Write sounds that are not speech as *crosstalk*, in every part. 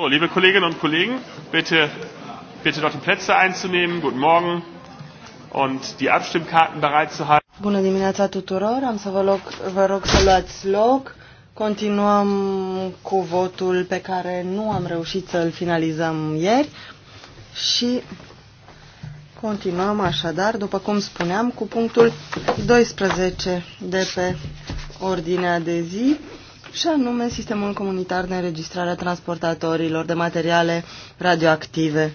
So, liebe Kolleginnen und Kollegen, bitte, bitte dort die Plätze einzunehmen. Guten Morgen und die Abstimmkarten bereit zu halten. Bună dimineața tuturor, am să vă, loc, vă rog să luați loc. Continuăm cu votul pe care nu am reușit să-l finalizăm ieri și continuăm așadar, după cum spuneam, cu punctul 12 de pe ordinea de zi și anume sistemul comunitar de înregistrare a transportatorilor de materiale radioactive.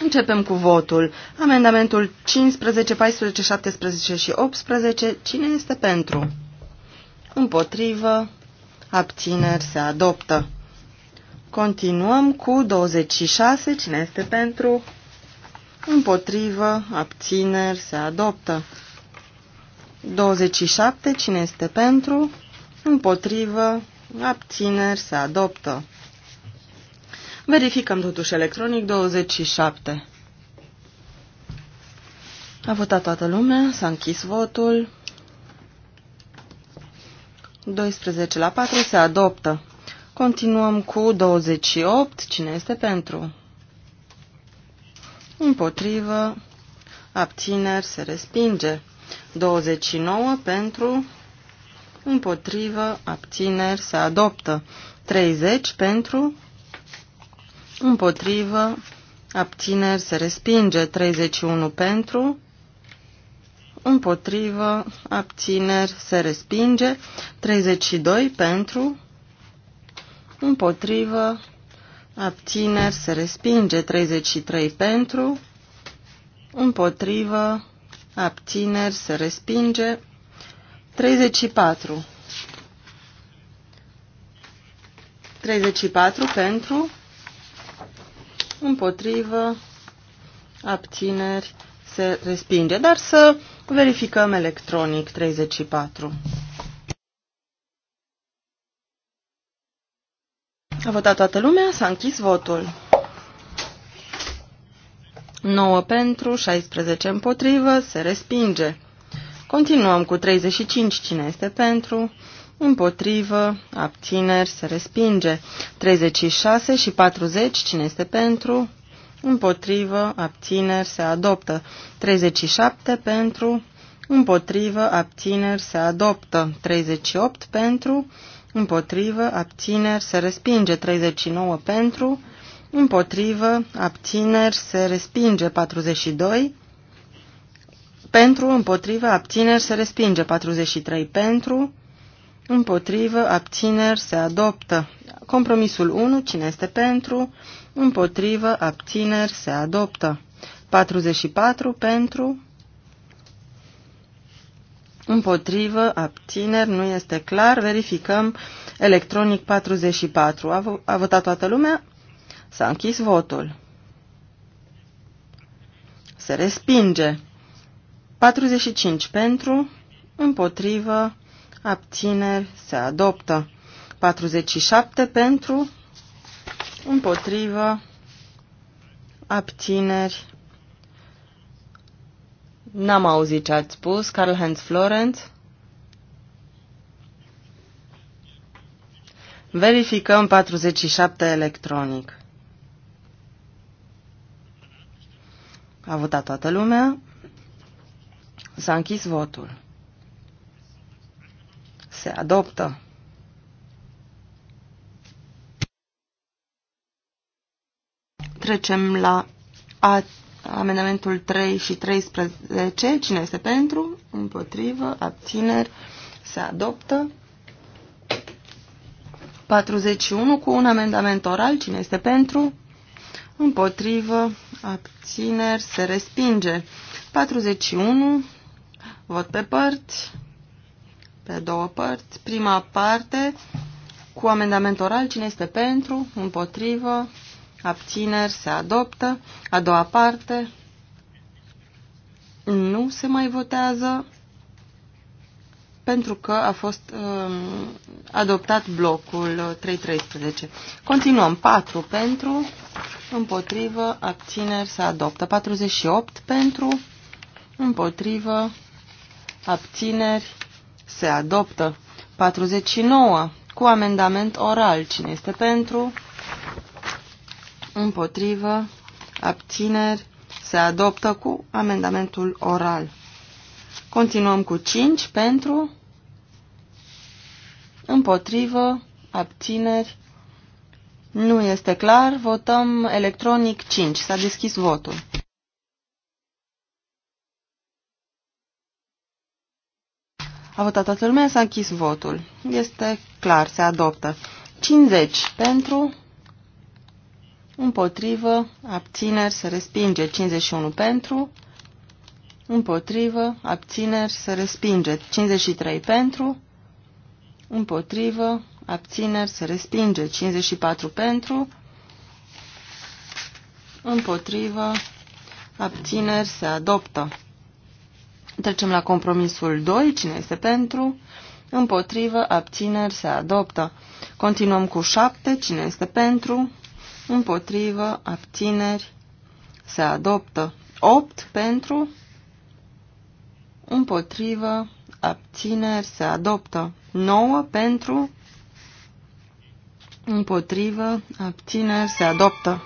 Începem cu votul. Amendamentul 15, 14, 17 și 18. Cine este pentru? Împotrivă. Abțineri se adoptă. Continuăm cu 26. Cine este pentru? Împotrivă. Abțineri se adoptă. 27. Cine este pentru? împotrivă, abțineri, se adoptă. Verificăm totuși electronic 27. A votat toată lumea, s-a închis votul. 12 la 4 se adoptă. Continuăm cu 28. Cine este pentru? Împotrivă. Abțineri se respinge. 29 pentru împotrivă, abțineri, se adoptă. 30 pentru, împotrivă, abțineri, se respinge. 31 pentru, împotrivă, abțineri, se respinge. 32 pentru, împotrivă, abțineri, se respinge. 33 pentru, împotrivă, abțineri, se respinge. 34. 34 pentru, împotrivă, abțineri, se respinge. Dar să verificăm electronic 34. A votat toată lumea, s-a închis votul. 9 pentru, 16 împotrivă, se respinge. Continuăm cu 35. Cine este pentru? Împotrivă, abțineri, se respinge. 36 și 40. Cine este pentru? Împotrivă, abțineri, se adoptă. 37 pentru, împotrivă, abțineri, se adoptă. 38 pentru, împotrivă, abțineri, se respinge. 39 pentru, împotrivă, abțineri, se respinge. 42 pentru, împotrivă, abțineri, se respinge. 43 pentru, împotrivă, abțineri, se adoptă. Compromisul 1, cine este pentru, împotrivă, abțineri, se adoptă. 44 pentru, împotrivă, abțineri, nu este clar, verificăm electronic 44. A, a votat toată lumea? S-a închis votul. Se respinge. 45 pentru, împotrivă, abțineri, se adoptă. 47 pentru, împotrivă, abțineri. N-am auzit ce ați spus, Carl Hans Florenz. Verificăm 47 electronic. A votat toată lumea. S-a închis votul. Se adoptă. Trecem la amendamentul 3 și 13. Cine este pentru? Împotrivă? Abțineri? Se adoptă. 41 cu un amendament oral. Cine este pentru? Împotrivă? Abțineri? Se respinge. 41 Vot pe părți, pe două părți. Prima parte, cu amendament oral, cine este pentru, împotrivă, abțineri, se adoptă. A doua parte, nu se mai votează pentru că a fost um, adoptat blocul 3.13. Continuăm. 4 pentru, împotrivă, abțineri, se adoptă. 48 pentru, împotrivă, abțineri, se adoptă. 49. Cu amendament oral. Cine este pentru? Împotrivă, abțineri, se adoptă cu amendamentul oral. Continuăm cu 5 pentru, împotrivă, abțineri, nu este clar, votăm electronic 5. S-a deschis votul. A votat toată lumea, s-a închis votul. Este clar, se adoptă. 50 pentru, împotrivă, abțineri, se respinge. 51 pentru, împotrivă, abțineri, se respinge. 53 pentru, împotrivă, abțineri, se respinge. 54 pentru, împotrivă, abțineri, se adoptă. Trecem la compromisul 2. Cine este pentru? Împotrivă, abțineri, se adoptă. Continuăm cu 7. Cine este pentru? Împotrivă, abțineri, se adoptă. 8 pentru, împotrivă, abțineri, se adoptă. 9 pentru, împotrivă, abțineri, se adoptă.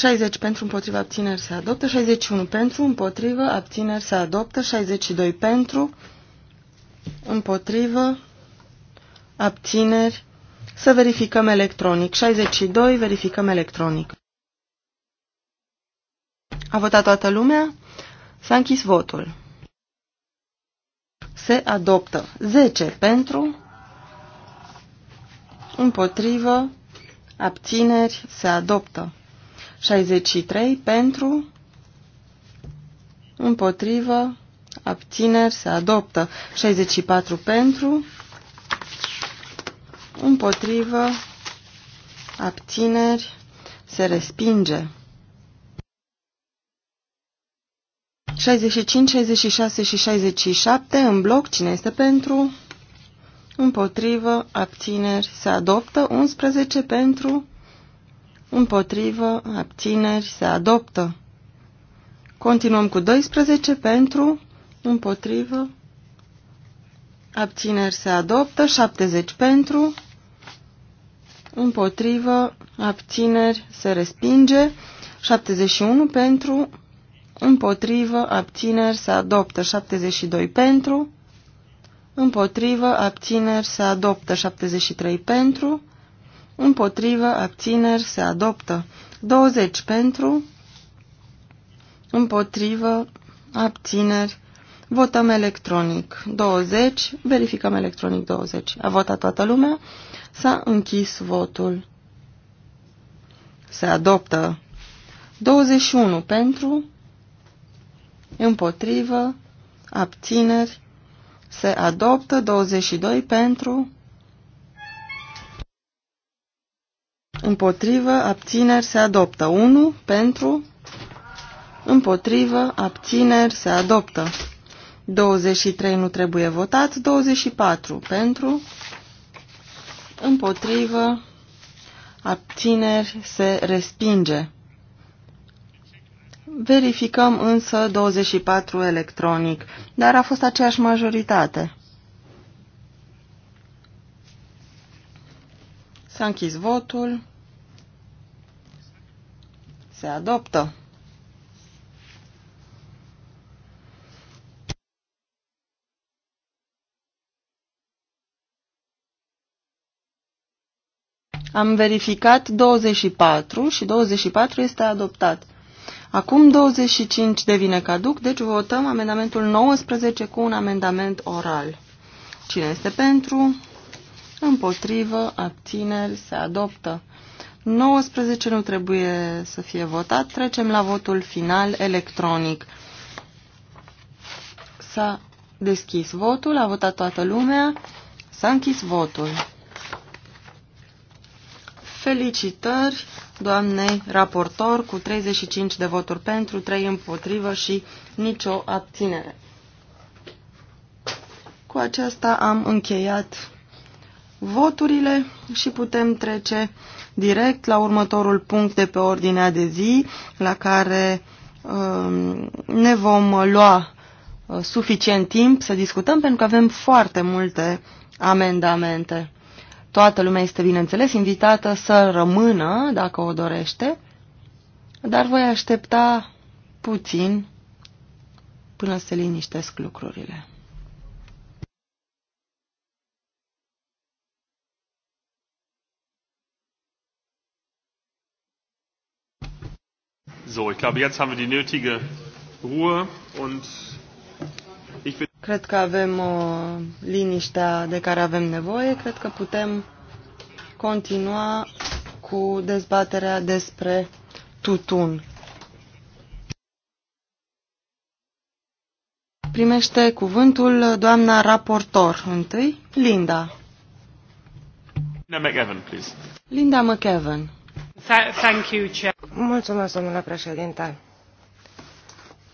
60 pentru împotriva abțineri se adoptă, 61 pentru împotriva abțineri se adoptă, 62 pentru împotriva abțineri. Să verificăm electronic. 62 verificăm electronic. A votat toată lumea? S-a închis votul. Se adoptă 10 pentru, împotrivă, abțineri, se adoptă. 63 pentru, împotrivă, abțineri, se adoptă. 64 pentru, împotrivă, abțineri, se respinge. 65, 66 și 67 în bloc, cine este pentru? Împotrivă, abțineri, se adoptă. 11 pentru, împotrivă, abțineri, se adoptă. Continuăm cu 12 pentru, împotrivă, abțineri, se adoptă, 70 pentru, împotrivă, abțineri, se respinge, 71 pentru, împotrivă, abțineri, se adoptă, 72 pentru, împotrivă, abțineri, se adoptă, 73 pentru, împotrivă, abțineri, se adoptă. 20 pentru, împotrivă, abțineri, votăm electronic. 20, verificăm electronic 20. A votat toată lumea, s-a închis votul. Se adoptă 21 pentru, împotrivă, abțineri, se adoptă 22 pentru, împotrivă, abțineri, se adoptă. 1 pentru, împotrivă, abțineri, se adoptă. 23 nu trebuie votat, 24 pentru, împotrivă, abțineri, se respinge. Verificăm însă 24 electronic, dar a fost aceeași majoritate. S-a închis votul. Se adoptă. Am verificat 24 și 24 este adoptat. Acum 25 devine caduc, deci votăm amendamentul 19 cu un amendament oral. Cine este pentru? Împotrivă, abțineri, se adoptă. 19 nu trebuie să fie votat. Trecem la votul final electronic. S-a deschis votul, a votat toată lumea, s-a închis votul. Felicitări doamnei raportor cu 35 de voturi pentru, 3 împotrivă și nicio abținere. Cu aceasta am încheiat voturile și putem trece direct la următorul punct de pe ordinea de zi, la care um, ne vom lua uh, suficient timp să discutăm, pentru că avem foarte multe amendamente. Toată lumea este, bineînțeles, invitată să rămână, dacă o dorește, dar voi aștepta puțin până se liniștesc lucrurile. So, ich glaube, jetzt haben wir die nötige Ruhe und ich bin... Cred că avem uh, liniștea de care avem nevoie. Cred că putem continua cu dezbaterea despre tutun. Primește cuvântul doamna raportor. Întâi, Linda. Linda McEvan, please. Linda McEvan domnule președinte.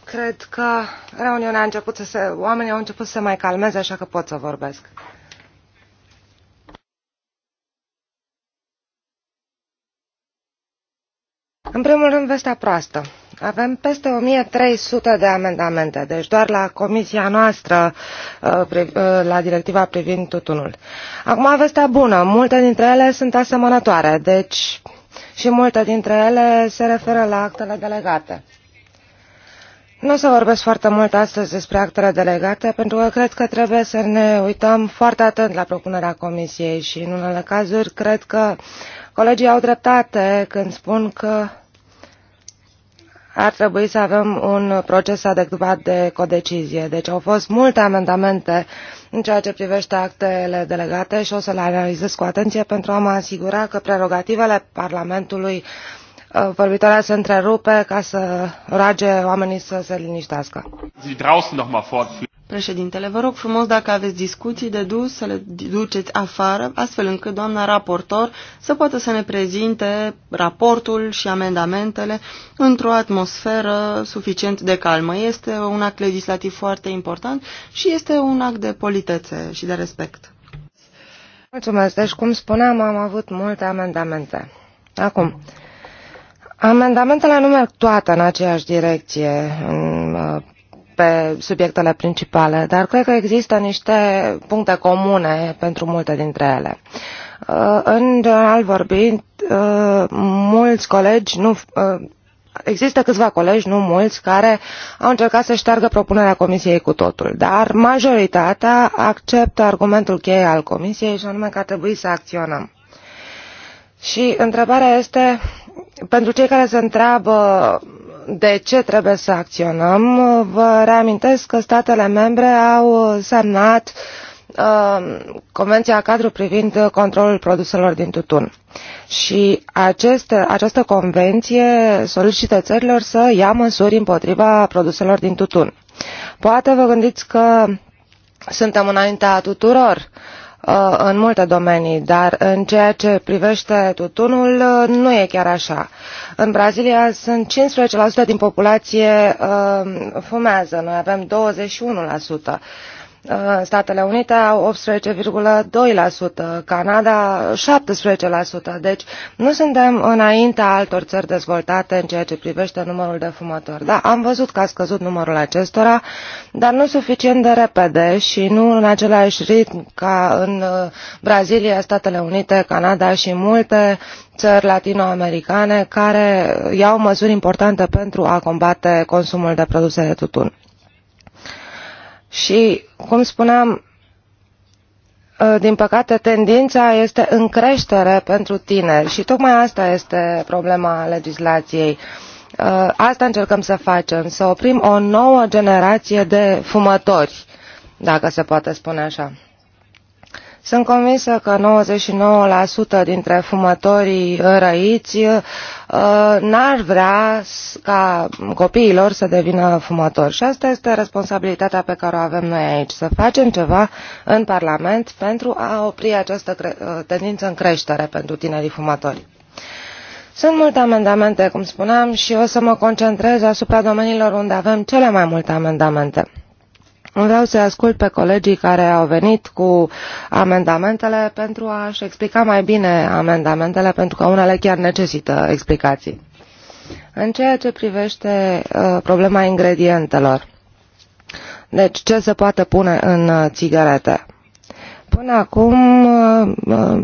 Cred că reuniunea a început să se... oamenii au început să se mai calmeze, așa că pot să vorbesc. În primul rând, vestea proastă. Avem peste 1300 de amendamente, deci doar la comisia noastră, uh, uh, la directiva privind tutunul. Acum, vestea bună, multe dintre ele sunt asemănătoare, deci și multe dintre ele se referă la actele delegate. Nu o să vorbesc foarte mult astăzi despre actele delegate, pentru că cred că trebuie să ne uităm foarte atent la propunerea Comisiei și în unele cazuri cred că colegii au dreptate când spun că ar trebui să avem un proces adecvat de codecizie. Deci au fost multe amendamente în ceea ce privește actele delegate și o să le analizez cu atenție pentru a mă asigura că prerogativele Parlamentului Uh, vorbitoarea se întrerupe ca să roage oamenii să se liniștească. Președintele, vă rog frumos dacă aveți discuții de dus să le duceți afară, astfel încât doamna raportor să poată să ne prezinte raportul și amendamentele într-o atmosferă suficient de calmă. Este un act legislativ foarte important și este un act de politețe și de respect. Mulțumesc. Deci, cum spuneam, am avut multe amendamente. Acum, Amendamentele nu merg toate în aceeași direcție în, uh, pe subiectele principale, dar cred că există niște puncte comune pentru multe dintre ele. Uh, în general vorbind, uh, mulți colegi nu. Există câțiva colegi, nu mulți, care au încercat să șteargă propunerea Comisiei cu totul, dar majoritatea acceptă argumentul cheie al Comisiei și anume că ar trebui să acționăm. Și întrebarea este pentru cei care se întreabă de ce trebuie să acționăm, vă reamintesc că statele membre au semnat uh, Convenția cadru privind controlul produselor din tutun. Și aceste, această convenție solicită țărilor să ia măsuri împotriva produselor din tutun. Poate vă gândiți că suntem înaintea tuturor uh, Uh, în multe domenii, dar în ceea ce privește tutunul uh, nu e chiar așa. În Brazilia sunt 15% din populație uh, fumează, noi avem 21% Uh, Statele Unite au 18,2%, Canada 17%. Deci nu suntem înaintea altor țări dezvoltate în ceea ce privește numărul de fumători. Da, am văzut că a scăzut numărul acestora, dar nu suficient de repede și nu în același ritm ca în uh, Brazilia, Statele Unite, Canada și multe țări latinoamericane care iau măsuri importante pentru a combate consumul de produse de tutun. Și, cum spuneam, ă, din păcate, tendința este în creștere pentru tineri și tocmai asta este problema legislației. Ă, asta încercăm să facem, să oprim o nouă generație de fumători, dacă se poate spune așa. Sunt convinsă că 99% dintre fumătorii răiți uh, n-ar vrea ca copiilor să devină fumători. Și asta este responsabilitatea pe care o avem noi aici, să facem ceva în Parlament pentru a opri această uh, tendință în creștere pentru tinerii fumători. Sunt multe amendamente, cum spuneam, și o să mă concentrez asupra domeniilor unde avem cele mai multe amendamente. Vreau să ascult pe colegii care au venit cu amendamentele pentru a-și explica mai bine amendamentele, pentru că unele chiar necesită explicații. În ceea ce privește uh, problema ingredientelor, deci ce se poate pune în uh, țigarete? Până acum, uh, uh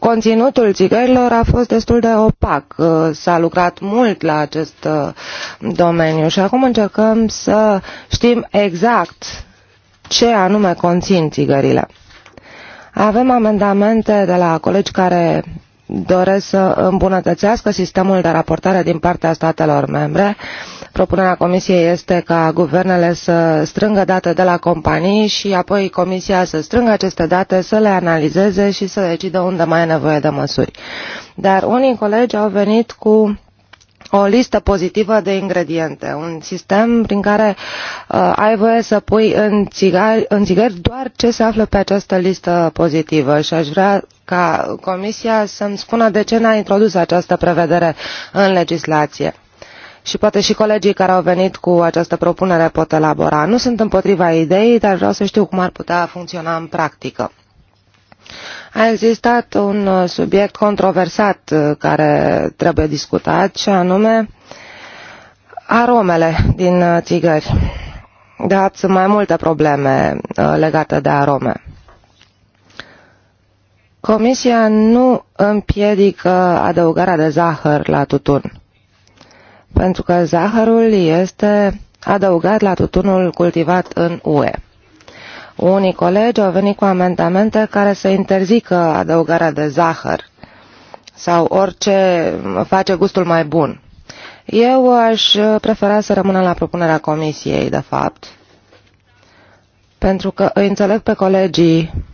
Conținutul țigărilor a fost destul de opac. Uh, S-a lucrat mult la acest uh, domeniu și acum încercăm să știm exact ce anume conțin țigările. Avem amendamente de la colegi care doresc să îmbunătățească sistemul de raportare din partea statelor membre. Propunerea Comisiei este ca guvernele să strângă date de la companii și apoi Comisia să strângă aceste date, să le analizeze și să decidă unde mai e nevoie de măsuri. Dar unii colegi au venit cu o listă pozitivă de ingrediente, un sistem prin care uh, ai voie să pui în țigări, în țigări doar ce se află pe această listă pozitivă și aș vrea ca Comisia să-mi spună de ce n-a introdus această prevedere în legislație. Și poate și colegii care au venit cu această propunere pot elabora. Nu sunt împotriva ideii, dar vreau să știu cum ar putea funcționa în practică. A existat un subiect controversat uh, care trebuie discutat, și anume aromele din uh, țigări. Da, sunt mai multe probleme uh, legate de arome. Comisia nu împiedică adăugarea de zahăr la tutun, pentru că zahărul este adăugat la tutunul cultivat în UE. Unii colegi au venit cu amendamente care să interzică adăugarea de zahăr sau orice face gustul mai bun. Eu aș prefera să rămână la propunerea comisiei, de fapt, pentru că îi înțeleg pe colegii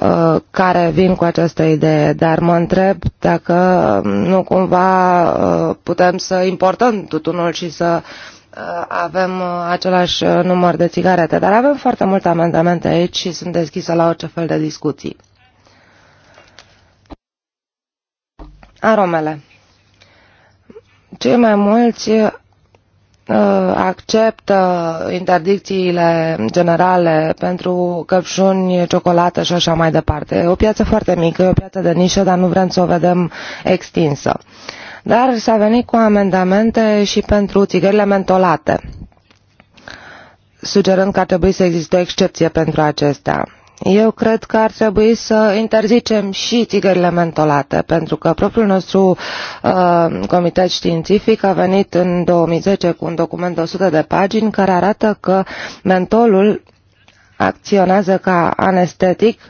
Uh, care vin cu această idee, dar mă întreb dacă nu cumva uh, putem să importăm tutunul și să uh, avem același număr de țigarete, dar avem foarte multe amendamente aici și sunt deschisă la orice fel de discuții. Aromele. Cei mai mulți acceptă interdicțiile generale pentru căpșuni, ciocolată și așa mai departe. E o piață foarte mică, e o piață de nișă, dar nu vrem să o vedem extinsă. Dar s-a venit cu amendamente și pentru țigările mentolate, sugerând că ar trebui să existe o excepție pentru acestea. Eu cred că ar trebui să interzicem și țigările mentolate, pentru că propriul nostru uh, comitet științific a venit în 2010 cu un document de 100 de pagini care arată că mentolul acționează ca anestetic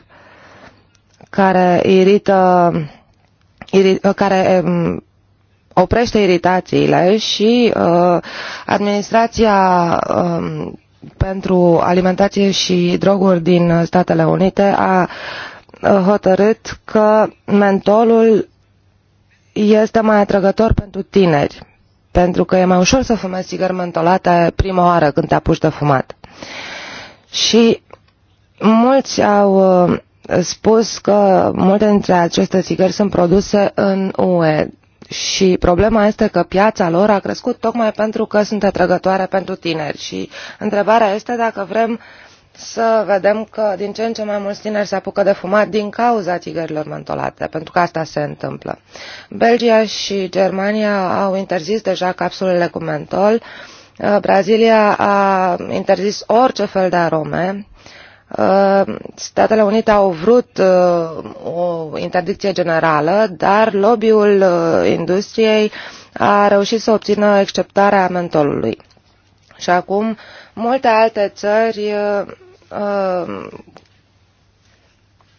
care irită, iri, care um, oprește iritațiile și uh, administrația uh, pentru alimentație și droguri din Statele Unite a hotărât că mentolul este mai atrăgător pentru tineri, pentru că e mai ușor să fumezi țigări mentolate prima oară când te apuci de fumat. Și mulți au spus că multe dintre aceste țigări sunt produse în UE, și problema este că piața lor a crescut tocmai pentru că sunt atrăgătoare pentru tineri. Și întrebarea este dacă vrem să vedem că din ce în ce mai mulți tineri se apucă de fumat din cauza țigărilor mentolate, pentru că asta se întâmplă. Belgia și Germania au interzis deja capsulele cu mentol, Brazilia a interzis orice fel de arome, Uh, Statele Unite au vrut uh, o interdicție generală, dar lobby-ul uh, industriei a reușit să obțină acceptarea mentolului. Și acum multe alte țări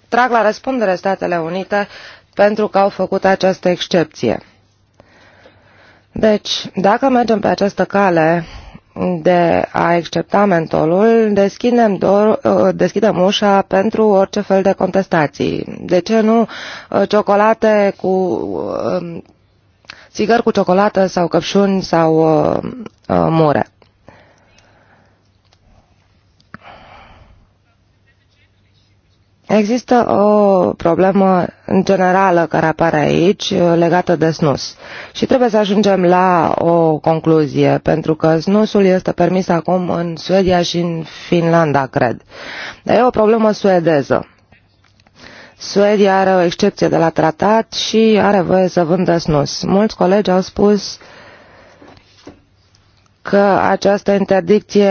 trag la răspundere Statele Unite pentru că au făcut această excepție. Deci, dacă mergem pe această cale de a accepta mentolul, deschidem, dor, uh, deschidem ușa pentru orice fel de contestații. De ce nu uh, ciocolate cu uh, um, țigări cu ciocolată sau căpșuni sau mure? Există o problemă generală care apare aici uh, legată de snus și trebuie să ajungem la o concluzie, pentru că snusul este permis acum în Suedia și în Finlanda, cred. Dar e o problemă suedeză. Suedia are o excepție de la tratat și are voie să vândă snus. Mulți colegi au spus uh, că această interdicție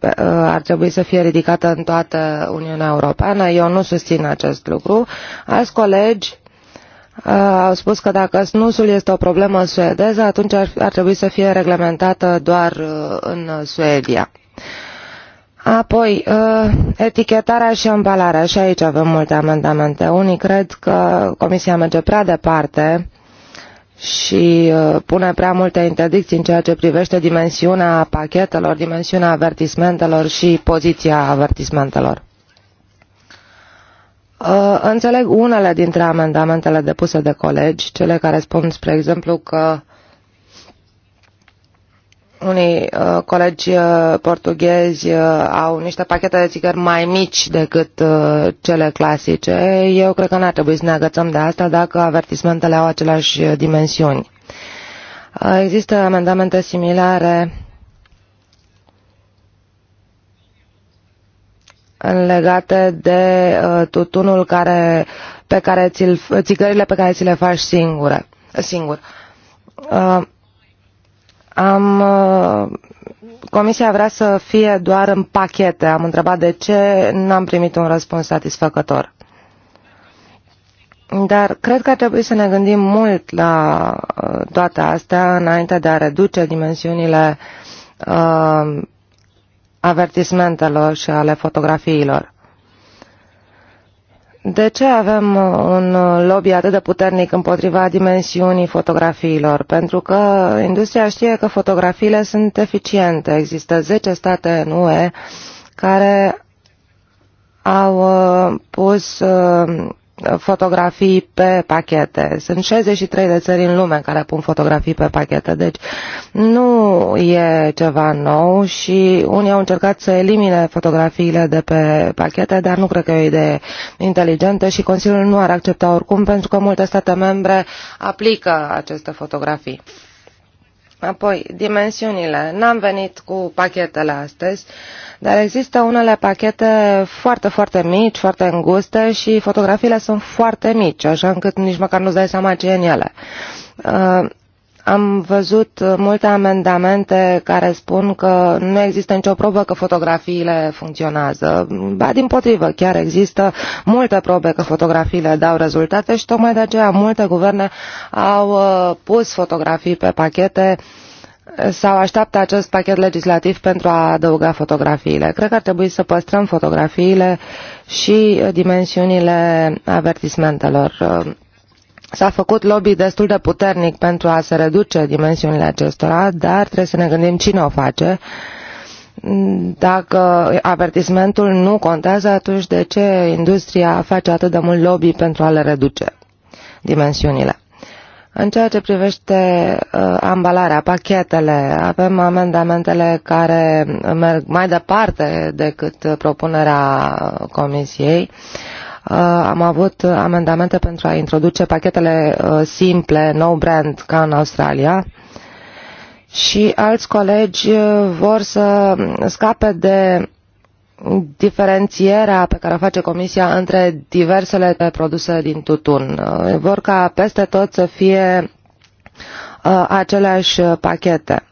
uh, ar trebui să fie ridicată în toată Uniunea Europeană. Eu nu susțin acest lucru. Alți colegi uh, au spus că dacă snusul este o problemă suedeză, atunci ar, ar trebui să fie reglementată doar uh, în Suedia. Apoi, etichetarea și ambalarea. Și aici avem multe amendamente. Unii cred că Comisia merge prea departe și uh, pune prea multe interdicții în ceea ce privește dimensiunea pachetelor, dimensiunea avertismentelor și poziția avertismentelor. Uh, înțeleg unele dintre amendamentele depuse de colegi, cele care spun, spre exemplu, că uh, unii uh, colegi uh, portughezi uh, au niște pachete de țigări mai mici decât uh, cele clasice, eu cred că n-ar trebui să ne agățăm de asta dacă avertismentele au aceleași uh, dimensiuni. Uh, există amendamente similare legate de uh, tutunul care, pe care ți țigările pe care ți le faci singure, singur. Uh, am, uh, comisia vrea să fie doar în pachete. Am întrebat de ce, n-am primit un răspuns satisfăcător. Dar cred că ar trebui să ne gândim mult la uh, toate astea înainte de a reduce dimensiunile uh, avertismentelor și ale fotografiilor. De ce avem uh, un uh, lobby atât de puternic împotriva dimensiunii fotografiilor? Pentru că industria știe că fotografiile sunt eficiente. Există 10 state în UE care au uh, pus fotografii pe pachete. Sunt 63 de țări în lume care pun fotografii pe pachete, deci nu e ceva nou și unii au încercat să elimine fotografiile de pe pachete, dar nu cred că e o idee inteligentă și Consiliul nu ar accepta oricum pentru că multe state membre aplică aceste fotografii. Apoi, dimensiunile. N-am venit cu pachetele astăzi, dar există unele pachete foarte, foarte mici, foarte înguste și fotografiile sunt foarte mici, așa încât nici măcar nu-ți dai seama ce e în ele. Uh, am văzut uh, multe amendamente care spun că nu există nicio probă că fotografiile funcționează. Ba, din potrivă, chiar există multe probe că fotografiile dau rezultate și tocmai de aceea multe guverne au uh, pus fotografii pe pachete sau așteaptă acest pachet legislativ pentru a adăuga fotografiile. Cred că ar trebui să păstrăm fotografiile și uh, dimensiunile avertismentelor S-a făcut lobby destul de puternic pentru a se reduce dimensiunile acestora, dar trebuie să ne gândim cine o face. Dacă avertismentul nu contează, atunci de ce industria face atât de mult lobby pentru a le reduce dimensiunile? În ceea ce privește uh, ambalarea, pachetele, avem amendamentele care merg mai departe decât propunerea uh, Comisiei. Uh, Uh, am avut amendamente pentru a introduce pachetele uh, simple, no brand, ca în Australia și alți colegi uh, vor să scape de diferențierea pe care o face Comisia între diversele produse din tutun. Vor ca peste tot să fie aceleași pachete.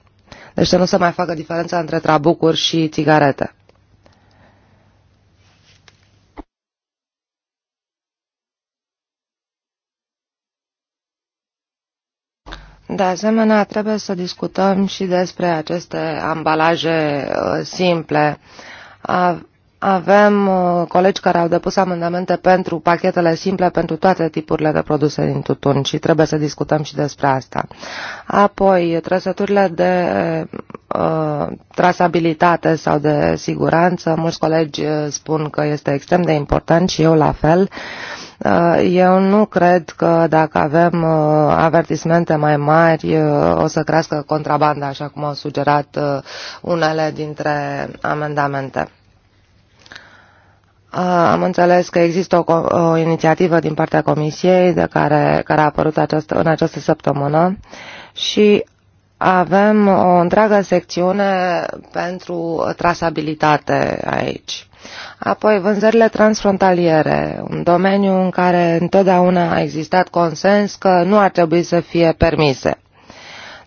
Deci să nu se mai facă diferența între trabucuri și țigarete. De asemenea, trebuie să discutăm și despre aceste ambalaje uh, simple. Avem uh, colegi care au depus amendamente pentru pachetele simple pentru toate tipurile de produse din tutun și trebuie să discutăm și despre asta. Apoi, trăsăturile de uh, trasabilitate sau de siguranță, mulți colegi uh, spun că este extrem de important și eu la fel. Uh, eu nu cred că dacă avem avertismente mai mari o să crească contrabanda, așa cum au sugerat unele dintre amendamente. Ah, am înțeles că există o, o inițiativă din partea Comisiei de care, care a apărut această, în această săptămână și avem o întreagă secțiune pentru trasabilitate aici. Apoi vânzările transfrontaliere, un domeniu în care întotdeauna a existat consens că nu ar trebui să fie permise.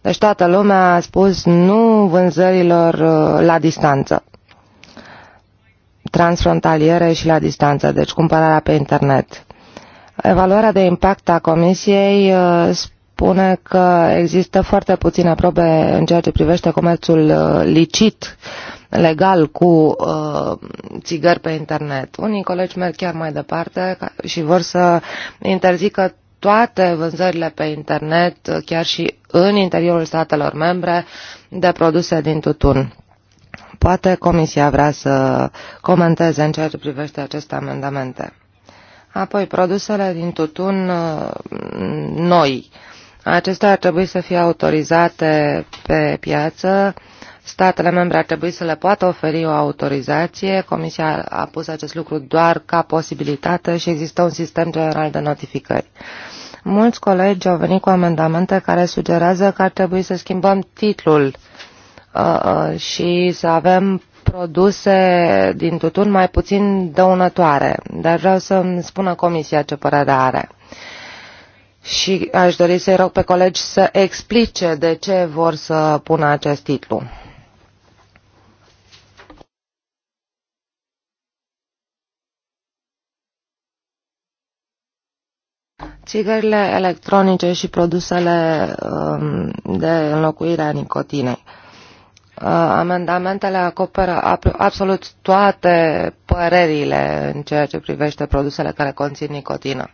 Deci toată lumea a spus nu vânzărilor uh, la distanță transfrontaliere și la distanță, deci cumpărarea pe internet. Evaluarea de impact a Comisiei uh, spune că există foarte puține probe în ceea ce privește comerțul uh, licit, legal cu uh, țigări pe internet. Unii colegi merg chiar mai departe și vor să interzică toate vânzările pe internet, uh, chiar și în interiorul statelor membre, de produse din tutun poate Comisia vrea să comenteze în ceea ce privește aceste amendamente. Apoi, produsele din tutun uh, noi. Acestea ar trebui să fie autorizate pe piață. Statele membre ar trebui să le poată oferi o autorizație. Comisia a pus acest lucru doar ca posibilitate și există un sistem general de notificări. Mulți colegi au venit cu amendamente care sugerează că ar trebui să schimbăm titlul uh, și să avem produse din tutun mai puțin dăunătoare. Dar vreau să-mi spună Comisia ce părere are. Și aș dori să-i rog pe colegi să explice de ce vor să pună acest titlu. Țigările electronice și produsele um, de înlocuire a nicotinei. Uh, amendamentele acoperă absolut toate părerile în ceea ce privește produsele care conțin nicotină.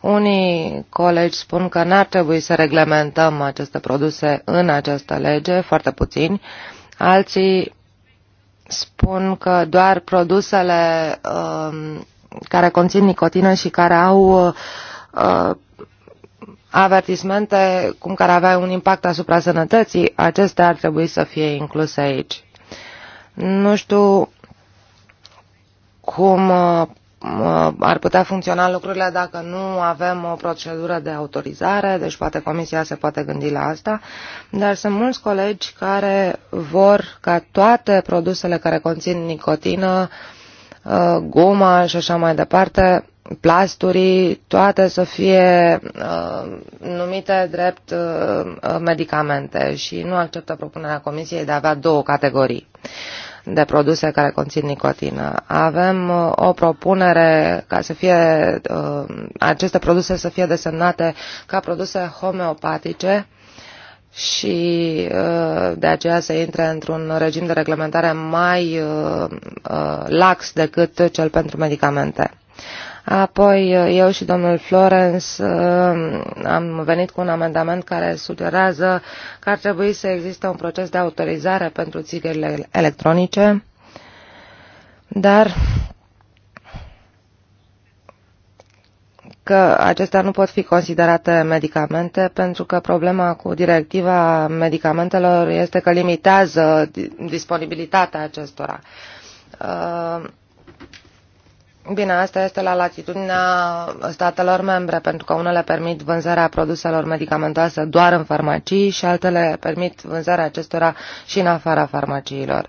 Unii colegi spun că n-ar trebui să reglementăm aceste produse în această lege, foarte puțini. Alții spun că doar produsele uh, care conțin nicotină și care au uh, avertismente cum care avea un impact asupra sănătății, acestea ar trebui să fie incluse aici. Nu știu cum uh, uh, ar putea funcționa lucrurile dacă nu avem o procedură de autorizare, deci poate Comisia se poate gândi la asta, dar sunt mulți colegi care vor ca toate produsele care conțin nicotină, uh, guma și așa mai departe, plasturii, toate să fie uh, numite drept uh, medicamente și nu acceptă propunerea Comisiei de a avea două categorii de produse care conțin nicotină. Avem uh, o propunere ca să fie uh, aceste produse să fie desemnate ca produse homeopatice și uh, de aceea se intre într-un regim de reglementare mai uh, uh, lax decât cel pentru medicamente. Apoi uh, eu și domnul Florence uh, am venit cu un amendament care sugerează că ar trebui să existe un proces de autorizare pentru țigările electronice, dar că acestea nu pot fi considerate medicamente pentru că problema cu directiva medicamentelor este că limitează disponibilitatea acestora. Uh, Bine, asta este la latitudinea statelor membre, pentru că unele permit vânzarea produselor medicamentoase doar în farmacii și altele permit vânzarea acestora și în afara farmaciilor.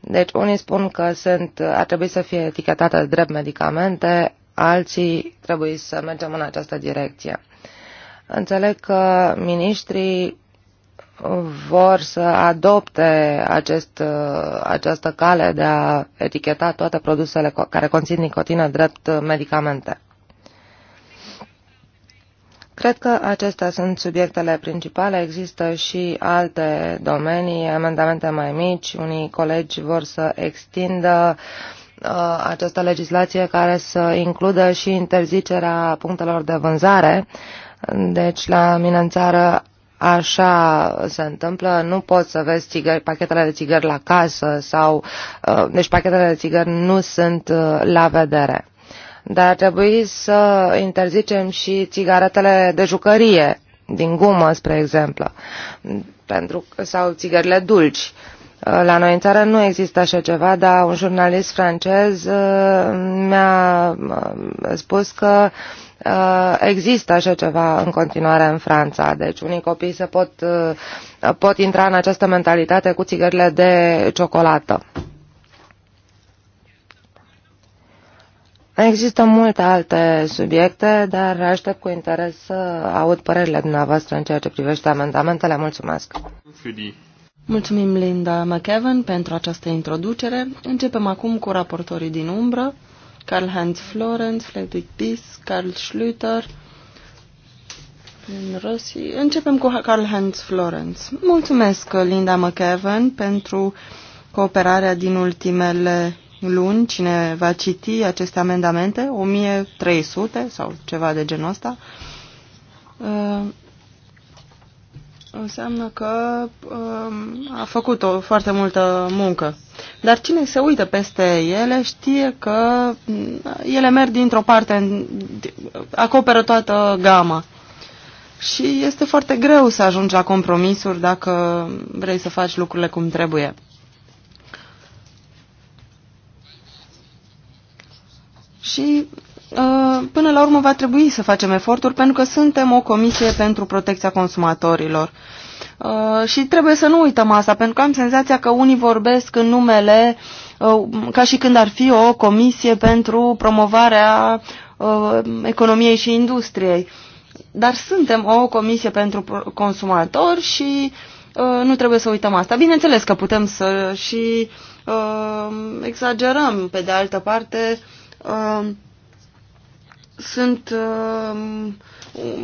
Deci unii spun că sunt, ar trebui să fie etichetate drept medicamente, alții trebuie să mergem în această direcție. Înțeleg că miniștrii vor să adopte acest, uh, această cale de a eticheta toate produsele care conțin nicotină drept medicamente. Cred că acestea sunt subiectele principale. Există și alte domenii, amendamente mai mici. Unii colegi vor să extindă uh, această legislație care să includă și interzicerea punctelor de vânzare. Deci la mine în țară așa se întâmplă, nu poți să vezi țigări, pachetele de țigări la casă sau, uh, deci pachetele de țigări nu sunt uh, la vedere. Dar ar trebui să interzicem și țigaretele de jucărie, din gumă, spre exemplu, pentru, sau țigările dulci. Uh, la noi în țară nu există așa ceva, dar un jurnalist francez mi-a spus că uh, Uh, există așa ceva în continuare în Franța. Deci unii copii se pot, uh, pot intra în această mentalitate cu țigările de ciocolată. Există multe alte subiecte, dar aștept cu interes să aud părerile dumneavoastră în ceea ce privește amendamentele. Mulțumesc! Mulțumim, Linda McEvan, pentru această introducere. Începem acum cu raportorii din umbră. Karl-Heinz Florenz, Fredrik Bis, Karl Schlüter, în Începem cu Karl-Heinz Florenz. Mulțumesc, Linda McEwan, pentru cooperarea din ultimele luni. Cine va citi aceste amendamente, 1300 sau ceva de genul ăsta, uh, înseamnă că um, a făcut o foarte multă muncă. Dar cine se uită peste ele știe că mm, ele merg dintr-o parte, acoperă toată gama. Și este foarte greu să ajungi la compromisuri dacă vrei să faci lucrurile cum trebuie. Și Uh, până la urmă va trebui să facem eforturi pentru că suntem o comisie pentru protecția consumatorilor. Uh, și trebuie să nu uităm asta, pentru că am senzația că unii vorbesc în numele, uh, ca și când ar fi o comisie pentru promovarea economiei și industriei. Dar suntem o comisie pentru consumatori și nu trebuie să uităm asta. Bineînțeles că putem să și exagerăm, pe de altă parte, sunt, um,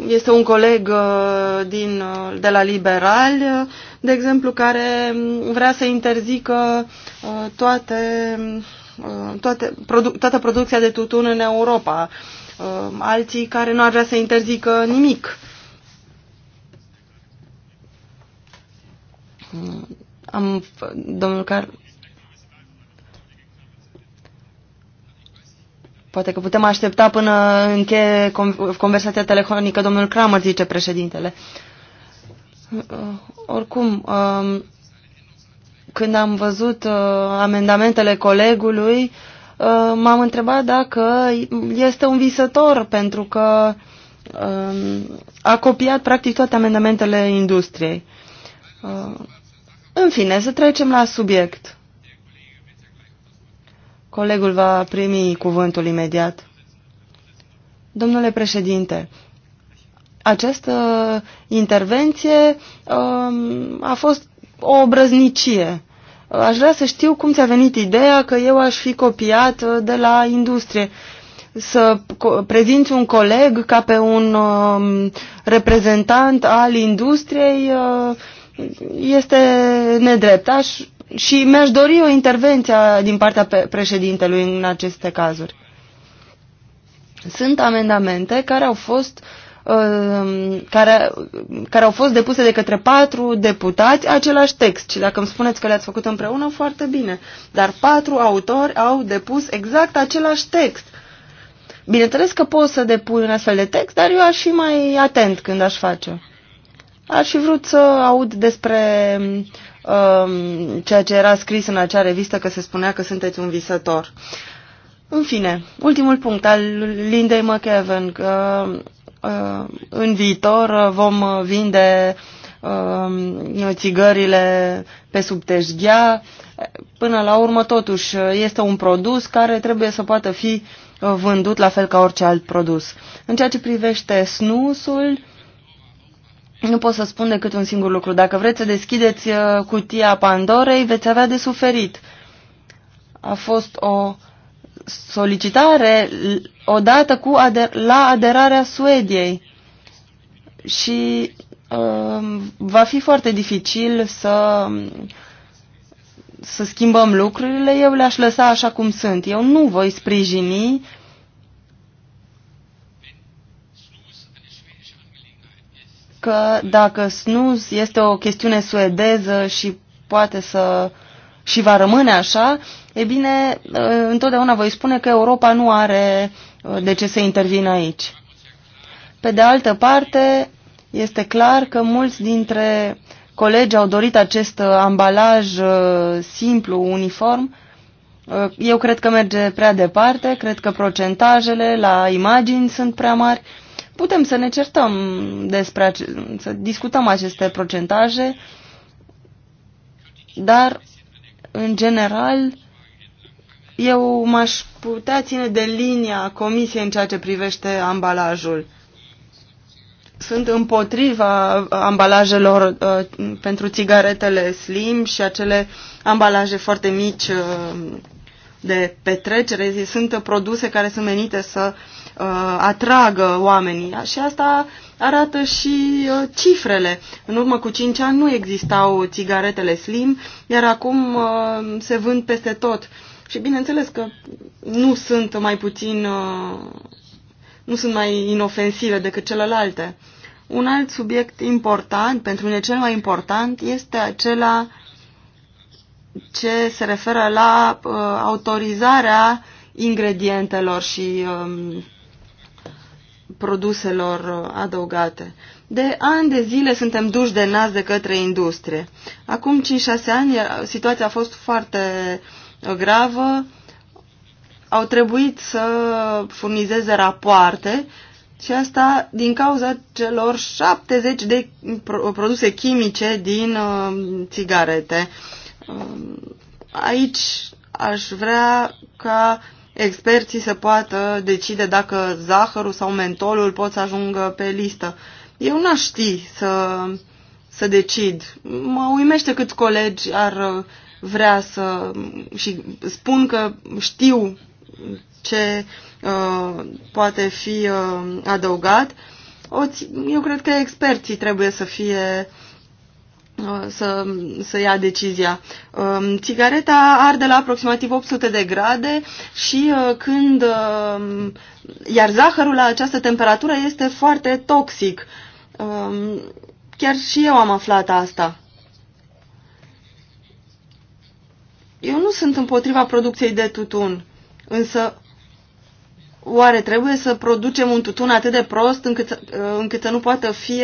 este un coleg uh, din, uh, de la Liberal, de exemplu, care um, vrea să interzică uh, toate, toate, produ toată producția de tutun în Europa. Alții care nu ar vrea să interzică nimic. Mm, am, domnul Car Poate că putem aștepta până încheie conversația telefonică domnul Kramer, zice președintele. Uh, oricum, um, când am văzut uh, amendamentele colegului, uh, m-am întrebat dacă este un visător, pentru că um, a copiat practic toate amendamentele industriei. În fine, să trecem la subiect. Colegul va primi cuvântul imediat. Domnule președinte, această intervenție um, a fost o obrăznicie. Aș vrea să știu cum ți-a venit ideea că eu aș fi copiat uh, de la industrie. Să prezinți un coleg ca pe un um, reprezentant al industriei uh, este nedrept. Aș și mi-aș dori o intervenție din partea președintelui în aceste cazuri. Sunt amendamente care au fost um, care, care au fost depuse de către patru deputați același text și dacă îmi spuneți că le-ați făcut împreună, foarte bine. Dar patru autori au depus exact același text. Bineînțeles că poți să depui un astfel de text, dar eu aș fi mai atent când aș face. Aș fi vrut să aud despre uh, Um, ceea ce era scris în acea revistă că se spunea că sunteți un visător. În fine, ultimul punct al Lindei McEwen, că uh, în viitor vom vinde uh, țigările pe subteșghea, Până la urmă, totuși, este un produs care trebuie să poată fi uh, vândut la fel ca orice alt produs. În ceea ce privește snusul, nu pot să spun decât un singur lucru. Dacă vreți să deschideți uh, cutia Pandorei, veți avea de suferit. A fost o solicitare odată cu ader la aderarea Suediei și uh, va fi foarte dificil să, să schimbăm lucrurile. Eu le-aș lăsa așa cum sunt. Eu nu voi sprijini uh, că dacă snus este o chestiune suedeză și poate să și va rămâne așa, e bine, uh, întotdeauna voi spune că Europa nu are uh, de ce să intervină aici. Pe de altă parte, este clar că mulți dintre colegi au dorit acest uh, ambalaj simplu, uniform. Eu cred că merge prea departe, cred că procentajele la imagini sunt prea mari. Putem să ne certăm despre, să discutăm aceste procentaje, dar, în general, eu m-aș putea ține de linia comisiei în ceea ce privește ambalajul. Sunt împotriva ambalajelor uh, pentru țigaretele slim și acele ambalaje foarte mici uh, de petrecere. Sunt produse care sunt menite să uh, atragă oamenii. Și asta arată și uh, cifrele. În urmă cu 5 ani nu existau țigaretele slim, iar acum uh, se vând peste tot. Și bineînțeles că nu sunt mai puțin, uh, nu sunt mai inofensive decât celelalte. Un alt subiect important, pentru mine cel mai important, este acela ce se referă la uh, autorizarea ingredientelor și uh, produselor adăugate. De ani de zile suntem duși de nas de către industrie. Acum 5-6 ani situația a fost foarte uh, gravă. Au trebuit să furnizeze rapoarte și asta din cauza celor 70 de produse chimice din uh, țigarete. Uh, aici aș vrea ca experții să poată decide dacă zahărul sau mentolul pot să ajungă pe listă. Eu n-aș ști să, să decid. Mă uimește cât colegi ar vrea să și spun că știu ce uh, poate fi uh, adăugat. O, eu cred că experții trebuie să fie uh, Uh, să, să ia decizia. Um, țigareta arde la aproximativ 800 de grade și uh, când... Um, iar zahărul la această temperatură este foarte toxic. Um, chiar și eu am aflat asta. Eu nu sunt împotriva producției de tutun, însă Oare trebuie să producem un tutun atât de prost încât, uh, încât să nu poată fi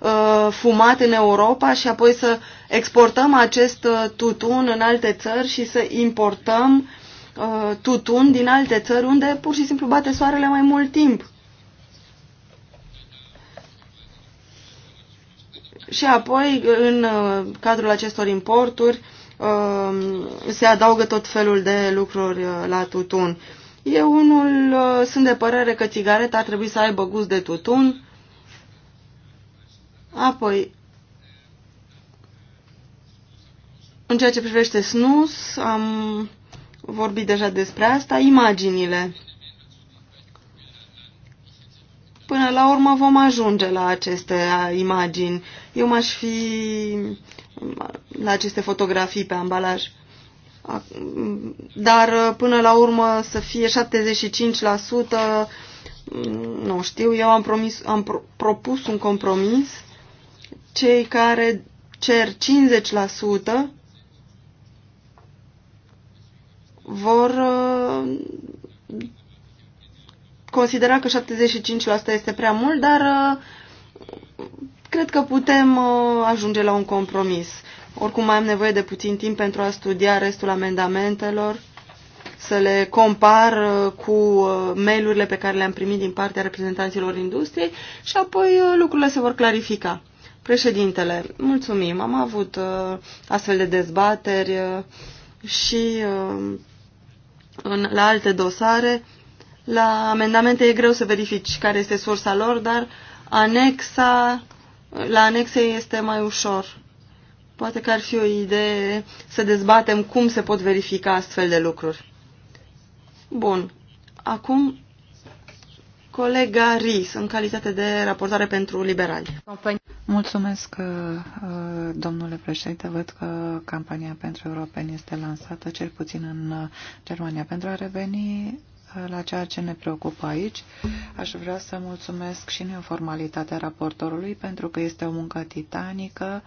uh, fumat în Europa și apoi să exportăm acest uh, tutun în alte țări și să importăm uh, tutun din alte țări unde pur și simplu bate soarele mai mult timp? Și apoi, în uh, cadrul acestor importuri, se adaugă tot felul de lucruri la tutun. Eu unul uh, sunt de părere că țigareta ar trebui să aibă gust de tutun. Apoi, în ceea ce privește snus, am vorbit deja despre asta, imaginile. Până la urmă vom ajunge la aceste imagini. Eu m-aș fi la aceste fotografii pe ambalaj dar uh, până la urmă să fie 75%, mm, nu știu, eu am, promis, am pro, propus un compromis, cei care cer 50% vor uh, considera că 75% este prea mult, dar uh, cred că putem ajunge la un compromis oricum mai am nevoie de puțin timp pentru a studia restul amendamentelor, să le compar uh, cu uh, mail-urile pe care le-am primit din partea reprezentanților industriei și apoi uh, lucrurile se vor clarifica. Președintele, mulțumim, am avut astfel de dezbateri și la alte dosare. La amendamente e greu să verifici care este sursa lor, dar anexa, la anexe este mai ușor. Poate că ar fi o idee să dezbatem cum se pot verifica astfel de lucruri. Bun. Acum, colega Ris, în calitate de raportare pentru liberali. Mulțumesc, uh, uh, domnule președinte. Văd că campania pentru europeni este lansată, cel puțin în uh, Germania. Pentru a reveni la ceea ce ne preocupă aici. Aș vrea să mulțumesc și neformalitatea raportorului pentru că este o muncă titanică,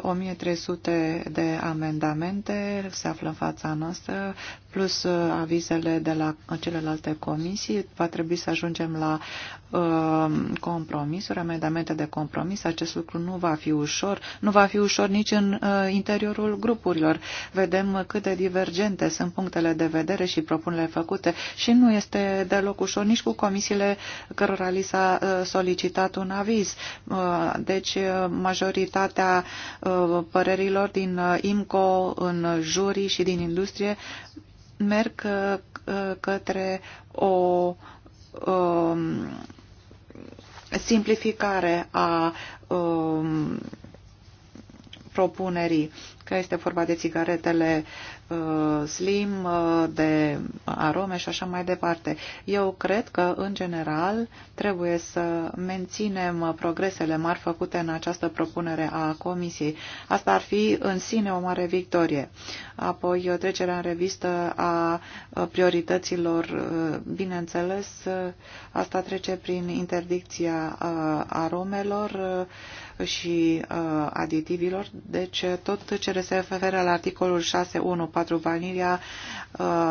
1300 uh, de amendamente se află în fața noastră, plus uh, avizele de la celelalte comisii. Va trebui să ajungem la Uh, compromisuri, amendamente de compromis. Acest lucru nu va fi ușor. Nu va fi ușor nici în uh, interiorul grupurilor. Vedem cât de divergente sunt punctele de vedere și propunerile făcute și nu este deloc ușor nici cu comisiile cărora li s-a uh, solicitat un aviz. Deci majoritatea părerilor din IMCO, în jurii și din industrie merg către o um, simplificare a um, propunerii, că este vorba de țigaretele uh, slim, uh, de arome și așa mai departe. Eu cred că, în general, Trebuie să menținem progresele mari făcute în această propunere a Comisiei. Asta ar fi în sine o mare victorie. Apoi o trecere în revistă a priorităților, bineînțeles, asta trece prin interdicția aromelor și aditivilor. Deci tot ce se referă la articolul 6.1.4 vanilia,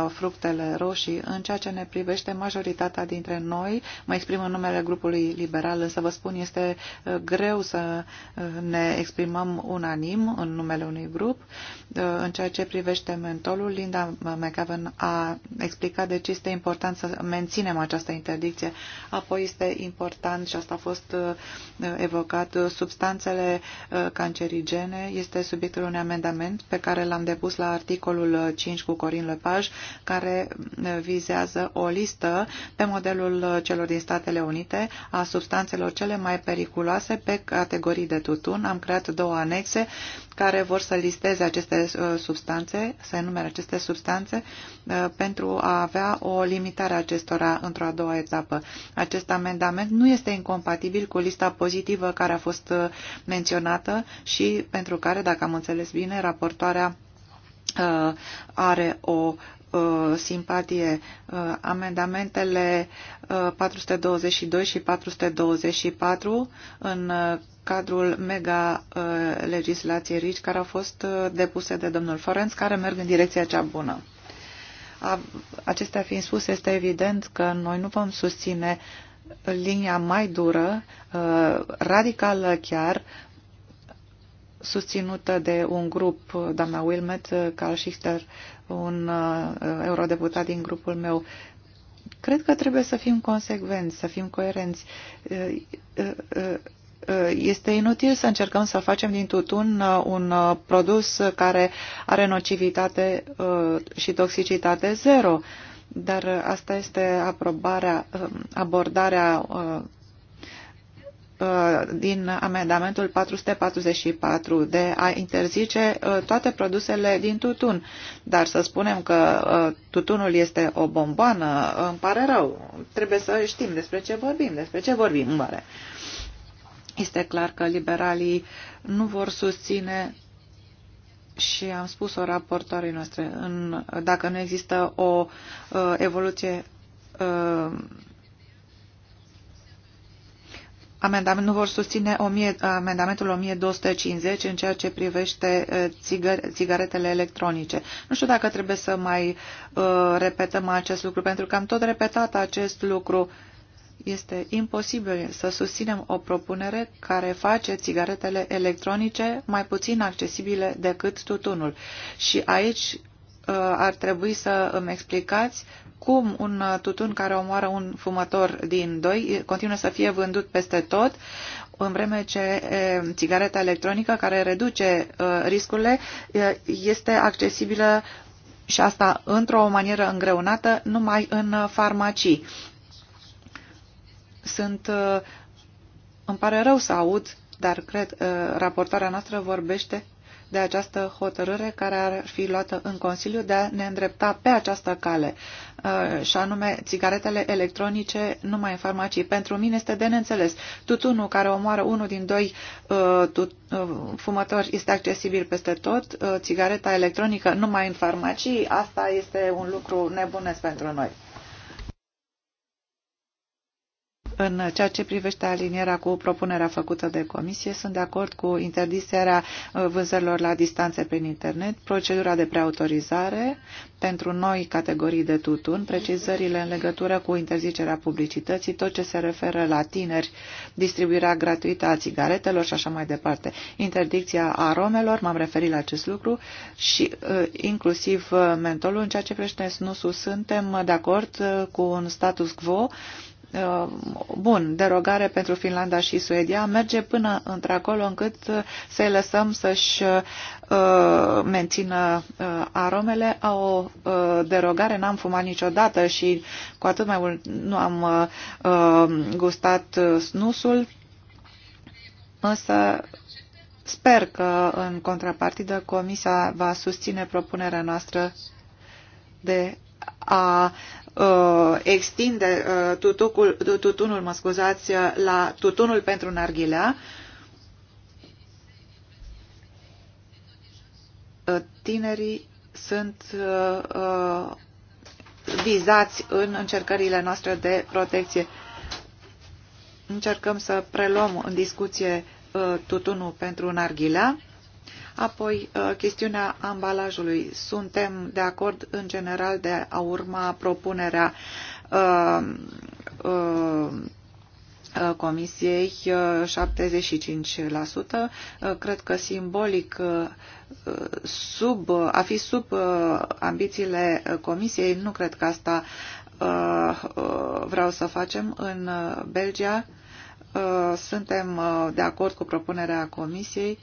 fructele roșii, în ceea ce ne privește majoritatea dintre noi, mă exprim în numele grupului liberal să vă spun, este uh, greu să uh, ne exprimăm unanim în numele unui grup. Uh, în ceea ce privește mentolul, Linda McAven a explicat de ce este important să menținem această interdicție. Apoi este important, și asta a fost evocat, substanțele cancerigene. Este subiectul unui amendament pe care l-am depus la articolul 5 cu Corin Lepaj, care vizează o listă pe modelul celor din statele Unite a substanțelor cele mai periculoase pe categorii de tutun. Am creat două anexe care vor să listeze aceste uh, substanțe, să enumere aceste substanțe, uh, pentru a avea o limitare a acestora într-o a doua etapă. Acest amendament nu este incompatibil cu lista pozitivă care a fost uh, menționată și pentru care, dacă am înțeles bine, raportoarea are o Uh, simpatie uh, amendamentele 422 uh, și 424 în cadrul mega legislației RICI care au fost depuse de domnul Forenț, care merg în direcția cea bună. Acestea fiind spuse, este evident că noi nu vom susține linia mai dură, radicală chiar, susținută de un grup, doamna Wilmet, Carl Schichter, un uh, eurodeputat din grupul meu. Cred că trebuie să fim consecvenți, să fim coerenți. Uh, uh, este inutil să încercăm să facem din tutun un produs care are nocivitate și toxicitate zero dar asta este aprobarea, abordarea Uh, din amendamentul 444 de a interzice uh, toate produsele din tutun. Dar să spunem că uh, tutunul este o bomboană, îmi pare rău. Trebuie să știm despre ce vorbim, despre ce vorbim în mare. Este clar că liberalii nu vor susține și am spus-o raportoarei noastre, în, dacă nu există o evoluție amendament, nu vor susține 1000, amendamentul 1250 în ceea ce privește uh, țigăr, țigaretele electronice. Nu știu dacă trebuie să mai uh, repetăm acest lucru, pentru că am tot repetat acest lucru. Este imposibil să susținem o propunere care face țigaretele electronice mai puțin accesibile decât tutunul. Și aici uh, ar trebui să îmi explicați cum un tutun care omoară un fumător din doi continuă să fie vândut peste tot, în vreme ce țigareta electronică, care reduce riscurile, este accesibilă și asta într-o manieră îngreunată numai în farmacii. Sunt, îmi pare rău să aud, dar cred, raportarea noastră vorbește de această hotărâre care ar fi luată în Consiliu de a ne îndrepta pe această cale, uh, și anume țigaretele electronice numai în farmacii. Pentru mine este de neînțeles. Tutunul care omoară unul din doi uh, uh, fumători este accesibil peste tot, țigareta electronică numai în farmacii, asta este un lucru nebunesc pentru noi. În ceea ce privește alinierea cu propunerea făcută de comisie, sunt de acord cu interdicția uh, vânzărilor la distanțe prin internet, procedura de preautorizare pentru noi categorii de tutun, precizările în legătură cu interzicerea publicității, tot ce se referă la tineri, distribuirea gratuită a țigaretelor și așa mai departe, interdicția aromelor, m-am referit la acest lucru, și uh, inclusiv uh, mentolul, în ceea ce privește nu suntem de acord cu un status quo Uh, bun, derogare pentru Finlanda și Suedia, merge până într-acolo încât uh, să-i lăsăm să-și uh, mențină aromele. A o derogare n-am fumat niciodată și cu atât mai mult nu am gustat snusul, însă sper că în contrapartidă Comisia va susține propunerea noastră de a Uh, extinde uh, tutucul, tutunul, mă scuzați, uh, la tutunul pentru narghilea, tinerii sunt vizați în încercările noastre de protecție. Încercăm să preluăm în discuție tutunul pentru narghilea Apoi, uh, chestiunea ambalajului. Suntem de acord în general de a urma propunerea uh, uh, uh Comisiei 75%. Uh, cred că simbolic sub, a fi sub ambițiile Comisiei, nu cred că asta vreau să facem în Belgia. Suntem de acord cu propunerea Comisiei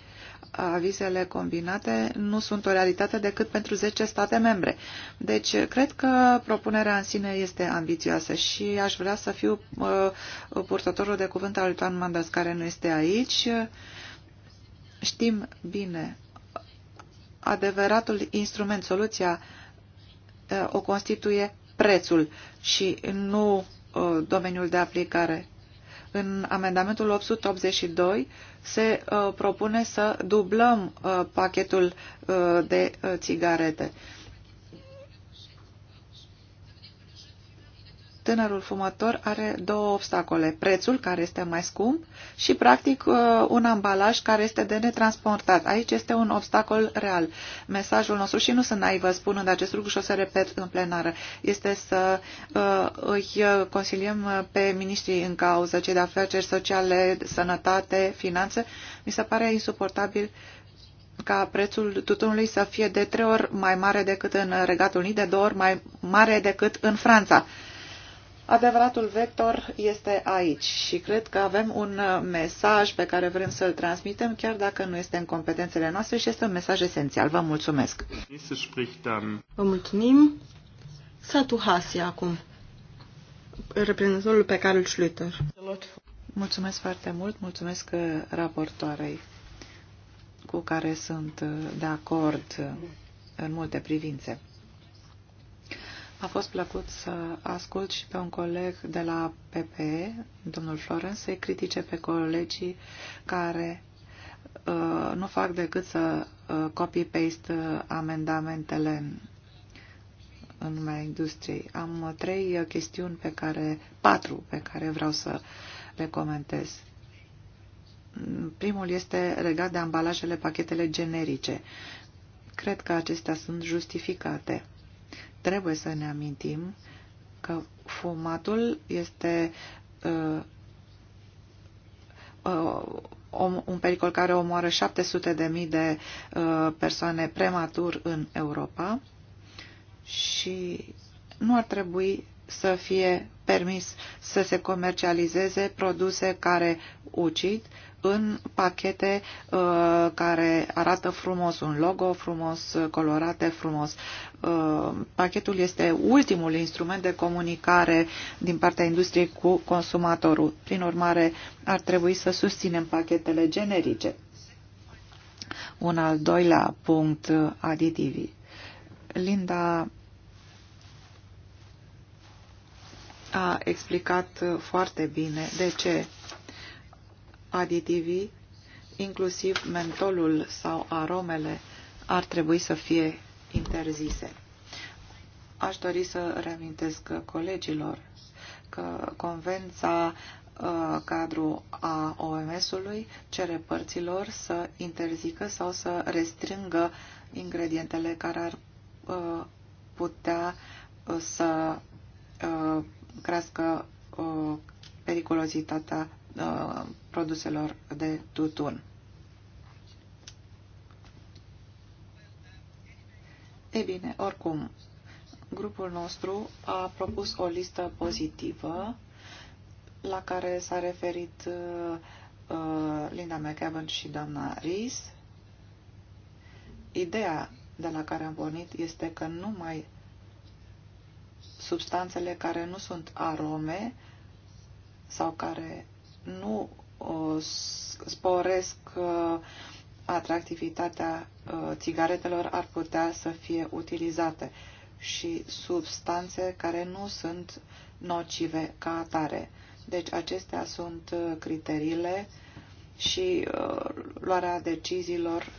avizele combinate nu sunt o realitate decât pentru 10 state membre. Deci, cred că propunerea în sine este ambițioasă și aș vrea să fiu uh, purtătorul de cuvânt al lui Toan Mandas, care nu este aici. Știm bine adevăratul instrument, soluția, uh, o constituie prețul și nu uh, domeniul de aplicare în amendamentul 882 se uh, propune să dublăm uh, pachetul uh, de țigarete. tânărul fumător are două obstacole. Prețul, care este mai scump, și, practic, uh, un ambalaj care este de netransportat. Aici este un obstacol real. Mesajul nostru, și nu sunt naivă spunând acest lucru și o să repet în plenară, este să uh, îi consiliem uh, pe miniștrii în cauză, cei de afaceri sociale, sănătate, finanțe. Mi se pare insuportabil ca prețul tutunului să fie de trei ori mai mare decât în Regatul Unit, de două ori mai mare decât în Franța. Adevăratul vector este aici și cred că avem un uh, mesaj pe care vrem să-l transmitem, chiar dacă nu este în competențele noastre și este un mesaj esențial. Vă mulțumesc! Vă mulțumim! Satu Hasi acum, reprezentatorul pe Carl Schlüter. Mulțumesc foarte mult, mulțumesc uh, raportoarei cu care sunt uh, de acord în multe privințe. A fost plăcut să ascult și pe un coleg de la PPE, domnul Florenț, să-i critique pe colegii care uh, nu fac decât să uh, copy-paste uh, amendamentele în lumea industriei. Am uh, trei uh, chestiuni pe care, patru pe care vreau să le comentez. Primul este legat de ambalajele, pachetele generice. Cred că acestea sunt justificate trebuie să ne amintim că fumatul este uh, uh, un pericol care omoară 700 de mii de uh, persoane prematur în Europa și nu ar trebui să fie permis să se comercializeze produse care ucid uh, în pachete uh, care arată frumos un logo, frumos colorate, frumos. Uh, pachetul este ultimul instrument de comunicare din partea industriei cu consumatorul. Prin urmare, ar trebui să susținem pachetele generice. Un al doilea punct, aditiv. Linda a explicat foarte bine de ce aditivii, inclusiv mentolul sau aromele, ar trebui să fie interzise. Aș dori să reamintesc colegilor că Convenția uh, cadru a OMS-ului cere părților să interzică sau să restrângă ingredientele care ar uh, putea uh, să crească periculozitatea Uh, produselor de tutun. Ei bine, oricum, grupul nostru a propus o listă pozitivă la care s-a referit uh, uh, Linda McEwan și doamna Rees. Ideea de la care am pornit este că numai substanțele care nu sunt arome sau care nu sporesc uh, atractivitatea uh, țigaretelor ar putea să fie utilizate și substanțe care nu sunt nocive ca atare. Deci acestea sunt uh, criteriile și luarea deciziilor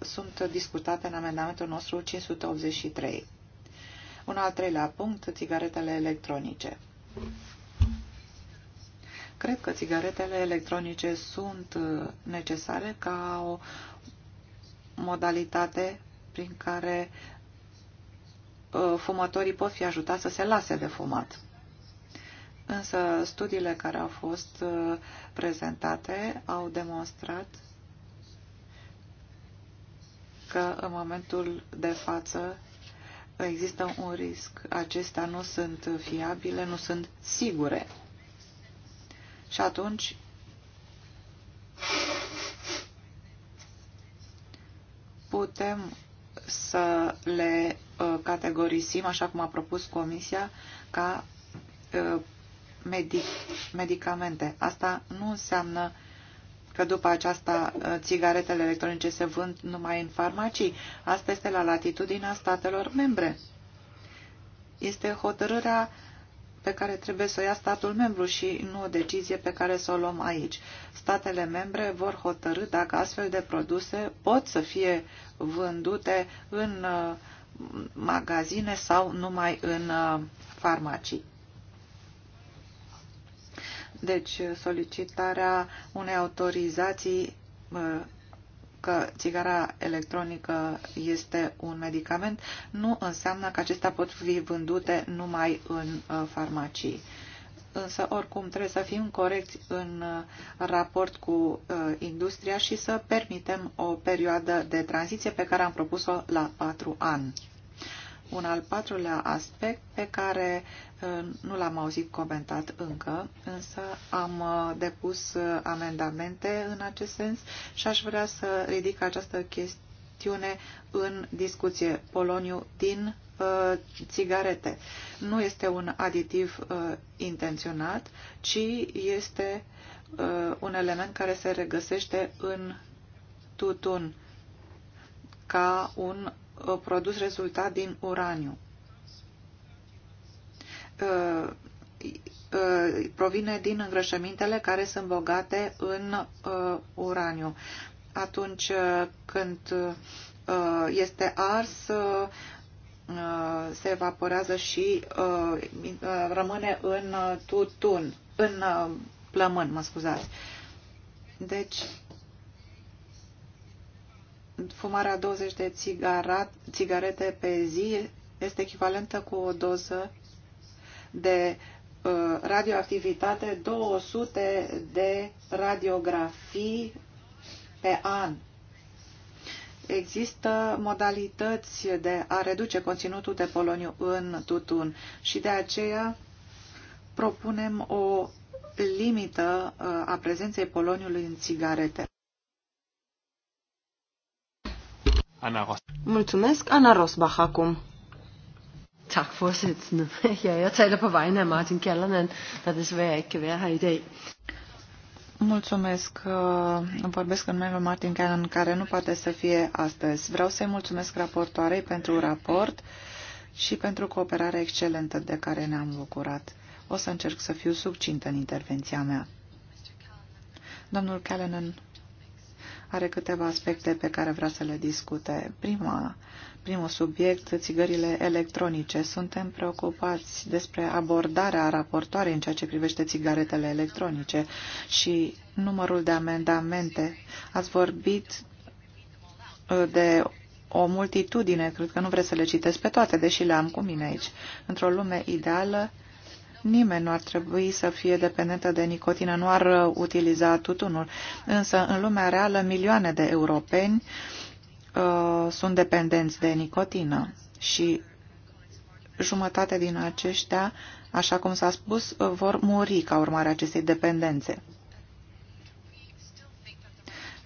sunt discutate în amendamentul nostru 583. Un al treilea punct, țigaretele electronice. Cred că țigaretele electronice sunt uh, necesare ca o modalitate prin care uh, fumătorii pot fi ajutați să se lase de fumat. Însă studiile care au fost uh, prezentate au demonstrat că în momentul de față există un risc. Acestea nu sunt fiabile, nu sunt sigure. Și atunci putem să le uh, categorisim, așa cum a propus Comisia, ca uh, medic medicamente. Asta nu înseamnă că după aceasta uh, țigaretele electronice se vând numai în farmacii. Asta este la latitudinea statelor membre. Este hotărârea uh, pe care trebuie să o ia statul membru și nu o decizie pe care să o luăm aici. Statele membre vor hotărâ dacă astfel de produse pot să fie vândute în uh, magazine sau numai în uh, farmacii. Deci solicitarea unei autorizații uh, că țigara electronică este un medicament nu înseamnă că acestea pot fi vândute numai în uh, farmacii. Însă, oricum, trebuie să fim corecți în uh, raport cu uh, industria și să permitem o perioadă de tranziție pe care am propus-o la patru ani un al patrulea aspect pe care uh, nu l-am auzit comentat încă, însă am uh, depus uh, amendamente în acest sens și aș vrea să ridic această chestiune în discuție. Poloniu din țigarete. Nu este un aditiv uh, intenționat, ci este uh, un element care se regăsește în tutun ca un Uh, produs rezultat din uraniu. Uh, uh, provine din îngrășămintele care sunt bogate în uraniu. Atunci când este ars, se evaporează și rămâne în tutun, în plămân, mă scuzați. Deci, fumarea 20 de țigarete pe zi este echivalentă cu o doză de uh, radioactivitate, 200 de radiografii pe an. Există modalități de a reduce conținutul de poloniu în tutun și de aceea propunem o limită uh, a prezenței poloniului în țigarete. Ana Ros. Mulțumesc, Ana Rosbach, acum. Tak, forsitzende. *laughs* Ja, jeg taler på vegne af Martin Kjallermann, der desværre ikke kan være her i dag. Mulțumesc. Uh, vorbesc în numele Martin Cannon, care nu poate să fie astăzi. Vreau să-i mulțumesc raportoarei pentru raport și pentru cooperarea excelentă de care ne-am bucurat. O să încerc să fiu subcintă în intervenția mea. Domnul Callanan are câteva aspecte pe care vrea să le discute. Prima, primul subiect, țigările electronice. Suntem preocupați despre abordarea raportoarei în ceea ce privește țigaretele electronice și numărul de amendamente. Ați vorbit uh, de o multitudine, cred că nu vreți să le citesc pe toate, deși le am cu mine aici. Într-o lume ideală, Nimeni nu ar trebui să fie dependentă de nicotină, nu ar uh, utiliza tutunul. Însă, în lumea reală, milioane de europeni uh, sunt dependenți de nicotină și jumătate din aceștia, așa cum s-a spus, uh, vor muri ca urmare a acestei dependențe.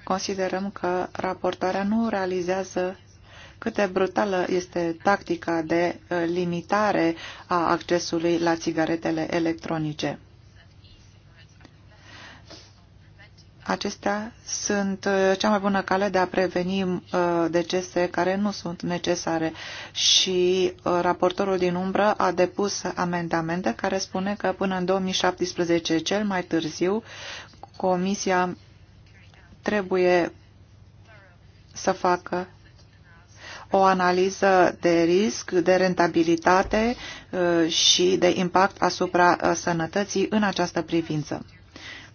Considerăm că raportarea nu realizează cât de brutală este tactica de uh, limitare a accesului la țigaretele electronice. Acestea sunt uh, cea mai bună cale de a preveni uh, decese care nu sunt necesare și raportorul din umbră a depus amendamente care spune că până în 2017 cel mai târziu Comisia trebuie să facă o analiză de risc, de rentabilitate uh, și de impact asupra uh, sănătății în această privință.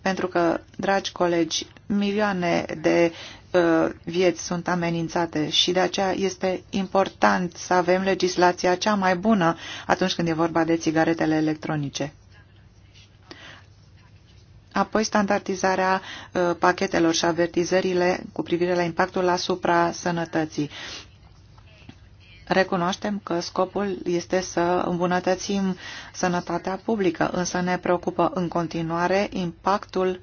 Pentru că, dragi colegi, milioane de uh, vieți sunt amenințate și de aceea este important să avem legislația cea mai bună atunci când e vorba de țigaretele electronice. Apoi standardizarea pachetelor și avertizările cu privire la impactul asupra sănătății. Recunoaștem că scopul este să îmbunătățim sănătatea publică, însă ne preocupă în continuare impactul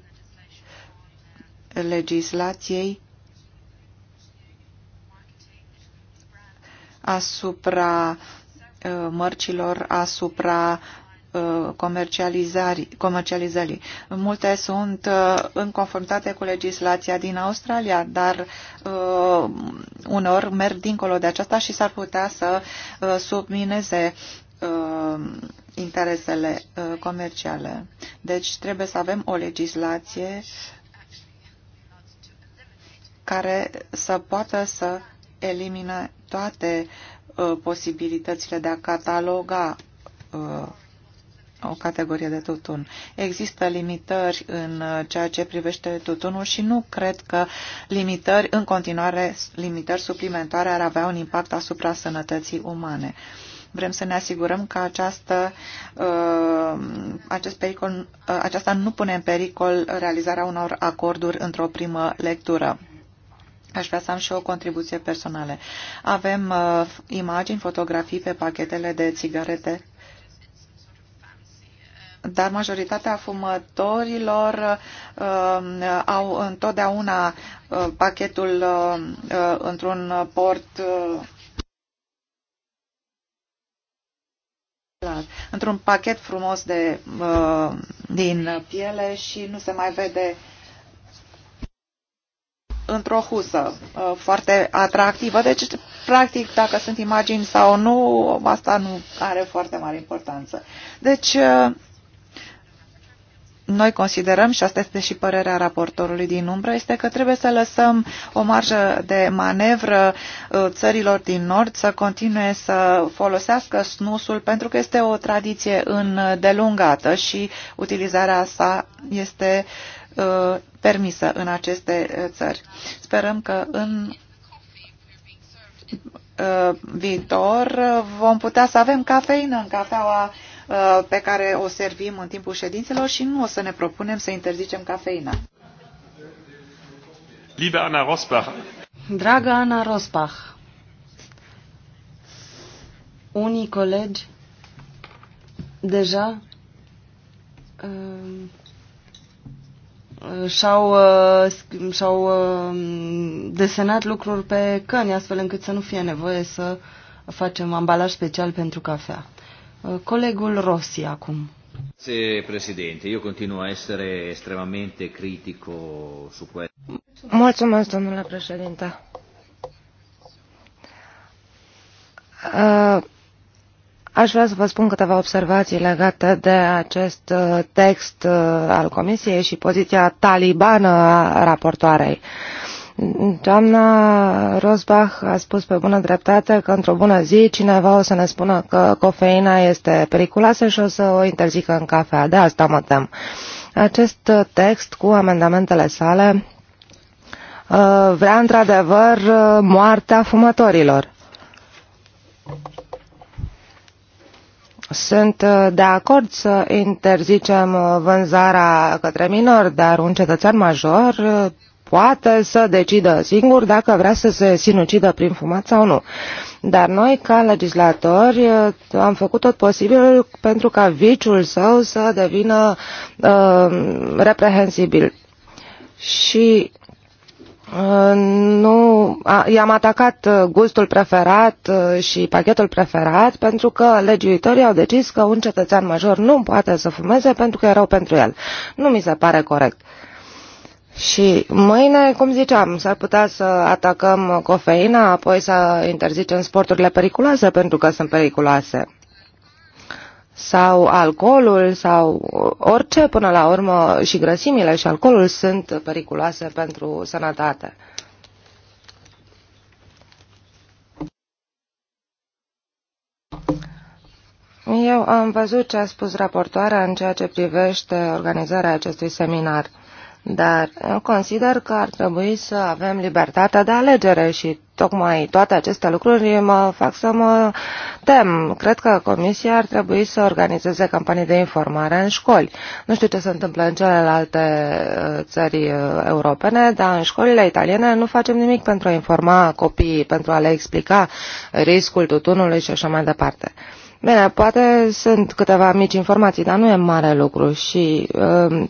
legislației asupra uh, mărcilor, asupra Uh, comercializării. Multe sunt uh, în conformitate cu legislația din Australia, dar uh, uneori merg dincolo de aceasta și s-ar putea să submineze interesele comerciale. Deci trebuie să avem o legislație care să poată să elimine toate posibilitățile de a cataloga o categorie de tutun. Există limitări în ceea ce privește tutunul și nu cred că limitări în continuare, limitări suplimentare ar avea un impact asupra sănătății umane. Vrem să ne asigurăm că această, uh, acest pericol, uh, aceasta nu pune în pericol realizarea unor acorduri într-o primă lectură. Aș vrea să am și o contribuție personală. Avem uh, imagini, fotografii pe pachetele de țigarete dar majoritatea fumătorilor uh, au întotdeauna uh, pachetul uh, uh, într-un port uh, într-un pachet frumos de, uh, din piele și nu se mai vede într-o husă uh, foarte atractivă. Deci, practic, dacă sunt imagini sau nu, asta nu are foarte mare importanță. Deci, uh, noi considerăm, și asta este și părerea raportorului din umbră, este că trebuie să lăsăm o marjă de manevră uh, țărilor din Nord să continue să folosească snusul pentru că este o tradiție îndelungată și utilizarea sa este uh, permisă în aceste uh, țări. Sperăm că în viitor vom putea să avem cafeină în cafeaua Uh, pe care o servim în timpul ședințelor și nu o să ne propunem să interzicem cafeina. Liebe Ana Rosbach. Dragă Ana Rosbach, unii colegi deja uh, și-au, uh, și-au uh, desenat lucruri pe căni, astfel încât să nu fie nevoie să facem ambalaj special pentru cafea. Uh, colegul Rossi acum. Grazie Presidente, io continuo a essere estremamente critico su questo. Mulțumesc, domnule președinte. Uh, aș vrea să vă spun câteva observații legate de acest uh, text al Comisiei și poziția talibană a raportoarei. Doamna Rosbach a spus pe bună dreptate că într-o bună zi cineva o să ne spună că cofeina este periculoasă și o să o interzică în cafea. De asta mă tem. Acest text cu amendamentele sale uh, vrea într-adevăr uh, moartea fumătorilor. Sunt uh, de acord să interzicem vânzarea către minori, dar un cetățean major poate să decidă singur dacă vrea să se sinucidă prin fumat sau nu. Dar noi, ca legislatori, am făcut tot posibilul pentru ca viciul său să devină uh, reprehensibil. Și uh, nu, i-am atacat gustul preferat uh, și pachetul preferat pentru că legiuitorii au decis că un cetățean major nu poate să fumeze pentru că erau pentru el. Nu mi se pare corect. Și mâine, cum ziceam, s-ar putea să atacăm cofeina, apoi să interzicem sporturile periculoase pentru că sunt periculoase. Sau alcoolul, sau orice până la urmă, și grăsimile și alcoolul sunt periculoase pentru sănătate. Eu am văzut ce a spus raportoarea în ceea ce privește organizarea acestui seminar. Dar consider că ar trebui să avem libertatea de alegere și tocmai toate aceste lucruri mă fac să mă tem. Cred că Comisia ar trebui să organizeze campanii de informare în școli. Nu știu ce se întâmplă în celelalte uh, țări uh, europene, dar în școlile italiene nu facem nimic pentru a informa copiii, pentru a le explica riscul tutunului și așa mai departe. Bine, poate sunt câteva mici informații, dar nu e mare lucru și uh,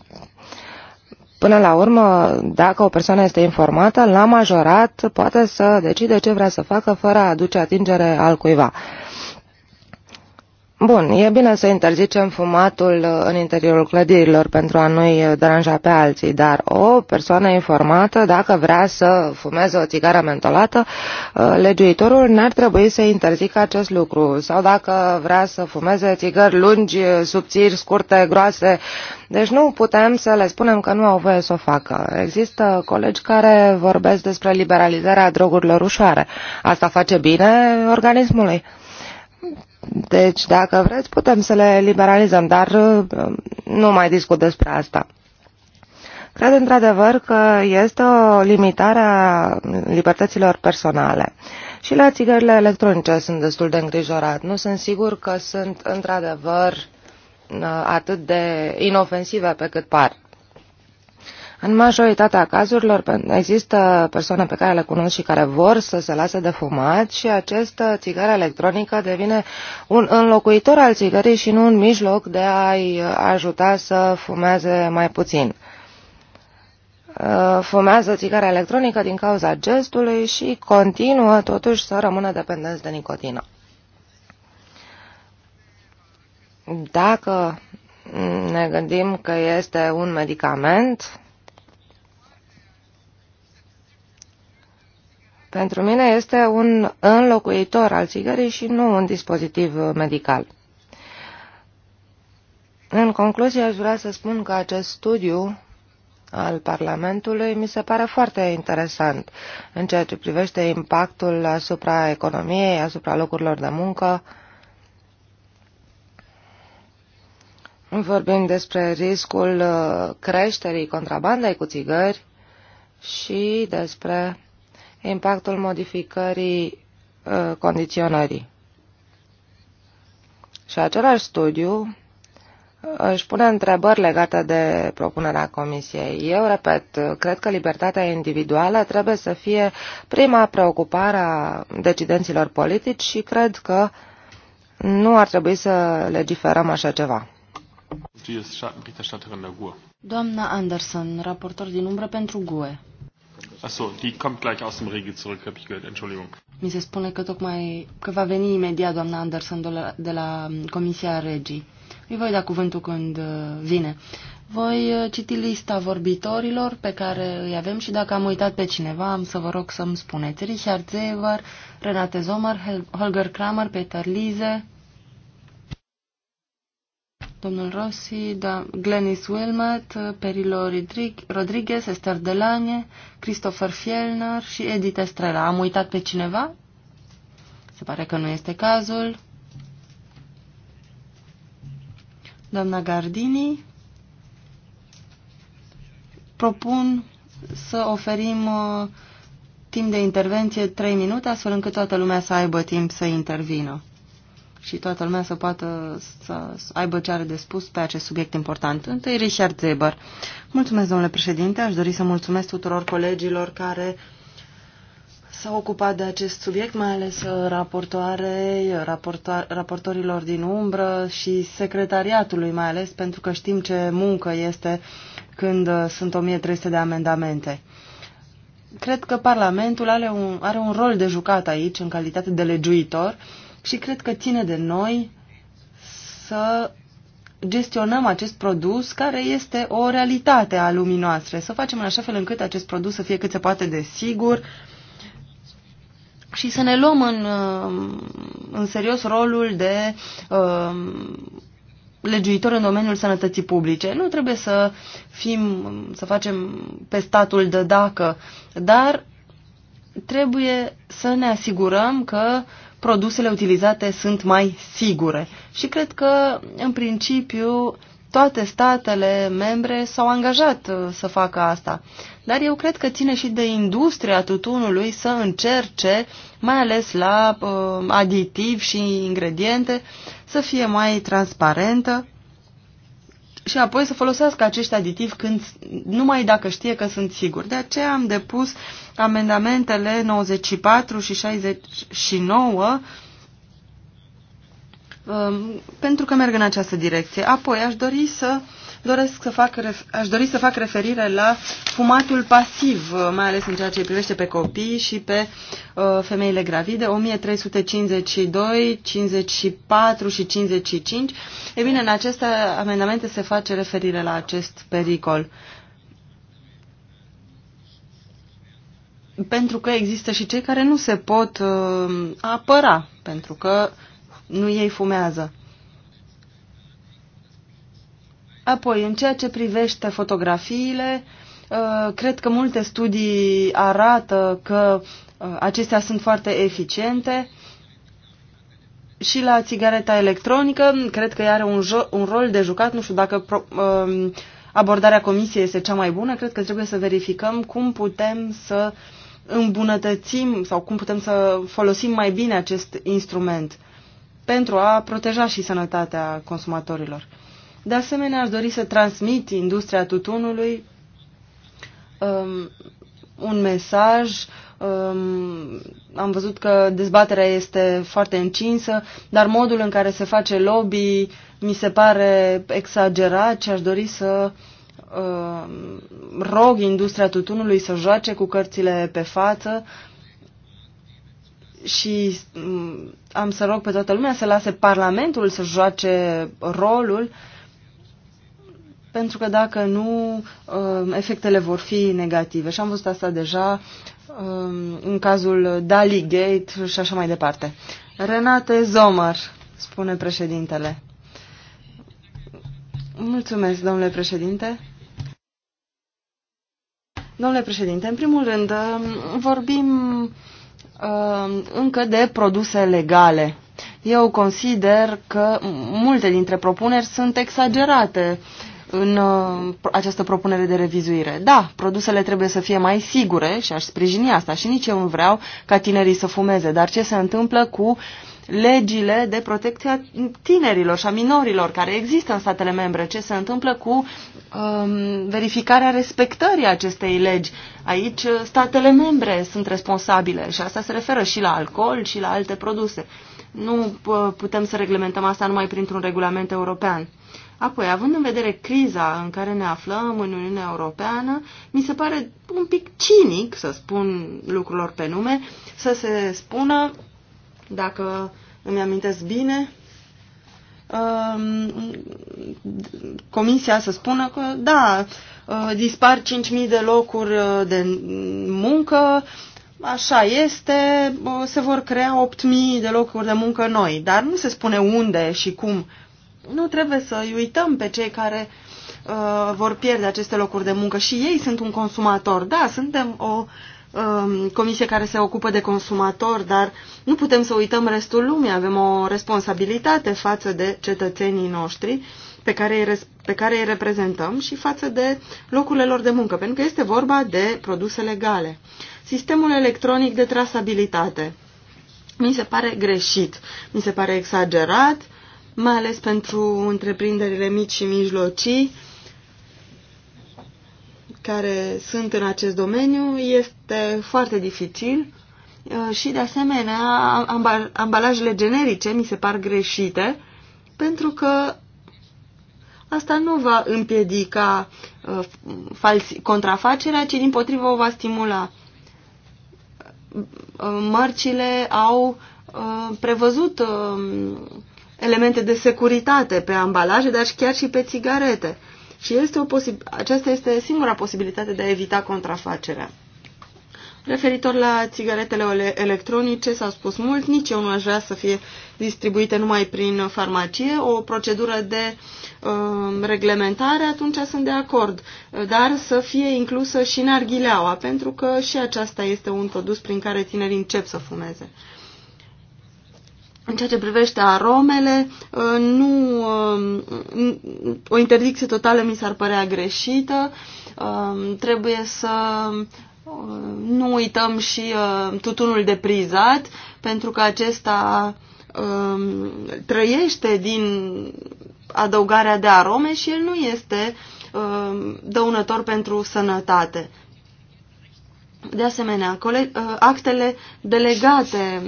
Până la urmă, dacă o persoană este informată, la majorat poate să decide ce vrea să facă fără a aduce atingere al cuiva. Bun, e bine să interzicem fumatul uh, în interiorul clădirilor pentru a nu-i uh, deranja pe alții, dar o persoană informată, dacă vrea să fumeze o țigară mentolată, uh, legiuitorul n-ar trebui să interzică acest lucru. Sau dacă vrea să fumeze țigări lungi, subțiri, scurte, groase, deci nu putem să le spunem că nu au voie să o facă. Există colegi care vorbesc despre liberalizarea drogurilor ușoare. Asta face bine organismului deci, dacă vreți, putem să le liberalizăm, dar uh, nu mai discut despre asta. Cred într-adevăr că este o limitare a libertăților personale. Și la țigările electronice sunt destul de îngrijorat. Nu sunt sigur că sunt într-adevăr uh, atât de inofensive pe cât par. În majoritatea cazurilor există persoane pe care le cunosc și care vor să se lase de fumat și această țigară electronică devine un înlocuitor al țigării și nu un mijloc de a-i ajuta să fumeze mai puțin uh, fumează țigara electronică din cauza gestului și continuă totuși să rămână dependenți de nicotină. Dacă ne gândim că este un medicament, Pentru mine este un înlocuitor al țigării și nu un dispozitiv medical. În concluzie, aș vrea să spun că acest studiu al Parlamentului mi se pare foarte interesant în ceea ce privește impactul asupra economiei, asupra locurilor de muncă. Vorbim despre riscul creșterii contrabandei cu țigări și despre impactul modificării uh, condiționării. Și același studiu uh, își pune întrebări legate de propunerea Comisiei. Eu repet, uh, cred că libertatea individuală trebuie să fie prima preocupare a decidenților politici și cred că nu ar trebui să legiferăm așa ceva. Doamna Anderson, raportor din umbră pentru GUE. Achso, die kommt gleich aus dem Regi zurück, habe ich gehört. Entschuldigung. Mi se spune că tocmai că va veni imediat doamna Anderson de la, de la mm, Comisia Regii. Îi voi da cuvântul când uh, vine. Voi uh, citi lista vorbitorilor pe care îi avem și dacă am uitat pe cineva, am să vă rog să-mi spuneți. Richard Zevar, Renate Zomar, Holger Kramer, Peter Lise domnul Rossi, da, Glenis Wilmot, Perilo Rodriguez, Esther Delane, Christopher Fielner și Edith Estrella. Am uitat pe cineva? Se pare că nu este cazul. Doamna Gardini, propun să oferim uh, timp de intervenție 3 minute, astfel încât toată lumea să aibă timp să intervină și toată lumea să poată să aibă ce are de spus pe acest subiect important. Întâi Richard Zeber. Mulțumesc, domnule președinte. Aș dori să mulțumesc tuturor colegilor care s-au ocupat de acest subiect, mai ales uh, raportoarei, uh, raporto raportorilor din umbră și secretariatului, mai ales pentru că știm ce muncă este când uh, sunt 1300 de amendamente. Cred că Parlamentul are un, are un rol de jucat aici în calitate de legiuitor și cred că ține de noi să gestionăm acest produs care este o realitate a lumii noastre, să facem în așa fel încât acest produs să fie cât se poate de sigur și să ne luăm în, uh, în serios rolul de uh, legiuitor în domeniul sănătății publice. Nu trebuie să fim, să facem pe statul de dacă, dar trebuie să ne asigurăm că uh, produsele utilizate sunt mai sigure. Și cred că, în principiu, toate statele membre s-au angajat uh, să facă asta. Dar eu cred că ține și de industria tutunului să încerce, mai ales la uh, aditiv și ingrediente, să fie mai transparentă și apoi să folosească acești aditivi când, numai dacă știe că sunt siguri. De aceea am depus amendamentele 94 și 69 um, pentru că merg în această direcție. Apoi aș dori să doresc să fac, aș dori să fac referire la fumatul pasiv, uh, mai ales în ceea ce privește pe copii și pe uh, femeile gravide, 1352, 54 și 55. E bine, în aceste amendamente se face referire la acest pericol. Pentru că există și cei care nu se pot uh, apăra, pentru că nu ei fumează. Apoi, în ceea ce privește fotografiile, uh, cred că multe studii arată că uh, acestea sunt foarte eficiente și la țigareta electronică, cred că are un, un rol de jucat, nu știu dacă pro, um, abordarea comisiei este cea mai bună, cred că trebuie să verificăm cum putem să îmbunătățim sau cum putem să folosim mai bine acest instrument pentru a proteja și sănătatea consumatorilor. De asemenea, aș dori să transmit industria tutunului um, un mesaj. Um, am văzut că dezbaterea este foarte încinsă, dar modul în care se face lobby mi se pare exagerat și aș dori să um, rog industria tutunului să joace cu cărțile pe față și um, am să rog pe toată lumea să lase Parlamentul să joace rolul uh, pentru că dacă nu, uh, efectele vor fi negative. Și am văzut asta deja um, în cazul Dali Gate și așa mai departe. Renate Zomar, spune președintele. Mulțumesc, domnule președinte. Domnule președinte, în primul rând, um, vorbim um, încă de produse legale. Eu consider că multe dintre propuneri sunt exagerate. Uh, în uh, această propunere de revizuire. Da, produsele trebuie să fie mai sigure și aș sprijini asta și nici eu nu vreau ca tinerii să fumeze, dar ce se întâmplă cu legile de protecție a tinerilor și a minorilor care există în statele membre, ce se întâmplă cu um, verificarea respectării acestei legi. Aici uh, statele membre sunt responsabile și asta se referă și la alcool și la alte produse. Nu uh, putem să reglementăm asta numai printr-un regulament european. Apoi, având în vedere criza în care ne aflăm în Uniunea Europeană, mi se pare un pic cinic, să spun lucrurilor pe nume, să se spună, dacă îmi amintesc bine, um, comisia să spună că, da, uh, dispar 5.000 de locuri uh, de muncă, așa este, uh, se vor crea 8.000 de locuri de muncă noi, dar nu se spune unde și cum nu trebuie să îi uităm pe cei care uh, vor pierde aceste locuri de muncă și ei sunt un consumator. Da, suntem o um, comisie care se ocupă de consumator, dar nu putem să uităm restul lumii. Avem o responsabilitate față de cetățenii noștri pe care, îi, pe care îi reprezentăm și față de locurile lor de muncă, pentru că este vorba de produse legale. Sistemul electronic de trasabilitate. Mi se pare greșit, mi se pare exagerat, uh, mai ales pentru întreprinderile mici și mijlocii care sunt în acest domeniu, este foarte dificil uh, și, de asemenea, ambalajele generice mi se par greșite pentru că asta nu va împiedica uh, contrafacerea, ci, din potrivă, o va stimula. Uh, mărcile au prevăzut elemente de securitate pe ambalaje, dar și chiar și pe țigarete. Și este o aceasta este singura posibilitate de a evita contrafacerea. Referitor la țigaretele electronice, s-a spus mult, nici eu nu aș vrea să fie distribuite numai prin farmacie, o procedură de uh, reglementare, atunci sunt de acord, dar să fie inclusă și arghileaua, pentru că și aceasta este un produs prin care tinerii încep să fumeze. În ceea ce privește aromele, uh, nu, uh, o interdicție totală mi s-ar părea greșită. Uh, trebuie să nu uităm și tutunul de prizat, pentru că acesta um, trăiește din adăugarea de arome și el nu este um, dăunător pentru sănătate. De asemenea, actele delegate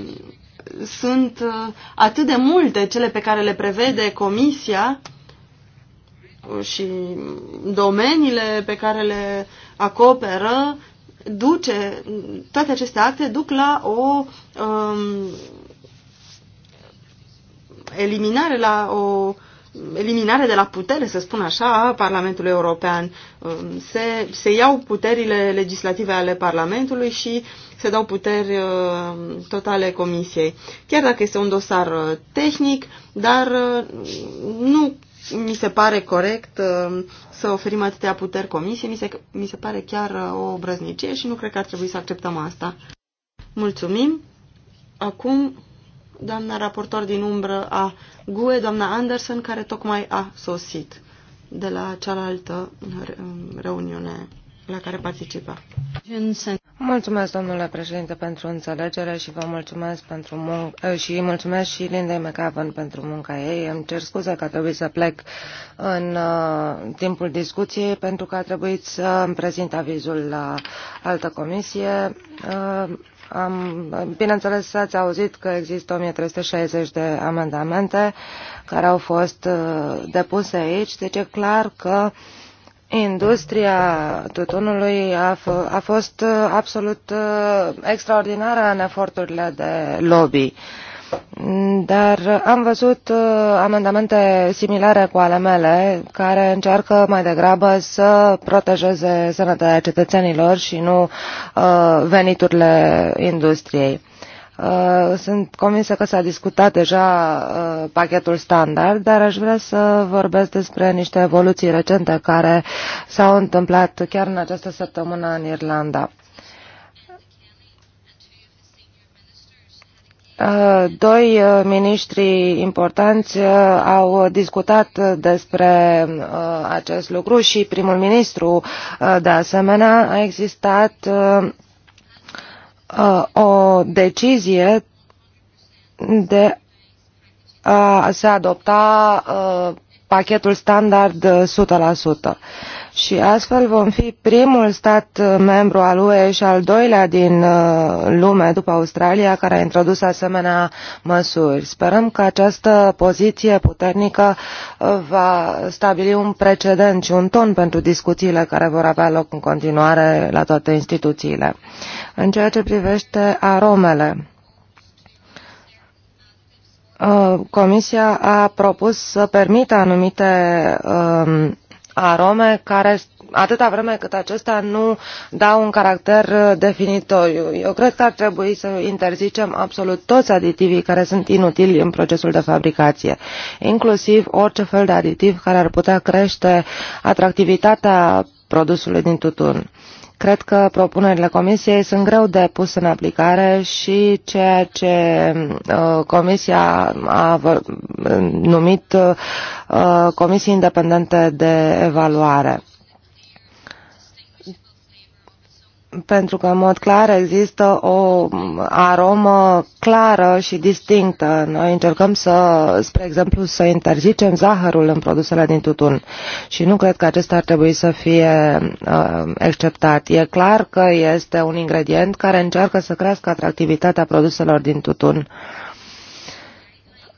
sunt uh, atât de multe cele pe care le prevede Comisia uh, și domeniile pe care le acoperă, duce, toate aceste acte duc la o um, eliminare, la o eliminare de la putere, să spun așa, a Parlamentului European. Um, se, se iau puterile legislative ale Parlamentului și uh, se dau puteri uh, totale comisiei. Chiar dacă este un dosar uh, tehnic, dar uh, nu mi se pare corect să oferim atâtea puteri comisiei, mi se, mi se pare chiar o brăznicie și nu cred că ar trebui să acceptăm asta. Mulțumim. Acum, doamna raportor din umbră a GUE, doamna Anderson, care tocmai a sosit de la cealaltă um, reuniune la care participa. Mulțumesc, domnule președinte, pentru înțelegere și vă mulțumesc pentru muncă eh, și mulțumesc și Lindei McAvan pentru munca ei. Îmi cer scuze că a trebuit să plec în uh, timpul discuției pentru că a trebuit să îmi prezint avizul la altă comisie. Uh, am, bineînțeles, ați auzit că există 1360 de amendamente care au fost uh, depuse aici, deci e clar că uh, Industria tutunului a, a fost uh, absolut uh, extraordinară în eforturile de lobby. Dar am văzut uh, amendamente similare cu ale mele, care încearcă mai degrabă să protejeze sănătatea cetățenilor și nu veniturile industriei. Uh, sunt convinsă că s-a discutat deja uh, pachetul standard, dar aș vrea să vorbesc despre niște evoluții recente care s-au întâmplat chiar în această săptămână în Irlanda. Uh, doi miniștri importanți au discutat despre acest lucru și primul ministru de asemenea a existat Uh, o decizie de a se adopta uh, pachetul standard 100%. Uh, și astfel vom fi primul stat uh, membru al UE și al doilea din uh, lume după Australia care a introdus asemenea măsuri. Sperăm că această poziție puternică va stabili un precedent și un ton pentru discuțiile care vor avea loc în continuare la toate instituțiile. În ceea ce privește aromele, Uh, Comisia a propus să permită anumite um, arome care atâta vreme cât acestea nu dau un caracter uh, definitoriu. Eu cred că ar trebui să interzicem absolut toți aditivii care sunt inutili în procesul de fabricație, inclusiv orice fel de aditiv care ar putea crește atractivitatea produsului din tutun. Cred că propunerile Comisiei sunt greu de pus în aplicare și ceea ce uh, Comisia a numit uh, uh, Comisii Independente de Evaluare. pentru că, în mod clar, există o aromă clară și distinctă. Noi încercăm să, spre exemplu, să interzicem zahărul în produsele din tutun și nu cred că acesta ar trebui să fie uh, exceptat. E clar că este un ingredient care încearcă să crească atractivitatea produselor din tutun. Uh,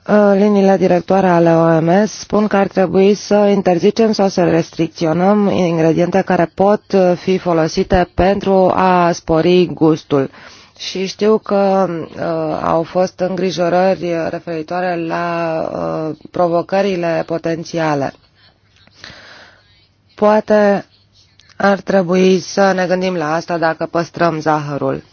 Uh, liniile directoare ale OMS spun că ar trebui să interzicem sau să restricționăm ingrediente care pot uh, fi folosite pentru a spori gustul. Și știu că uh, au fost îngrijorări referitoare la uh, provocările potențiale. Poate ar trebui să ne gândim la asta dacă păstrăm zahărul.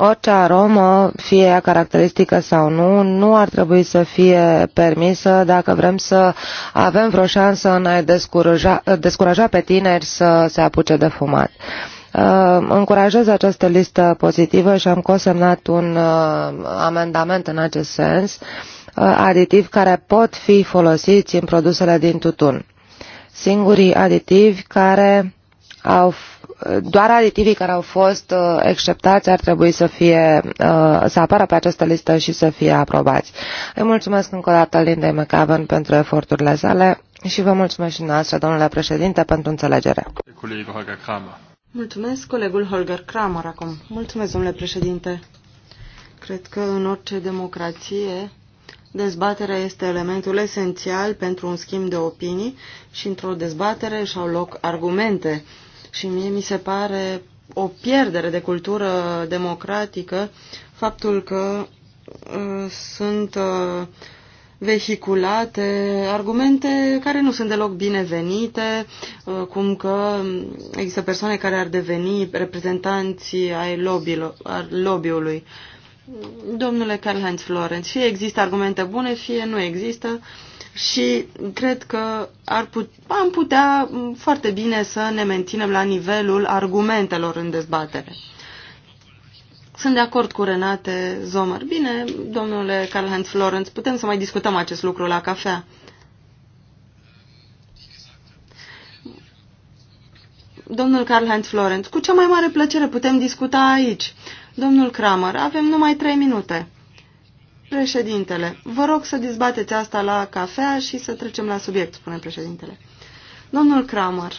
Orice aromă, fie ea caracteristică sau nu, nu ar trebui să fie permisă dacă vrem să avem vreo șansă în a-i descuraja, descuraja pe tineri să se apuce de fumat. Uh, încurajez această listă pozitivă și am consemnat un uh, amendament în acest sens, uh, aditiv care pot fi folosiți în produsele din tutun. Singurii aditivi care au doar aditivii care au fost uh, exceptați ar trebui să fie uh, să apară pe această listă și să fie aprobați. Îi mulțumesc încă o dată Lindei McAven pentru eforturile sale și vă mulțumesc și noastră, domnule președinte, pentru înțelegere. Mulțumesc, colegul Holger Kramer acum. Mulțumesc, domnule președinte. Cred că în orice democrație dezbaterea este elementul esențial pentru un schimb de opinii și într-o dezbatere și-au loc argumente și mie mi se pare o pierdere de cultură democratică faptul că uh, sunt uh, vehiculate argumente care nu sunt deloc binevenite, uh, cum că există persoane care ar deveni reprezentanții ai lobby-ului. Domnule Karl-Heinz Florenz, fie există argumente bune, fie nu există. Uh, și cred că ar put, am putea foarte bine să ne menținem la nivelul argumentelor în dezbatere. Sunt de acord cu Renate Zomer. Bine, domnule Karl-Heinz Florenz, putem să mai discutăm acest lucru la cafea. Domnul Karl-Heinz Florenz, cu cea mai mare plăcere putem discuta aici. Domnul Kramer, avem numai trei minute. Președintele, vă rog să dezbateți asta la cafea și să trecem la subiect, spune președintele. Domnul Kramer,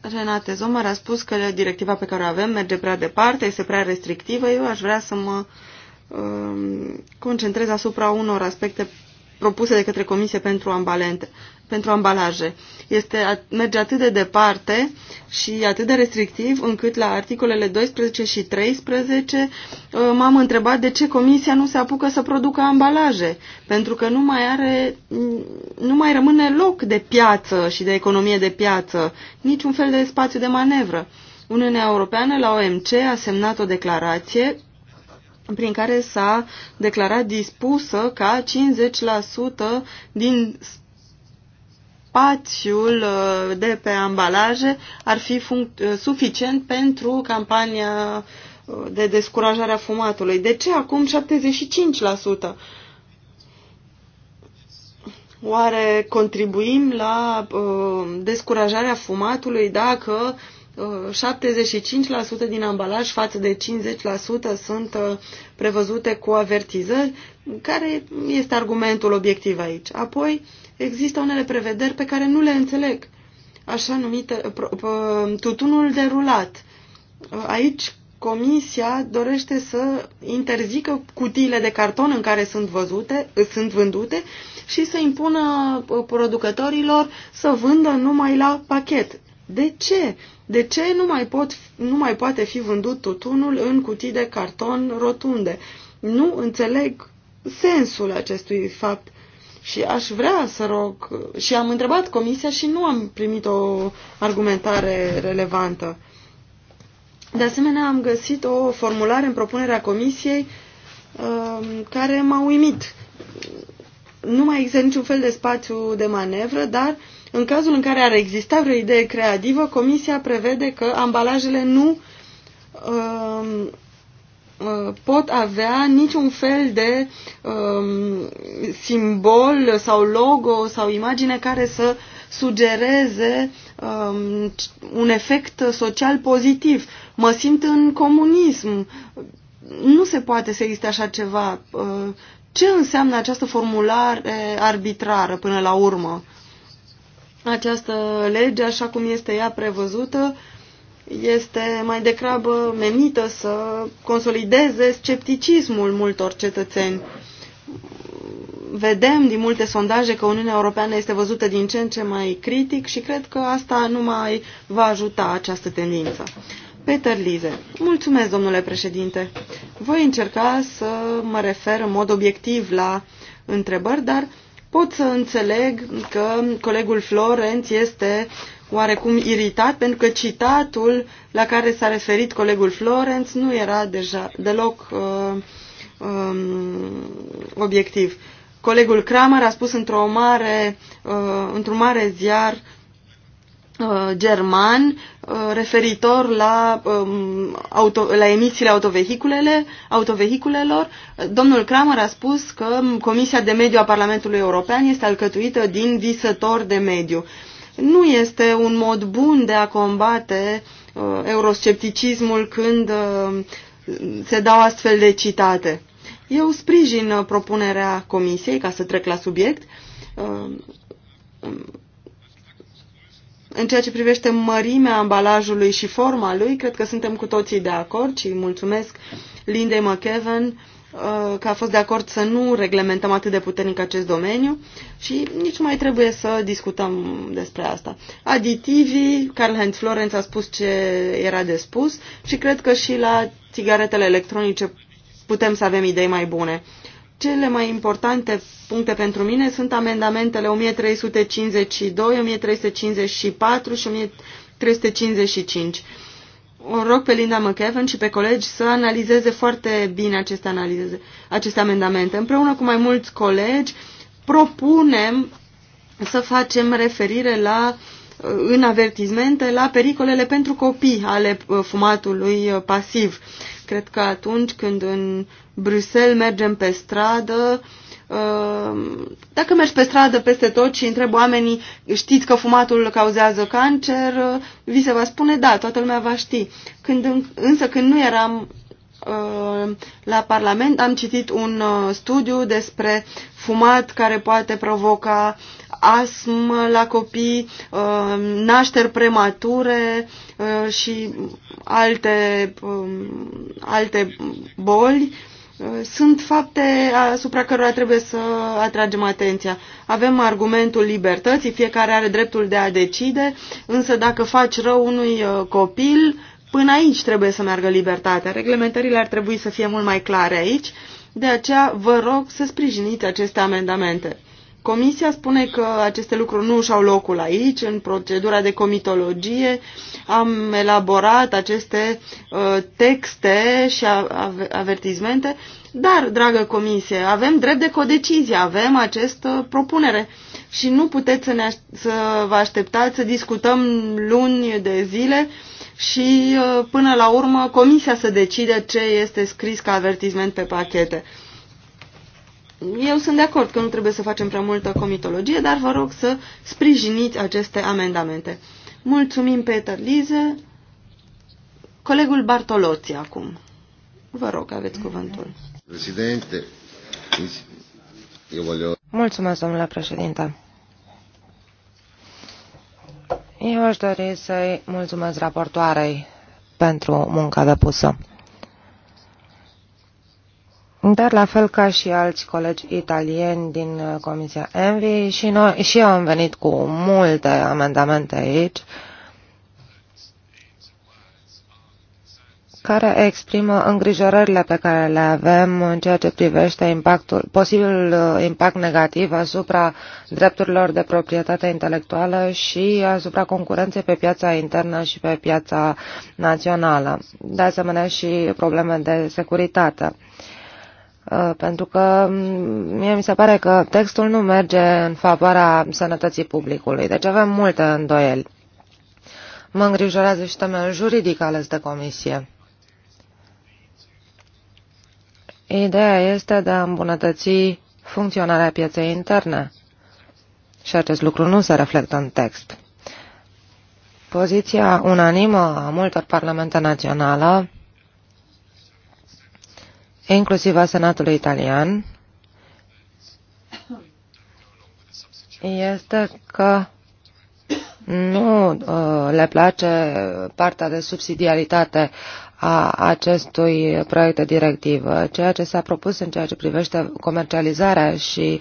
Renate Zomar a spus că directiva pe care o avem merge prea departe, este prea restrictivă. Eu aș vrea să mă uh, concentrez asupra unor aspecte propuse de către Comisie pentru, ambalente, pentru ambalaje. Este, merge atât de departe și atât de restrictiv încât la articolele 12 și 13 uh, m-am întrebat de ce Comisia nu se apucă să producă ambalaje, pentru că nu mai, are, nu mai rămâne loc de piață și de economie de piață, niciun fel de spațiu de manevră. Uniunea Europeană la OMC a semnat o declarație prin care s-a declarat dispusă ca 50% din spațiul uh, de pe ambalaje ar fi uh, suficient pentru campania uh, de descurajare a fumatului. De ce acum 75%? Oare contribuim la uh, descurajarea fumatului dacă uh, 75% din ambalaj față de 50% sunt uh, prevăzute cu avertizări. Care este argumentul obiectiv aici? Apoi, există unele prevederi pe care nu le înțeleg. Așa numită tutunul derulat. Uh, aici comisia dorește să interzică cutiile de carton în care sunt, văzute, sunt vândute și să impună uh, producătorilor să vândă numai la pachet. De ce? De ce nu mai, pot, nu mai poate fi vândut tutunul în cutii de carton rotunde? Nu înțeleg sensul acestui fapt și aș vrea să rog și am întrebat comisia și nu am primit o argumentare relevantă. De asemenea, am găsit o formulare în propunerea comisiei uh, care m-a uimit. Nu mai există niciun fel de spațiu de manevră, dar uh, în cazul în care ar exista vreo idee creativă, Comisia prevede că ambalajele nu uh, uh, pot avea niciun fel de uh, simbol sau logo sau imagine care să sugereze um, un efect social pozitiv. Mă simt în comunism. Nu se poate să existe așa ceva. Uh, ce înseamnă această formulare arbitrară până la urmă? Această lege, așa cum este ea prevăzută, este mai degrabă menită să consolideze scepticismul multor cetățeni. Vedem din multe sondaje că Uniunea Europeană este văzută din ce în ce mai critic și cred că asta nu mai va ajuta această tendință. Peter Lize. Mulțumesc, domnule președinte. Voi încerca să mă refer în mod obiectiv la întrebări, dar Pot să înțeleg că colegul Florenț este oarecum iritat pentru că citatul la care s-a referit colegul Florenț nu era deja deloc uh, um, obiectiv. Colegul Kramer a spus într-o mare, uh, într-un mare ziar Uh, german uh, referitor la, um, auto, la emisiile autovehiculele, autovehiculelor. Domnul Kramer a spus că Comisia de Mediu a Parlamentului European este alcătuită din visător de mediu. Nu este un mod bun de a combate uh, euroscepticismul când uh, se dau astfel de citate. Eu sprijin uh, propunerea Comisiei, ca să trec la subiect, uh, în ceea ce privește mărimea ambalajului și forma lui, cred că suntem cu toții de acord și mulțumesc Lindei McKeven uh, că a fost de acord să nu reglementăm atât de puternic acest domeniu și nici mai trebuie să discutăm despre asta. Aditivii, Karl-Heinz Florenz a spus ce era de spus și cred că și la țigaretele electronice putem să avem idei mai bune. Cele mai importante puncte pentru mine sunt amendamentele 1352, 1354 și 1355. O rog pe Linda McEvan și pe colegi să analizeze foarte bine aceste, analize, aceste amendamente. Împreună cu mai mulți colegi propunem să facem referire la uh, în avertizmente la pericolele pentru copii ale uh, fumatului uh, pasiv. Cred că atunci când în Bruxelles mergem pe stradă, uh, dacă mergi pe stradă peste tot și întrebi oamenii știți că fumatul cauzează cancer, uh, vi se va spune da, toată lumea va ști. Când, însă când nu eram uh, la Parlament am citit un studiu despre fumat care poate provoca asm la copii, nașteri premature și alte, um, alte boli, uh, sunt fapte asupra cărora trebuie să atragem atenția. Avem argumentul libertății, fiecare are dreptul de a decide, însă dacă faci rău unui uh, copil, până aici trebuie să meargă libertatea. Reglementările ar trebui să fie mult mai clare aici, de aceea vă rog să sprijiniți aceste amendamente. Comisia spune că aceste lucruri nu și-au locul aici, în procedura de comitologie. Am elaborat aceste uh, texte și avertizmente, dar, dragă Comisie, avem drept de codecizie, avem această propunere și nu puteți să, ne să vă așteptați să discutăm luni de zile și, uh, până la urmă, Comisia să decide ce este scris ca avertizment pe pachete. Eu sunt de acord că nu trebuie să facem prea multă comitologie, dar vă rog să sprijiniți aceste amendamente. Mulțumim, Peter Lize. Colegul Bartoloți acum. Vă rog, aveți cuvântul. Președinte, eu voglio... Mulțumesc, domnule președinte. Eu aș dori să-i mulțumesc raportoarei pentru munca depusă. Dar la fel ca și alți colegi italieni din uh, Comisia Envi și, noi, și eu am venit cu multe amendamente aici care exprimă îngrijorările pe care le avem în ceea ce privește impactul, posibil uh, impact negativ asupra drepturilor de proprietate intelectuală și asupra concurenței pe piața internă și pe piața națională. De asemenea și probleme de securitate. Uh, Uh, pentru că mm, mie mi se pare că textul nu merge în favoarea sănătății publicului, deci avem multe îndoieli. Mă îngrijorează și temele juridic ales de comisie. Ideea este de a îmbunătăți funcționarea pieței interne și acest lucru nu se reflectă în text. Poziția unanimă a multor parlamente naționale inclusiv a Senatului italian, este că nu uh, le place partea de subsidiaritate a acestui proiect de directivă. Ceea ce s-a propus în ceea ce privește comercializarea și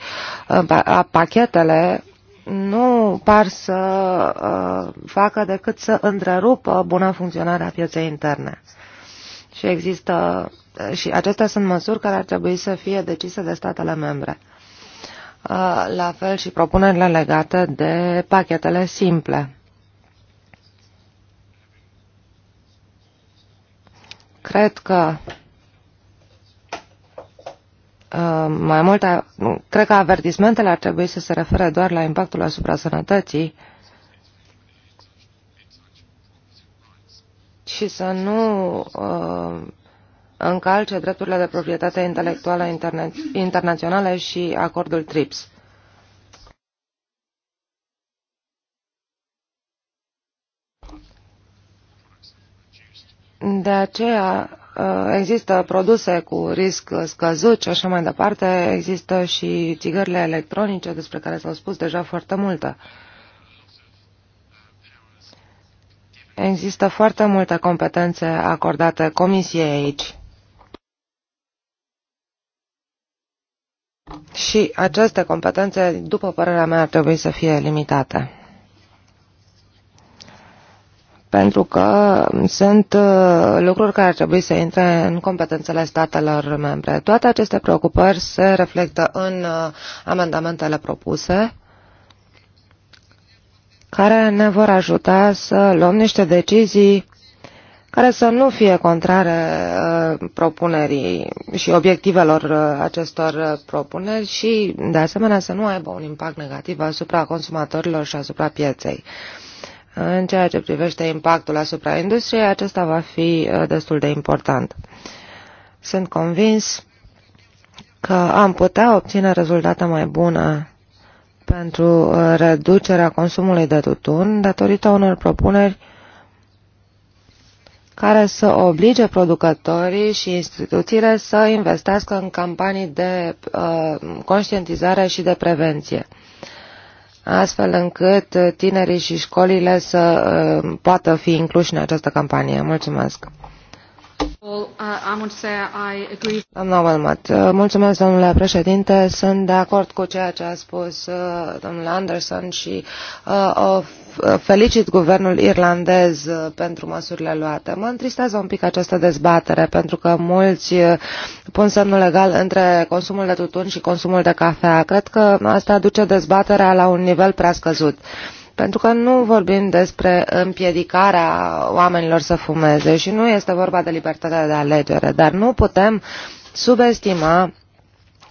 uh, a pachetele nu par să uh, facă decât să întrerupă buna funcționare a pieței interne. Și există și acestea sunt măsuri care ar trebui să fie decise de statele membre. La fel și propunerile legate de pachetele simple. Cred că mai mult, cred că avertismentele ar trebui să se refere doar la impactul asupra sănătății și să nu încalce drepturile de proprietate intelectuală internaționale și acordul TRIPS. De aceea uh, există produse cu risc scăzut și așa mai departe, există și țigările electronice despre care s-au spus deja foarte multe. Există foarte multe competențe acordate Comisiei aici. Și aceste competențe, după părerea mea, ar trebui să fie limitate. Pentru că sunt uh, lucruri care ar trebui să intre în competențele statelor membre. Toate aceste preocupări se reflectă în uh, amendamentele propuse care ne vor ajuta să luăm niște decizii care să nu fie contrare uh, propunerii și obiectivelor uh, acestor uh, propuneri și, de asemenea, să nu aibă un impact negativ asupra consumatorilor și asupra pieței. În ceea ce privește impactul asupra industriei, acesta va fi destul de important. Sunt convins că am putea obține rezultate mai bune pentru reducerea consumului de tutun datorită unor propuneri uh, care să oblige producătorii și instituțiile să investească în campanii de uh, conștientizare și de prevenție, astfel încât tinerii și școlile să uh, poată fi incluși în această campanie. Mulțumesc! Uh, Doamna Walmat, uh, mulțumesc, domnule președinte. Sunt de acord cu ceea ce a spus uh, domnul Anderson și felicit guvernul irlandez pentru măsurile luate. Mă întristează un pic această dezbatere, pentru că mulți pun semnul legal între consumul de tutun și consumul de cafea. Cred că asta aduce dezbaterea la un nivel prea scăzut. Pentru că nu vorbim despre împiedicarea oamenilor să fumeze și nu este vorba de libertatea de alegere, dar nu putem subestima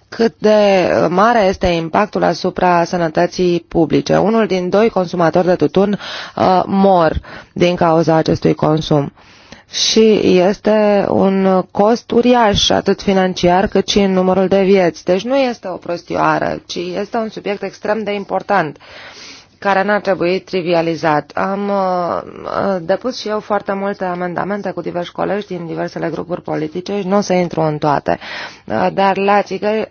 cât de mare este impactul asupra sănătății publice. Unul din doi consumatori de tutun uh, mor din cauza acestui consum. Și este un cost uriaș, atât financiar cât și în numărul de vieți. Deci nu este o prostioară, ci este un subiect extrem de important. Uh, care n-ar trebui trivializat. Am uh, uh, depus și eu foarte multe amendamente cu diversi colegi din diversele grupuri politice și nu o să intru în toate. Uh, dar la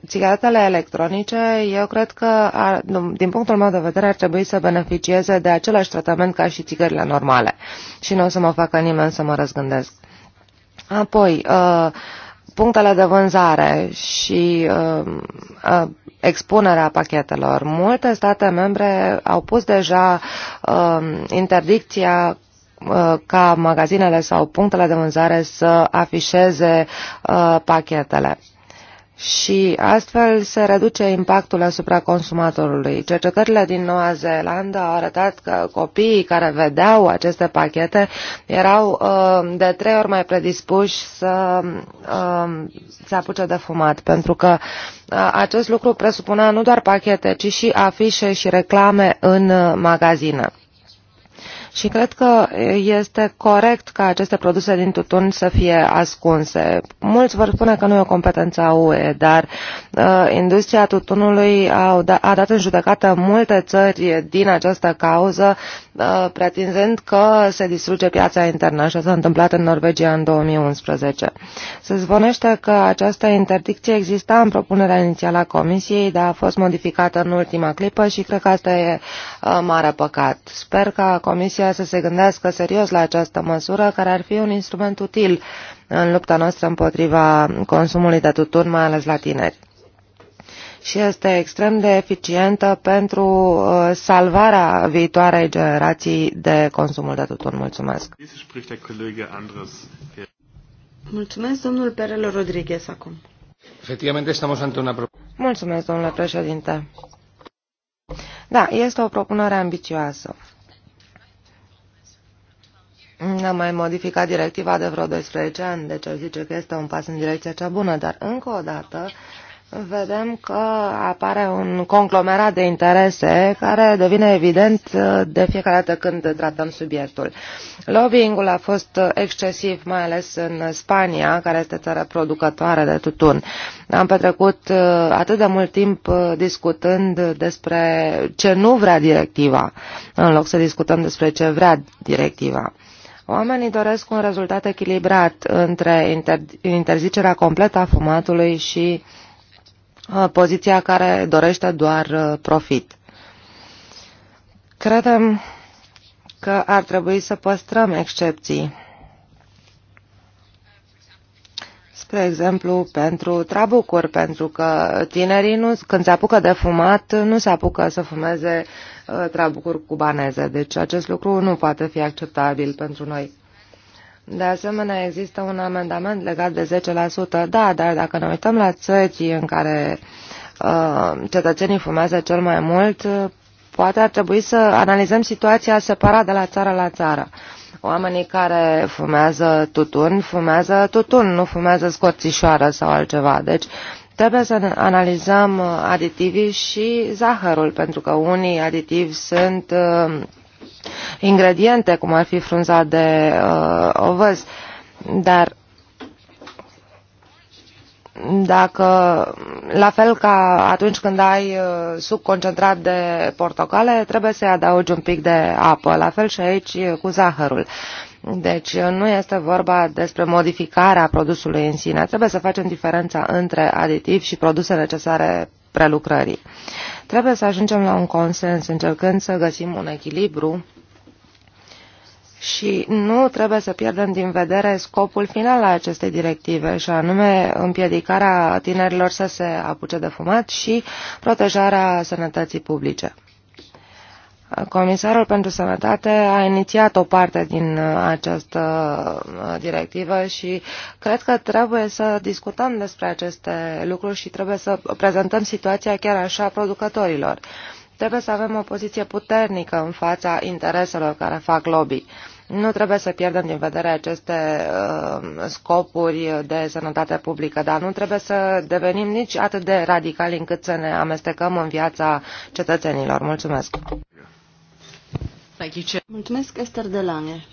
țigaretele electronice, eu cred că, ar, din punctul meu de vedere, ar trebui să beneficieze de același tratament ca și țigările normale. Și nu o să mă facă nimeni să mă răzgândesc. Apoi, uh, punctele de vânzare și uh, uh, expunerea pachetelor. Multe state membre au pus deja um, uh, interdicția ca magazinele sau punctele de vânzare să afișeze uh, pachetele și astfel se reduce impactul asupra consumatorului. Cercetările din Noua Zeelandă au arătat că copiii care vedeau aceste pachete erau uh, de trei ori mai predispuși să uh, se apuce de fumat, pentru că uh, acest lucru presupunea nu doar pachete, ci și afișe și reclame în magazină. Și cred că este corect ca aceste produse din tutun să fie ascunse. Mulți vor spune că nu e o competență a UE, dar uh, industria tutunului a, da, a dat în judecată multe țări din această cauză, uh, pretinzând că se distruge piața internă. Așa s-a întâmplat în Norvegia în 2011. Se zvonește că această interdicție exista în propunerea inițială a Comisiei, dar a fost modificată în ultima clipă și cred că asta e uh, mare păcat. Sper ca Comisia Rusia să se gândească serios la această măsură, care ar fi un instrument util în lupta noastră împotriva consumului de tutun, mai ales la tineri și este extrem de eficientă pentru uh, salvarea viitoarei generații de consumul de tutun. Mulțumesc! Mulțumesc, domnul Perelo Rodriguez, acum. Mulțumesc, domnule președinte. Da, este o propunere ambițioasă. Am mai modificat directiva de vreo 12 ani, deci aș zice că este un pas în direcția cea bună, dar încă o dată vedem că apare un conglomerat de interese care devine evident uh, de fiecare dată când tratăm subiectul. Lobbying-ul a fost excesiv, mai ales în Spania, care este țară producătoare de tutun. Am petrecut uh, atât de mult timp uh, discutând despre ce nu vrea directiva, în loc să discutăm despre ce vrea directiva. Oamenii doresc un rezultat echilibrat între interzicerea completă a fumatului și uh, poziția care dorește doar uh, profit. Credem că ar trebui să păstrăm excepții. Spre exemplu, pentru trabucuri, pentru că tinerii, nu, când se apucă de fumat, nu se apucă să fumeze Uh, trabucuri cubaneze. Deci acest lucru nu poate fi acceptabil pentru noi. De asemenea, există un amendament legat de 10%. Da, dar dacă ne uităm la țări în care uh, cetățenii fumează cel mai mult, poate ar trebui să analizăm situația separat de la țară la țară. Oamenii care fumează tutun, fumează tutun, nu fumează scorțișoară sau altceva. Deci Trebuie să analizăm uh, aditivii și zahărul, pentru că unii aditivi sunt uh, ingrediente, cum ar fi frunza de uh, ovăz, dar dacă, la fel ca atunci când ai uh, suc concentrat de portocale, trebuie să-i adaugi un pic de apă, la fel și aici cu zahărul. Uh, deci nu este vorba despre modificarea produsului în sine. Trebuie să facem diferența între aditiv și produse necesare prelucrării. Trebuie să ajungem la un consens încercând să găsim un echilibru și nu trebuie să pierdem din vedere scopul final al acestei directive, și anume împiedicarea tinerilor să se apuce de fumat și protejarea sănătății publice. Comisarul pentru Sănătate a inițiat o parte din uh, această uh, directivă și cred că trebuie să discutăm despre aceste lucruri și trebuie să prezentăm situația chiar așa producătorilor. Trebuie să avem o poziție puternică în fața intereselor care fac lobby. Nu trebuie să pierdem din vedere aceste uh, scopuri de sănătate publică, dar nu trebuie să devenim nici atât de radicali încât să ne amestecăm în viața cetățenilor. Mulțumesc! Mulțumesc, Esther de Lange.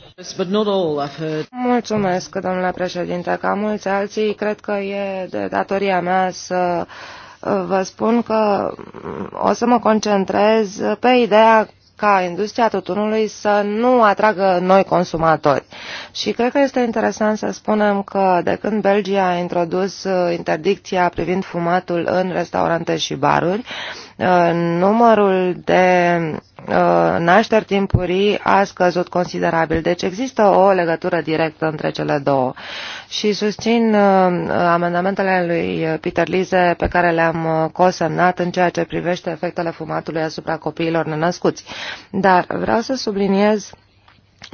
Mulțumesc, domnule președinte. Ca mulți alții, cred că e de datoria mea să uh, vă spun că mm, o să mă concentrez pe ideea ca industria tutunului să nu atragă noi consumatori. Și cred că este interesant să spunem că de când Belgia a introdus uh, interdicția privind fumatul în restaurante și baruri, Uh, numărul de uh, nașteri timpurii a scăzut considerabil. Deci există o legătură directă între cele două. Și susțin uh, amendamentele lui Peter Lize pe care le-am cosemnat în ceea ce privește efectele fumatului asupra copiilor nenăscuți. Dar vreau să subliniez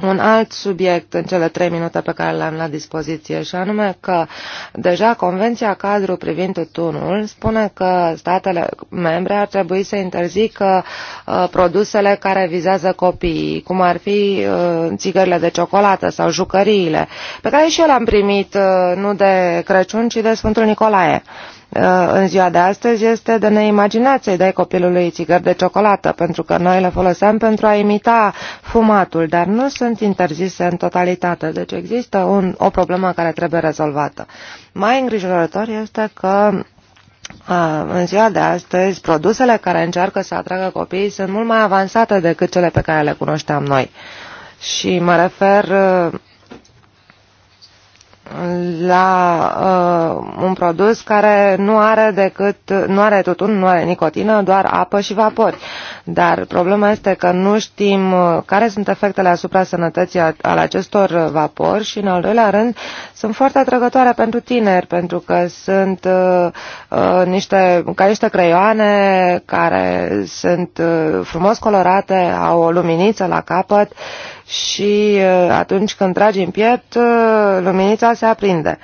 un alt subiect în cele trei minute pe care le-am la dispoziție, și anume că deja Convenția Cadru privind tutunul spune că statele membre ar trebui să interzică uh, produsele care vizează copiii, cum ar fi uh, țigările de ciocolată sau jucăriile, pe care și eu le-am primit uh, nu de Crăciun, ci de Sfântul Nicolae. Uh, Uh, în ziua de astăzi este de neimaginat să-i dai copilului țigări de ciocolată, pentru că noi le folosim pentru a imita fumatul, dar nu sunt interzise în totalitate. Deci există un, o problemă care trebuie rezolvată. Mai îngrijorător este că uh, în ziua de astăzi, produsele care încearcă să atragă copiii sunt mult mai avansate decât cele pe care le cunoșteam noi. Și mă refer uh, la uh, un produs care nu are decât, nu are tutun, nu are nicotină, doar apă și vapori. Dar problema este că nu știm uh, care sunt efectele asupra sănătății al acestor uh, vapori și, în al doilea rând, sunt foarte atrăgătoare pentru tineri, pentru că sunt uh, uh, niște, ca niște creioane care sunt uh, frumos colorate, au o luminiță la capăt și uh, atunci când tragi în piept, uh, luminița se aprinde.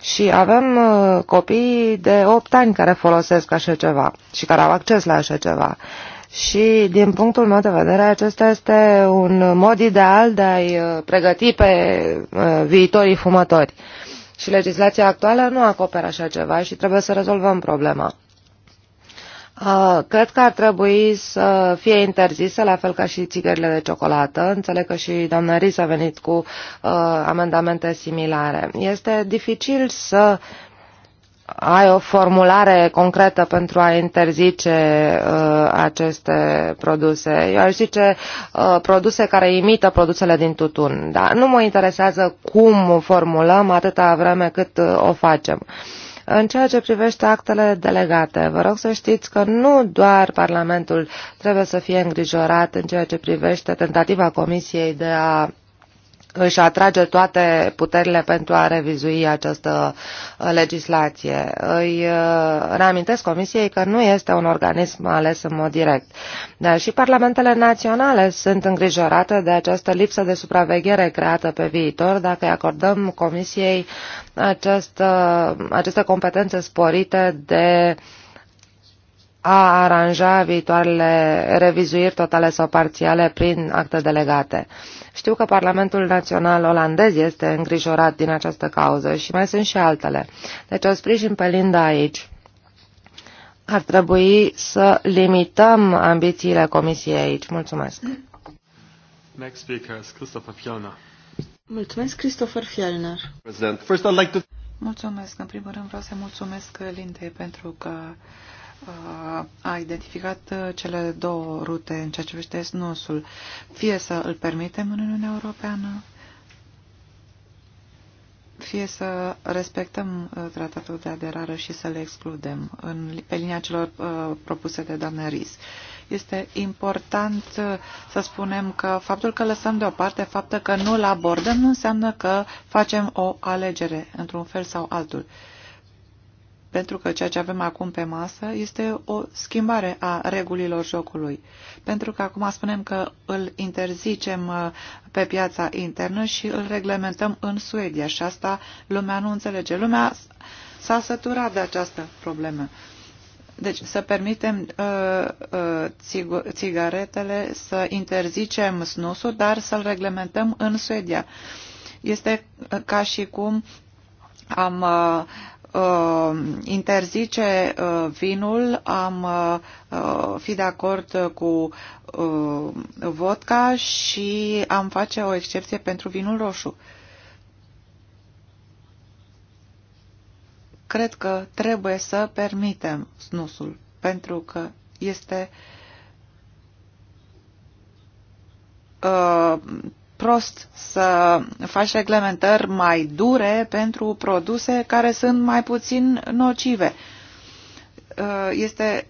Și avem uh, copii de 8 ani care folosesc așa ceva și care au acces la așa ceva. Și din punctul meu de vedere, acesta este un mod ideal de a-i pregăti pe viitorii fumători. Și legislația actuală nu acoperă așa ceva și trebuie să rezolvăm problema. Uh, cred că ar trebui să fie interzise, la fel ca și țigările de ciocolată. Înțeleg că și doamna Riz a venit cu uh, amendamente similare. Este dificil să ai o formulare concretă pentru a interzice uh, aceste produse. Eu aș zice uh, produse care imită produsele din tutun. Dar nu mă interesează cum formulăm atâta vreme cât uh, o facem. Uh, în ceea ce privește actele delegate, vă rog să știți că nu doar Parlamentul trebuie să fie îngrijorat în ceea ce privește tentativa Comisiei de a își atrage toate puterile pentru a revizui această uh, legislație. Îi uh, reamintesc Comisiei că nu este un organism ales în mod direct. Dar și parlamentele naționale sunt îngrijorate de această lipsă de supraveghere creată pe viitor dacă îi acordăm Comisiei această, uh, aceste competențe sporite de uh, a aranja viitoarele revizuiri totale sau parțiale prin acte delegate. Știu că Parlamentul Național Olandez este îngrijorat din această cauză și mai sunt și altele. Deci o sprijin pe Linda aici. Ar trebui să limităm ambițiile Comisiei aici. Mulțumesc. Next speaker is Christopher Fjellner. Mulțumesc, Christopher Fjellner. President, first I'd like to... Mulțumesc. În primul rând vreau să mulțumesc Linde, pentru că a identificat uh, cele două rute în ceea ce privește SNUS-ul. Fie să îl permitem în Uniunea Europeană, fie să respectăm uh, tratatul de aderare și să le excludem în, pe linia celor uh, propuse de doamna Ris. Este important uh, să spunem că faptul că lăsăm deoparte, faptul că nu-l abordăm, nu înseamnă că facem o alegere într-un fel sau altul. Uh, pentru că ceea ce avem acum pe masă este o schimbare a regulilor jocului. Pentru că acum spunem că îl interzicem uh, pe piața internă și îl reglementăm în Suedia și asta lumea nu înțelege. Lumea s-a săturat de această problemă. Deci să permitem uh, uh, țig țigaretele, să interzicem snusul, dar să-l reglementăm în Suedia. Este uh, ca și cum am uh, Uh, interzice uh, vinul, am uh, fi de acord cu vodka și am face o excepție pentru vinul roșu. Cred că trebuie să permitem snusul, pentru că este prost să faci reglementări mai dure pentru produse care sunt mai puțin nocive. Uh, este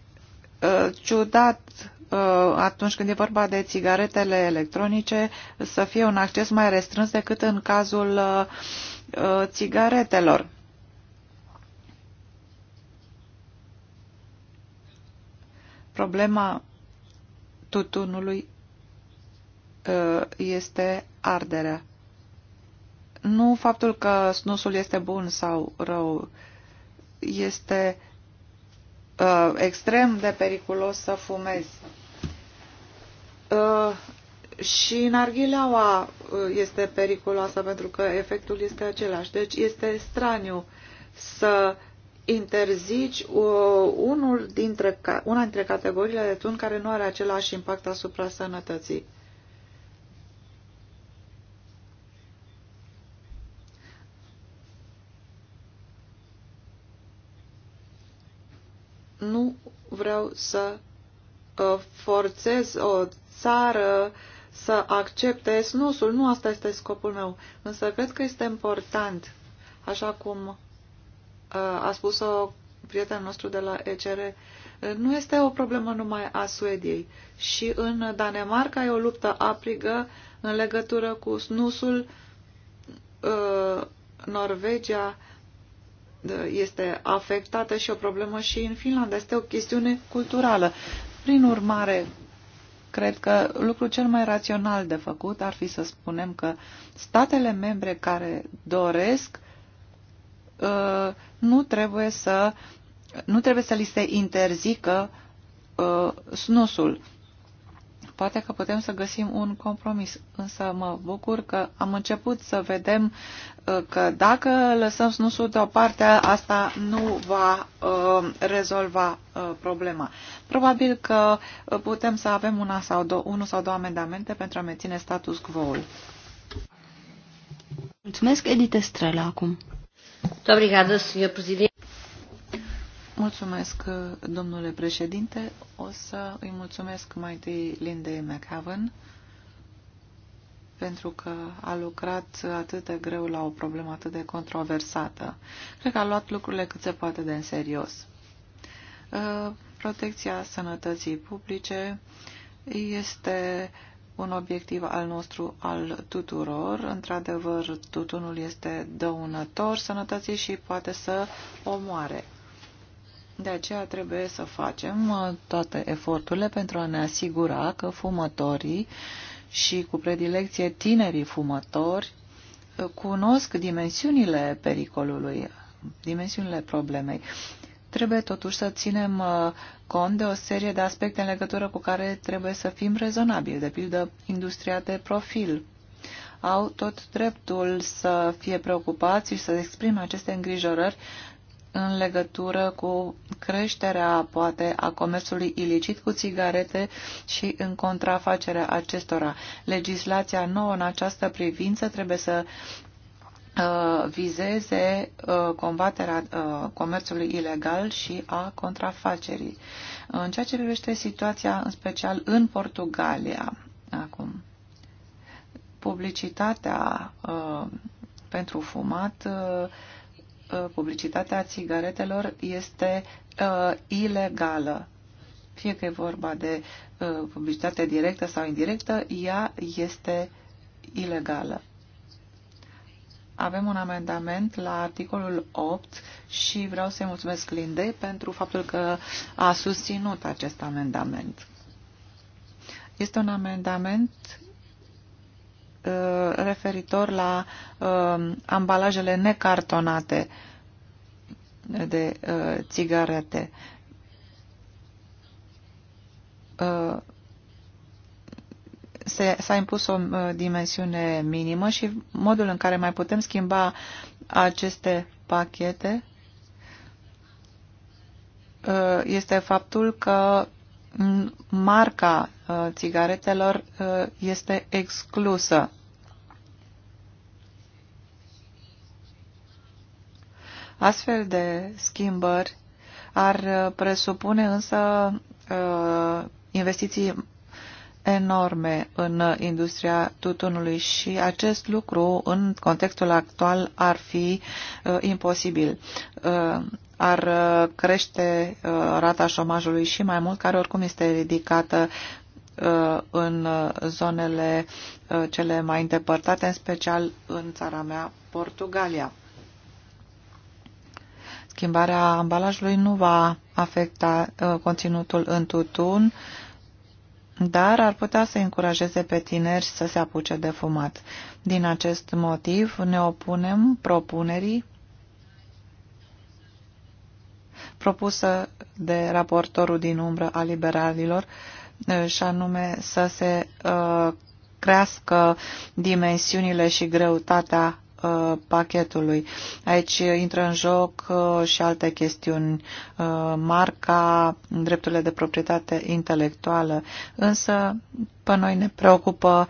uh, ciudat uh, atunci când e vorba de țigaretele electronice să fie un acces mai restrâns decât în cazul țigaretelor. Problema tutunului Uh, este arderea. Nu faptul că snusul este bun sau rău. Este uh, extrem de periculos să fumezi. Uh, și narghileaua uh, este periculoasă pentru că efectul este același. Deci este straniu să interzici uh, unul dintre, una dintre categoriile de tun care nu are același impact asupra sănătății. vreau să uh, forțez o țară să accepte snusul. Nu asta este scopul meu. Însă cred că este important, așa cum uh, a spus-o prietenul nostru de la ECR, uh, nu este o problemă numai a Suediei. Și în Danemarca e o luptă aprigă în legătură cu snusul Norvegia este afectată și o problemă și în Finlanda. Este o chestiune culturală. Prin urmare, cred că lucrul cel mai rațional de făcut ar fi să spunem că statele membre care doresc uh, nu trebuie să nu trebuie să li se interzică uh, snusul. Poate că putem să găsim un compromis, însă mă bucur că am început să vedem uh, că dacă lăsăm snusul deoparte, asta nu va uh, rezolva uh, problema. Probabil că putem să avem una sau două, unul sau două amendamente pentru a menține status quo-ul. Mulțumesc, Edith Estrela, acum. Obrigada, Sr. Presidente. Mulțumesc, domnule președinte. O să îi mulțumesc mai întâi Lindei McHaven pentru că a lucrat atât de greu la o problemă atât de controversată. Cred că a luat lucrurile cât se poate de în serios. Uh, protecția sănătății publice este un obiectiv al nostru al tuturor. Într-adevăr, tutunul este dăunător sănătății și poate să omoare. De aceea trebuie să facem uh, toate eforturile pentru a ne asigura că fumătorii și cu predilecție tinerii fumători uh, cunosc dimensiunile pericolului, dimensiunile problemei. Trebuie totuși să ținem uh, cont de o serie de aspecte în legătură cu care trebuie să fim rezonabili, de pildă industria de profil. Au tot dreptul să fie preocupați și să exprime aceste îngrijorări în legătură cu creșterea, poate, a comerțului ilicit cu țigarete și în contrafacerea acestora. Legislația nouă în această privință trebuie să uh, vizeze uh, combaterea uh, comerțului ilegal și a contrafacerii. În ceea ce privește situația, în special în Portugalia, acum, publicitatea pentru fumat Uh, publicitatea țigaretelor este uh, ilegală. Fie că e vorba de uh, publicitate directă sau indirectă, ea este ilegală. Avem un amendament la articolul 8 și vreau să-i mulțumesc Lindei pentru faptul că a susținut acest amendament. Este un amendament Uh, referitor la uh, ambalajele necartonate de uh, țigarete s-a impus o dimensiune minimă și modul în care mai putem schimba aceste pachete este faptul că marca uh, țigaretelor uh, este exclusă. Astfel de schimbări ar uh, presupune însă investiții enorme în industria tutunului și acest lucru în contextul actual ar fi uh, imposibil. Uh, ar uh, crește uh, rata șomajului și mai mult, care oricum este ridicată uh, în zonele cele mai îndepărtate, în special în țara mea, Portugalia. Schimbarea ambalajului nu va afecta conținutul în tutun, dar ar putea să încurajeze pe tineri să se apuce de fumat. Din acest motiv ne opunem propunerii propusă de raportorul din umbră a liberalilor și anume să se crească dimensiunile și greutatea pachetului. Aici intră în joc și alte chestiuni, marca, drepturile de proprietate intelectuală, însă pe noi ne preocupă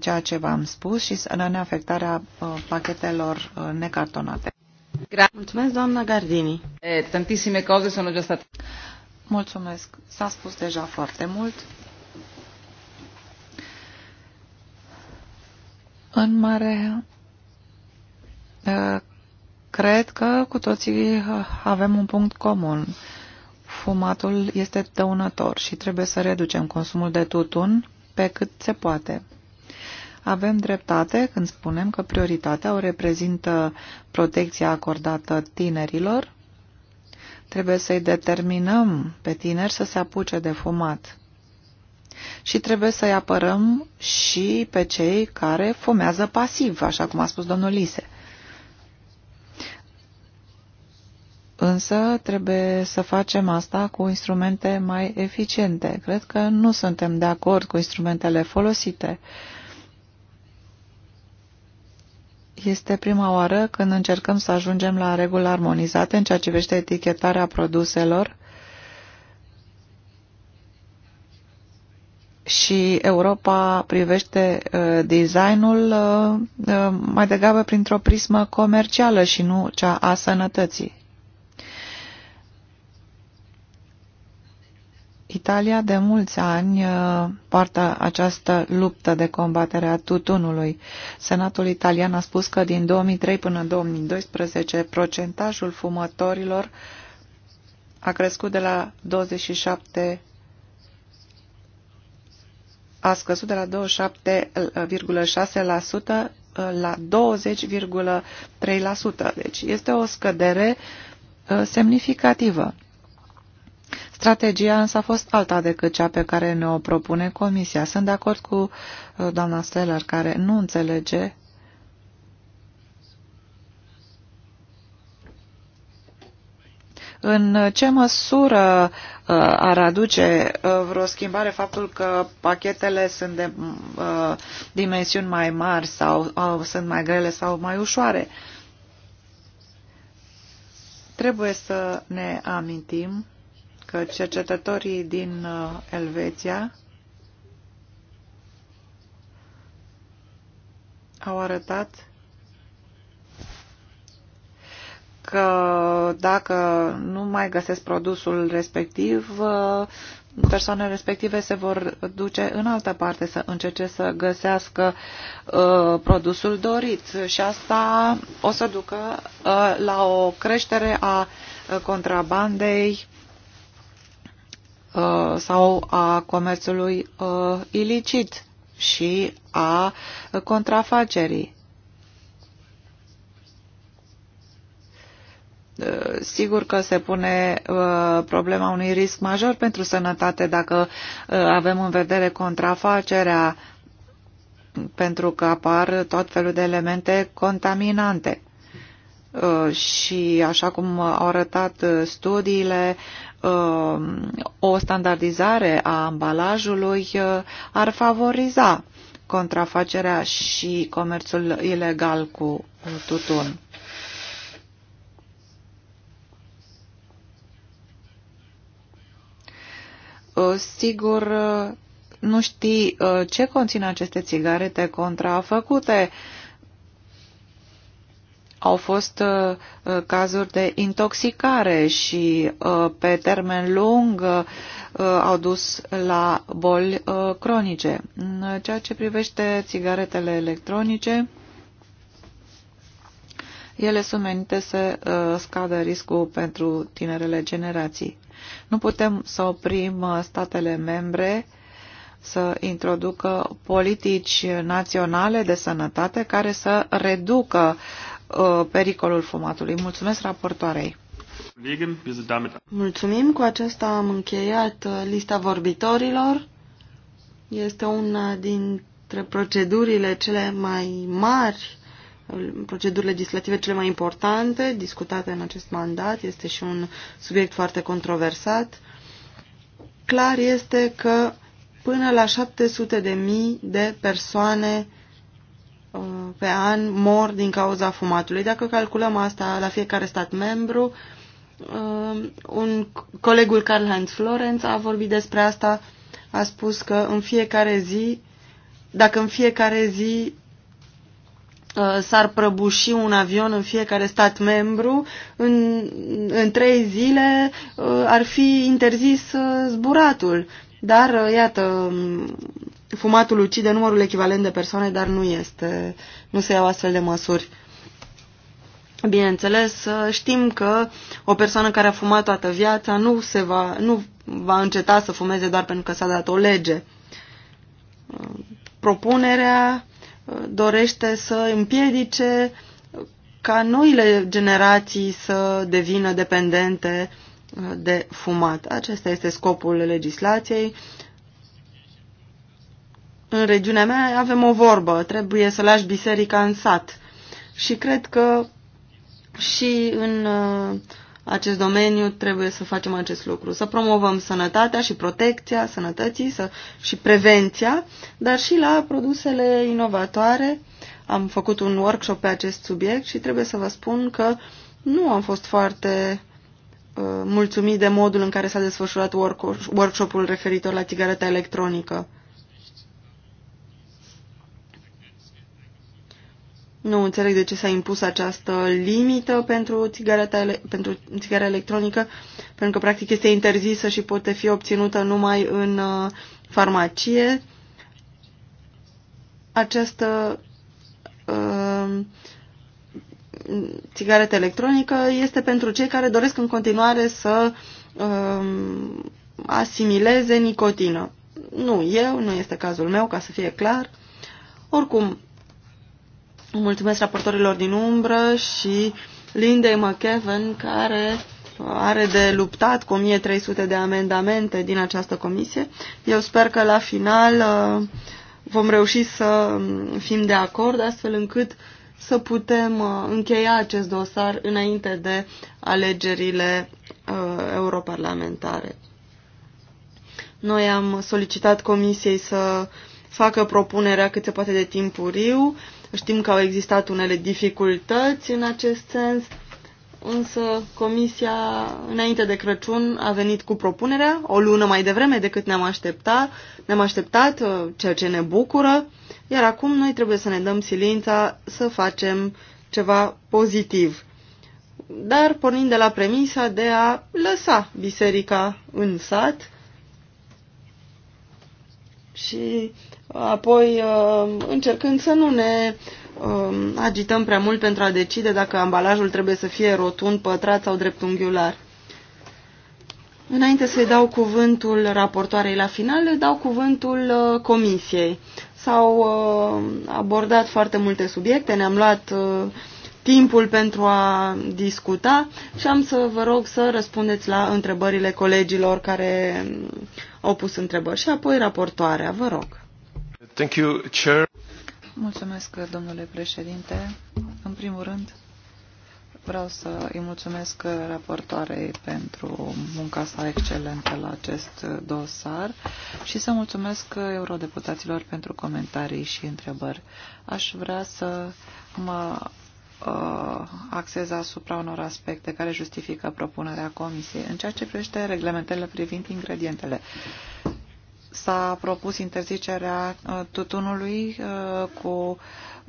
ceea ce v-am spus și ne afectarea pachetelor necartonate. Mulțumesc, doamna Gardini. E, tantissime cose sono già state... Mulțumesc. S-a spus deja foarte mult. În mare, cred că cu toții avem un punct comun. Fumatul este dăunător și trebuie să reducem consumul de tutun pe cât se poate. Avem dreptate când spunem că prioritatea o reprezintă protecția acordată tinerilor. Trebuie să-i determinăm pe tineri să se apuce de fumat. Și trebuie să-i apărăm și pe cei care fumează pasiv, așa cum a spus domnul Lise. Însă trebuie să facem asta cu instrumente mai eficiente. Cred că nu suntem de acord cu instrumentele folosite. Uh, este prima oară când încercăm să ajungem la reguli armonizate în ceea ce privește etichetarea produselor și Europa privește uh, designul uh, uh, mai degrabă printr-o prismă comercială și nu cea a sănătății. Italia de mulți ani uh, poartă această luptă de combatere a tutunului. Senatul italian a spus că din 2003 până în 2012 procentajul fumătorilor a crescut de la 27 a scăzut de la 27,6% la 20,3%. Uh, deci este o scădere uh, semnificativă. Strategia însă a fost alta decât cea pe care ne-o propune Comisia. Sunt de acord cu uh, doamna Steller, care nu înțelege În ce măsură uh, ar aduce uh, vreo schimbare faptul că pachetele sunt de uh, dimensiuni mai mari sau uh, sunt mai grele sau mai ușoare? Trebuie să ne amintim că cercetătorii din uh, Elveția au arătat că dacă nu mai găsesc produsul respectiv, uh, persoanele respective se vor duce în altă parte să încerce să găsească uh, produsul dorit și asta o să ducă uh, la o creștere a uh, contrabandei Uh, sau a comerțului uh, ilicit și a contrafacerii. Uh, sigur că se pune problema unui risc major pentru sănătate dacă avem în vedere contrafacerea, pentru că apar tot felul de elemente contaminante. Și așa cum au arătat studiile, Um, o standardizare a ambalajului uh, ar favoriza contrafacerea și comerțul ilegal cu tutun. Uh, sigur, uh, nu știi ce conțin aceste țigarete contrafăcute. Au fost uh, uh, cazuri de intoxicare și uh, pe termen lung uh, au dus la boli uh, cronice. În ceea ce privește țigaretele electronice, ele sunt menite să uh, scadă riscul pentru tinerele generații. Nu putem să oprim uh, statele membre să introducă politici naționale de sănătate care să reducă Uh, pericolul fumatului. Mulțumesc raportoarei. Mulțumim, cu acesta am încheiat uh, lista vorbitorilor. Este una dintre procedurile cele mai mari, uh, proceduri legislative cele mai importante discutate în acest mandat. Este și un subiect foarte controversat. Clar este că până la 700.000 de mii de persoane Uh, pe an mor din cauza fumatului. Dacă calculăm asta la fiecare stat membru, uh, un colegul Karl-Heinz Florenz a vorbit despre asta, a spus că în fiecare zi, dacă în fiecare zi uh, s-ar prăbuși un avion în fiecare stat membru, în, în trei zile ar fi interzis zburatul. Dar, iată, fumatul ucide numărul echivalent de persoane, dar nu este, nu se iau astfel de măsuri. Bineînțeles, știm că o persoană care a fumat toată viața nu, se va, nu va înceta să fumeze doar pentru că s-a dat o lege. Propunerea uh, dorește să împiedice uh, ca noile generații să devină dependente uh, de fumat. Acesta este scopul legislației în regiunea mea avem o vorbă, trebuie să lași biserica în sat. Și cred că și în uh, acest domeniu trebuie să facem acest lucru, să promovăm sănătatea și protecția sănătății să, și prevenția, dar și la produsele inovatoare. Am făcut un workshop pe acest subiect și trebuie să vă spun că nu am fost foarte uh, mulțumit de modul în care s-a desfășurat workshop-ul referitor la țigareta electronică. Nu înțeleg de ce s-a impus această limită pentru țigareta, pentru țigara electronică, pentru că practic este interzisă și poate fi obținută numai în uh, farmacie. Această uh, țigaretă electronică este pentru cei care doresc în continuare să uh, asimileze nicotină. Nu eu, nu este cazul meu, ca să fie clar. Oricum, Mulțumesc raportorilor din umbră și Lindei McKeven, care are de luptat cu 1300 de amendamente din această comisie. Eu sper că la final uh, vom reuși să um, fim de acord, astfel încât să putem uh, încheia acest dosar înainte de alegerile uh, europarlamentare. Noi am solicitat comisiei să facă propunerea cât se poate de timpuriu. Știm că au existat unele dificultăți în acest sens, însă Comisia, înainte de Crăciun, a venit cu propunerea, o lună mai devreme decât ne-am așteptat, ne-am așteptat, uh, ceea ce ne bucură, iar acum noi trebuie să ne dăm silința să facem ceva pozitiv dar pornind de la premisa de a lăsa biserica în sat și apoi uh, încercând să nu ne um, agităm prea mult pentru a decide dacă ambalajul trebuie să fie rotund, pătrat sau dreptunghiular. Înainte să-i dau cuvântul raportoarei la final, le dau cuvântul uh, comisiei. S-au uh, abordat foarte multe subiecte, ne-am luat timpul pentru a discuta și am să vă rog să răspundeți la întrebările colegilor care um, au pus întrebări și apoi raportoarea, vă rog. Mulțumesc, domnule președinte. În primul rând, vreau să îi mulțumesc raportoarei pentru munca sa excelentă la acest dosar și să mulțumesc eurodeputaților pentru comentarii și întrebări. Aș vrea să mă ă, axez asupra unor aspecte care justifică propunerea Comisiei. În ceea ce privește reglementele privind ingredientele, s-a propus interzicerea uh, tutunului uh, cu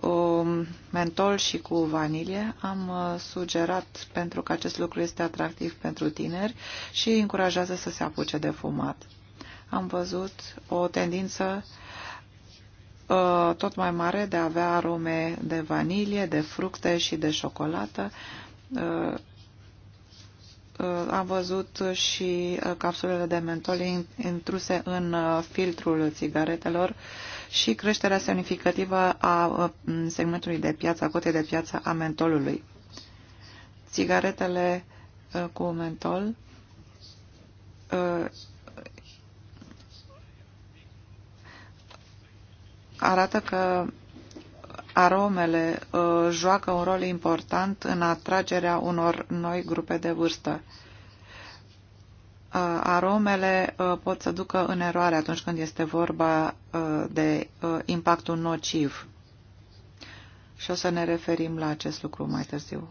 um, mentol și cu vanilie. Am uh, sugerat pentru că acest lucru este atractiv pentru tineri și încurajează să se apuce de fumat. Am văzut o tendință tot mai mare de a avea arome de vanilie, de fructe și de ciocolată Uh, am văzut și uh, capsulele de mentol intruse în uh, filtrul țigaretelor și creșterea semnificativă a segmentului de piață, a cotei de piață a mentolului. Țigaretele cu mentol arată că aromele uh, joacă un rol important în atragerea unor noi grupe de vârstă. Uh, aromele uh, pot să ducă în eroare atunci când este vorba de impactul nociv. Și o să ne referim la acest lucru mai târziu.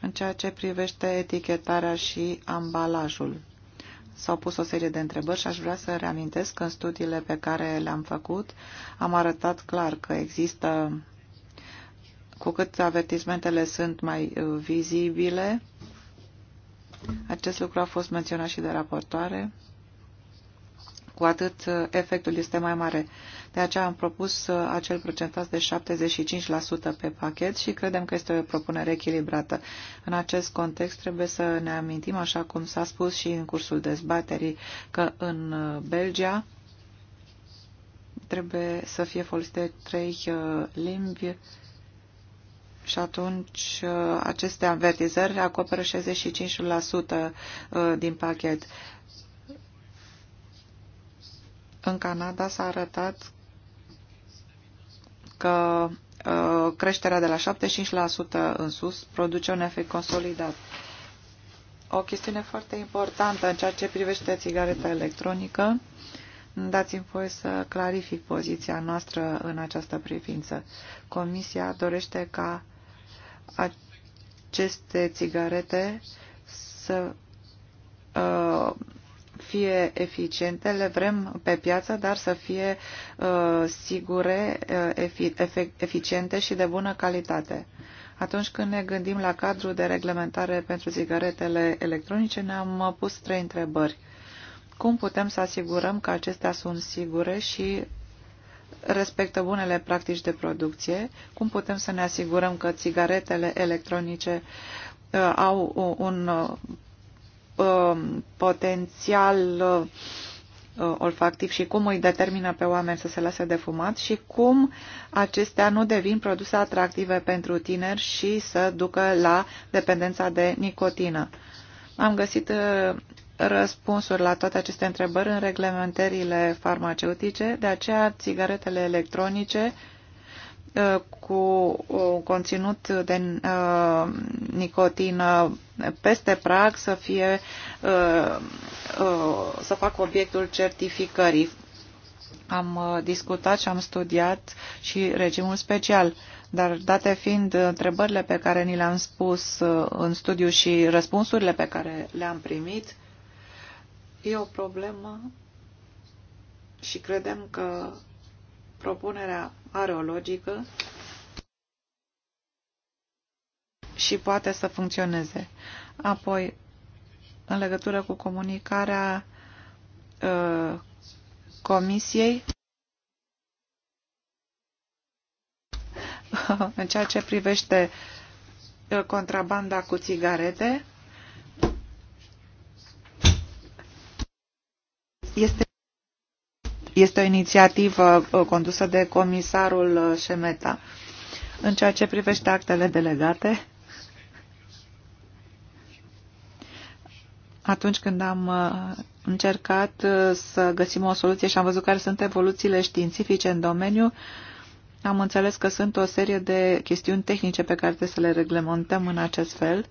În ceea ce privește etichetarea și ambalajul. S-au pus o serie de întrebări și aș vrea să reamintesc că în studiile pe care le-am făcut am arătat clar că există, cu cât avertismentele sunt mai uh, vizibile, acest lucru a fost menționat și de raportoare, cu atât uh, efectul este mai mare. De aceea am propus uh, acel procentaj de 75% pe pachet și credem că este o propunere echilibrată. În acest context trebuie să ne amintim, așa cum s-a spus și în cursul dezbaterii, că în uh, Belgia trebuie să fie folosite trei limbi și atunci aceste avertizări acoperă 65% din pachet. În Canada s-a arătat că uh, creșterea de la 75% în sus produce un efect consolidat. O chestiune foarte importantă în ceea ce privește țigareta electronică, dați-mi voie să clarific poziția noastră în această privință. Comisia dorește ca aceste țigarete să uh, fie eficiente, le vrem pe piață, dar să fie uh, sigure, uh, eficiente și de bună calitate. Atunci când ne gândim la cadrul de reglementare pentru țigaretele electronice, ne-am pus trei întrebări. Cum putem să asigurăm că acestea sunt sigure și respectă bunele practici de producție? Cum putem să ne asigurăm că țigaretele electronice uh, au uh, un uh, Um, potențial uh, olfactiv și cum îi determină pe oameni să se lase de fumat și cum acestea nu devin produse atractive pentru tineri și să ducă la dependența de nicotină. Am găsit uh, răspunsuri la toate aceste întrebări în reglementările farmaceutice, de aceea țigaretele electronice uh, Uh, cu uh, un conținut de uh, nicotină peste prag să fie să facă obiectul certificării. Am discutat și am studiat și regimul special, dar date fiind întrebările pe care ni le-am spus în studiu și răspunsurile pe care le-am primit, e o problemă și credem că propunerea are o logică și poate să funcționeze. Apoi, în legătură cu comunicarea uh, comisiei, *laughs* în ceea ce privește uh, contrabanda cu țigarete, este este o inițiativă uh, condusă de comisarul uh, Șemeta. În ceea ce privește actele delegate, atunci când am uh, încercat să găsim o soluție și am văzut care sunt evoluțiile științifice în domeniu, am înțeles că sunt o serie de chestiuni tehnice pe care trebuie să le reglementăm în acest fel.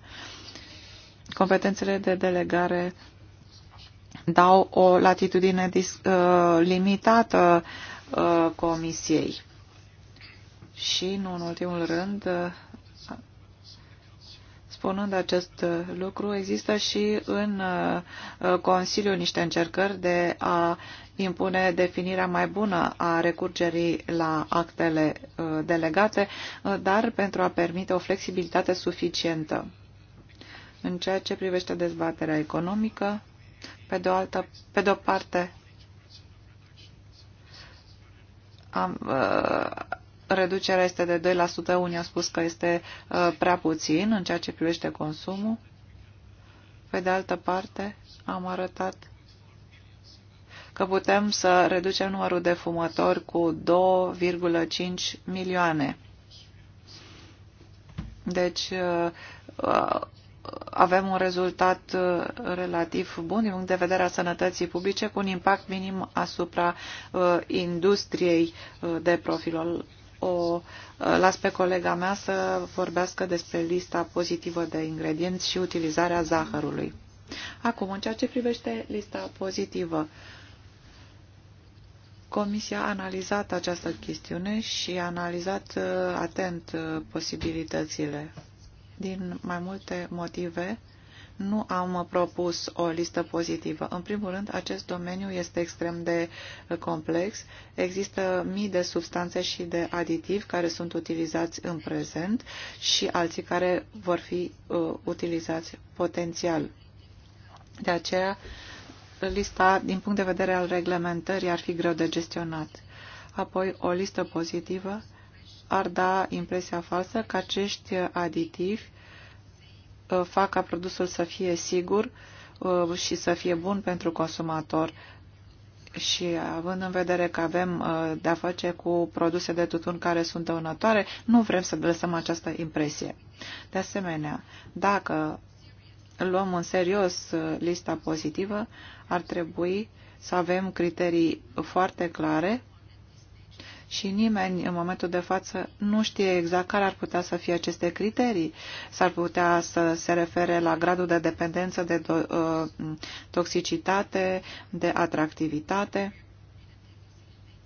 Competențele de delegare dau o latitudine dis, uh, limitată uh, comisiei. Și, nu în ultimul rând, uh, spunând acest lucru, există și în uh, Consiliu niște încercări de a impune definirea mai bună a recurgerii la actele uh, delegate, uh, dar pentru a permite o flexibilitate suficientă. În ceea ce privește dezbaterea economică, pe de o, altă, pe de o parte, am, uh, reducerea este de 2%, unii au spus că este uh, prea puțin în ceea ce privește consumul. Pe de altă parte, am arătat că putem să reducem numărul de fumători cu 2,5 milioane. Deci, uh, avem un rezultat uh, relativ bun din punct de vedere a sănătății publice, cu un impact minim asupra uh, industriei uh, de profil. O las pe colega mea să vorbească despre lista pozitivă de ingredienți și utilizarea zahărului. Acum, în ceea ce privește lista pozitivă, Comisia a analizat această chestiune și a analizat atent posibilitățile din mai multe motive, nu am propus o listă pozitivă. În primul rând, acest domeniu este extrem de complex. Există mii de substanțe și de aditivi care sunt utilizați în prezent și alții care vor fi uh, utilizați potențial. De aceea, lista, din punct de vedere al reglementării, ar fi greu de gestionat. Apoi, o listă pozitivă ar da impresia falsă că acești aditivi uh, fac ca produsul să fie sigur uh, și să fie bun pentru consumator. Și având în vedere că avem uh, de-a face cu produse de tutun care sunt dăunătoare, nu vrem să lăsăm această impresie. De asemenea, dacă luăm în serios lista pozitivă, ar trebui să avem criterii foarte clare și nimeni în momentul de față nu știe exact care ar putea să fie aceste criterii. S-ar putea să se refere la gradul de dependență, de uh, toxicitate, de atractivitate.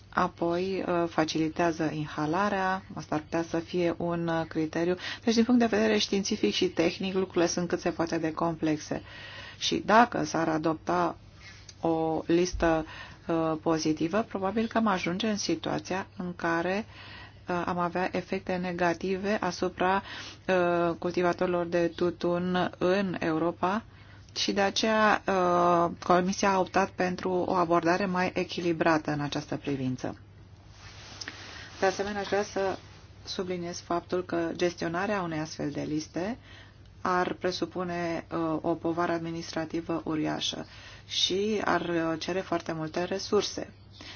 Apoi uh, facilitează inhalarea, asta ar putea să fie un uh, criteriu. Deci, din punct de vedere științific și tehnic, lucrurile sunt cât se poate de complexe. Și dacă s-ar adopta o listă Uh, pozitivă, probabil că am ajunge în situația în care uh, am avea efecte negative asupra uh, cultivatorilor de tutun în Europa și de aceea Comisia a optat pentru o abordare mai echilibrată în această privință. De asemenea, aș vrea să subliniez faptul că gestionarea unei astfel de liste ar presupune uh, o povară administrativă uriașă și ar uh, cere foarte multe resurse.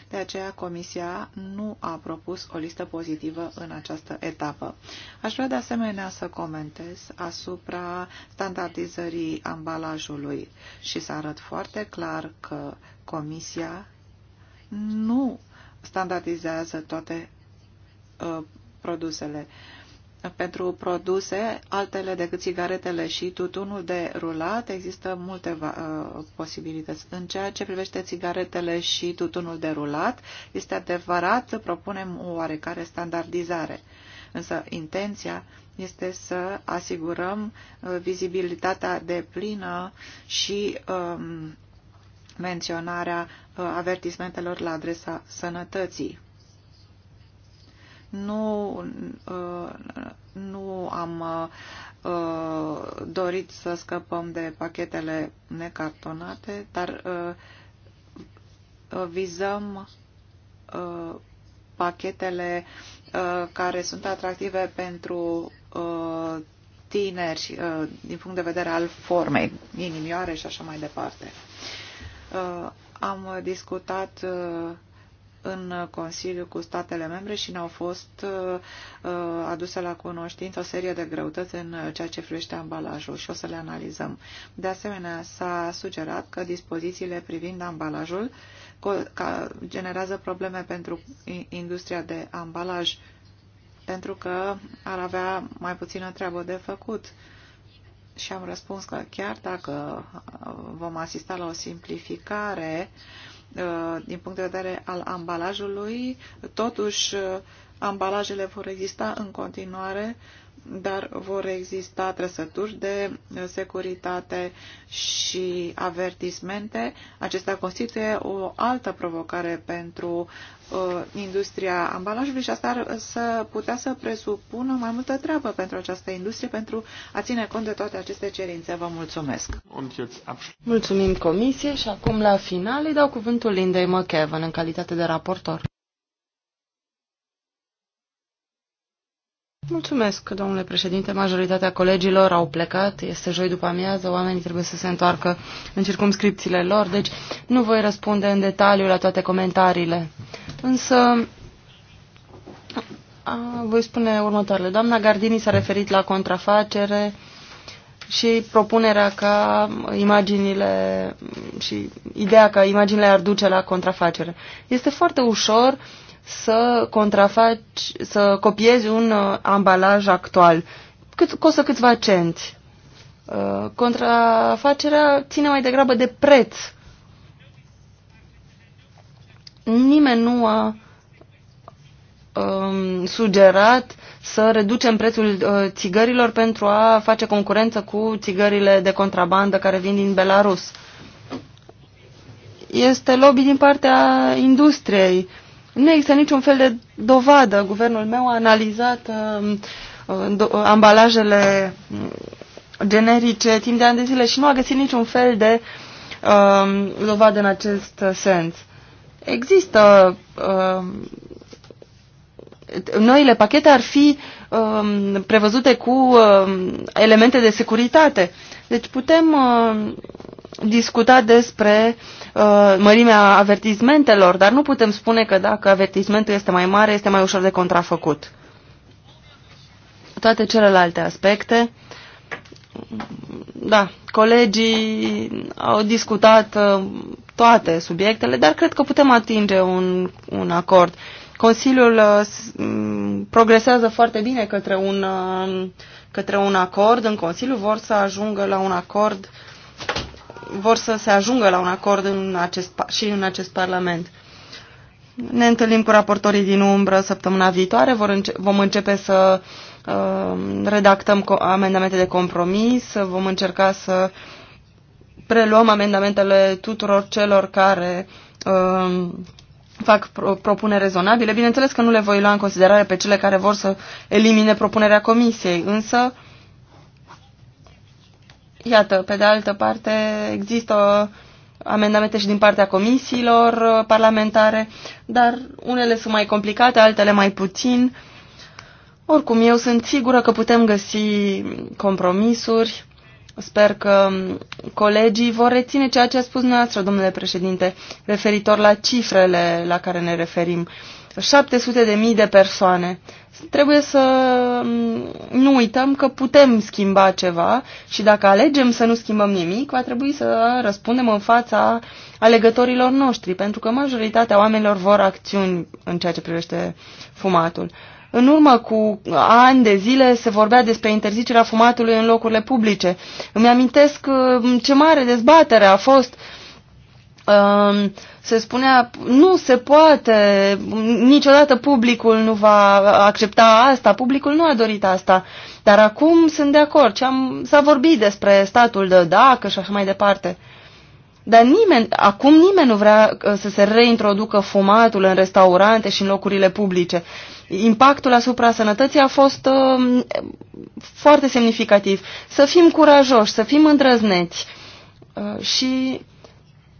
De aceea, Comisia nu a propus o listă pozitivă în această etapă. Aș vrea de asemenea să comentez asupra standardizării ambalajului și să arăt foarte clar că Comisia nu standardizează toate uh, produsele. Uh, pentru produse, altele decât țigaretele și tutunul de rulat, există multe uh, posibilități. În ceea ce privește țigaretele și tutunul de rulat, este adevărat, propunem o oarecare standardizare. Însă intenția este să asigurăm uh, vizibilitatea de plină și um, menționarea uh, avertismentelor la adresa sănătății nu, uh, nu am uh, dorit să scăpăm de pachetele necartonate, dar uh, vizăm pachetele care sunt atractive pentru tineri din punct de vedere al formei, inimioare și așa mai departe. Am discutat în Consiliu cu statele membre și ne-au fost uh, uh, aduse la cunoștință o serie de greutăți în ceea ce privește ambalajul și o să le analizăm. De asemenea, s-a sugerat că dispozițiile privind ambalajul generează probleme pentru industria de ambalaj pentru că ar avea mai puțină treabă de făcut. Și am răspuns că chiar dacă uh, vom asista la o simplificare uh, Uh, din punct de vedere al ambalajului, totuși uh, ambalajele vor exista în continuare dar vor exista trăsături de securitate și avertismente. Acesta constituie o altă provocare pentru uh, industria ambalajului și asta ar uh, să putea să presupună mai multă treabă pentru această industrie pentru a ține cont de toate aceste cerințe. Vă mulțumesc! Mulțumim comisiei și acum la final îi dau cuvântul Lindei McEvan în calitate de raportor. Mulțumesc, domnule președinte. Majoritatea colegilor au plecat. Este joi după amiază, oamenii trebuie să se întoarcă în circumscripțiile lor, deci nu voi răspunde în detaliu la toate comentariile. Însă a, voi spune următoarele. Doamna Gardini s-a referit la contrafacere și propunerea ca imaginile și ideea că imaginile ar duce la contrafacere. Este foarte ușor uh, să contrafaci, să copiezi un uh, ambalaj actual. Cât, costă câțiva Uh, Contrafacerea ține mai degrabă de preț. Nimeni nu a um, sugerat să reducem prețul uh, țigărilor pentru a face concurență cu țigările de contrabandă care vin din Belarus. Este lobby din partea industriei. Nu există niciun fel de dovadă. Guvernul meu a analizat um, uh, uh, ambalajele um, generice timp de ani de zile și nu a găsit niciun fel de uh, dovadă în acest sens. Există uh, noile pachete ar fi uh, prevăzute cu uh, elemente de securitate. Deci putem uh, discuta despre uh, mărimea avertizmentelor, dar nu putem spune că dacă avertizmentul este mai mare, este mai ușor de contrafăcut. Toate celelalte aspecte, da, colegii au discutat uh, toate subiectele, dar cred că putem atinge un, un acord. Consiliul uh, mm, progresează foarte bine către un, uh, către un acord. În Consiliu vor să ajungă la un acord uh, vor să se ajungă la un acord în acest, și în acest Parlament. Ne întâlnim cu raportorii din umbră săptămâna viitoare, vor înce vom începe să uh, redactăm amendamente de compromis, vom încerca să preluăm amendamentele tuturor celor care uh, fac pro propuneri rezonabile. Bineînțeles că nu le voi lua în considerare pe cele care vor să elimine propunerea comisiei, însă uh, Iată, pe de altă parte, există amendamente și din partea comisiilor uh, parlamentare, dar unele sunt mai complicate, altele mai puțin. Oricum, eu sunt sigură că putem găsi compromisuri. Sper că um, colegii vor reține ceea ce a spus noastră, domnule președinte, referitor la cifrele la care ne referim. 700 de mii de persoane. Trebuie să mm, nu uităm că putem schimba ceva și dacă alegem să nu schimbăm nimic, va trebui să răspundem în fața alegătorilor noștri, pentru că majoritatea oamenilor vor acțiuni în ceea ce privește fumatul. În urmă cu ani de zile se vorbea despre interzicerea fumatului în locurile publice. Îmi amintesc mm, ce mare dezbatere a fost uh, Ehm, se spunea, nu se poate, niciodată publicul nu va accepta asta, publicul nu a dorit asta. Dar acum sunt de acord s-a vorbit despre statul de dacă și așa mai departe. Dar nimeni, acum nimeni nu vrea uh, să se reintroducă fumatul în restaurante și în locurile publice. Impactul asupra sănătății a fost uh, foarte semnificativ. Să fim curajoși, să fim îndrăzneți uh, și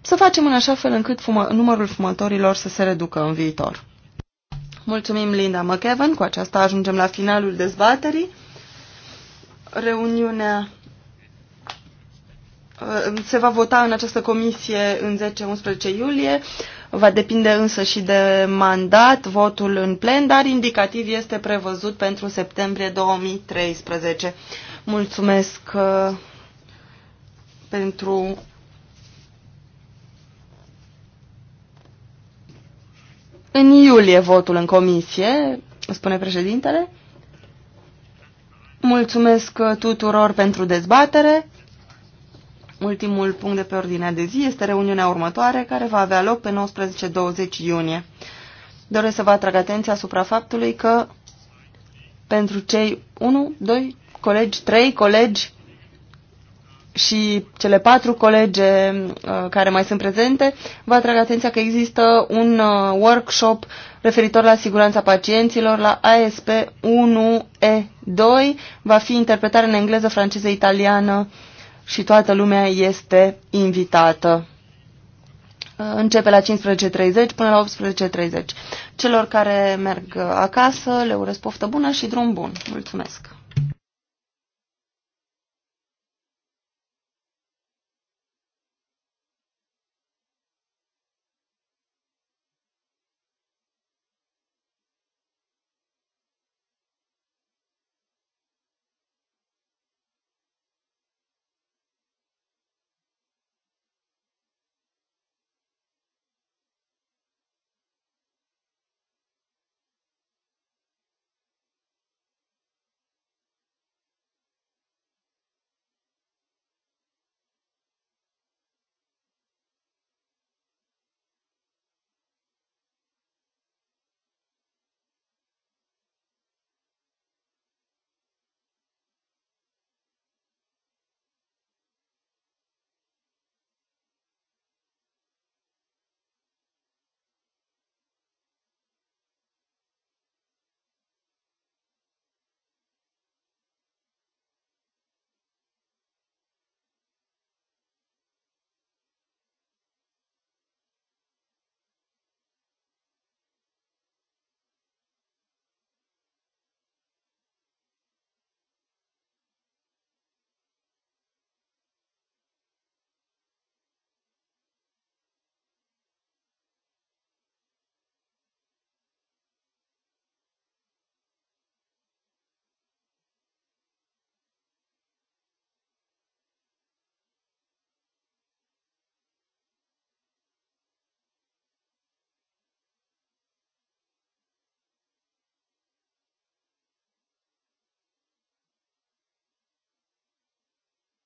să facem în așa fel încât fuma numărul fumătorilor să se reducă în viitor. Mulțumim Linda McEvan, cu aceasta ajungem la finalul dezbaterii. Reuniunea uh, se va vota în această comisie în 10-11 iulie, va depinde însă și de mandat, votul în plen, dar indicativ este prevăzut pentru septembrie 2013. Mulțumesc uh, pentru În iulie votul în comisie, spune președintele. Mulțumesc tuturor pentru dezbatere. Ultimul punct de pe ordinea de zi este reuniunea următoare, care va avea loc pe 19-20 iunie. Doresc să vă atrag atenția asupra faptului că pentru cei 1, 2, colegi, 3 colegi și cele patru colege uh, care mai sunt prezente, vă atrag atenția că există un uh, workshop referitor la siguranța pacienților la ASP 1E2. Va fi interpretare în engleză, franceză, italiană și toată lumea este invitată. Uh, începe la 15.30 până la 18.30. Celor care merg acasă, le urez poftă bună și drum bun. Mulțumesc!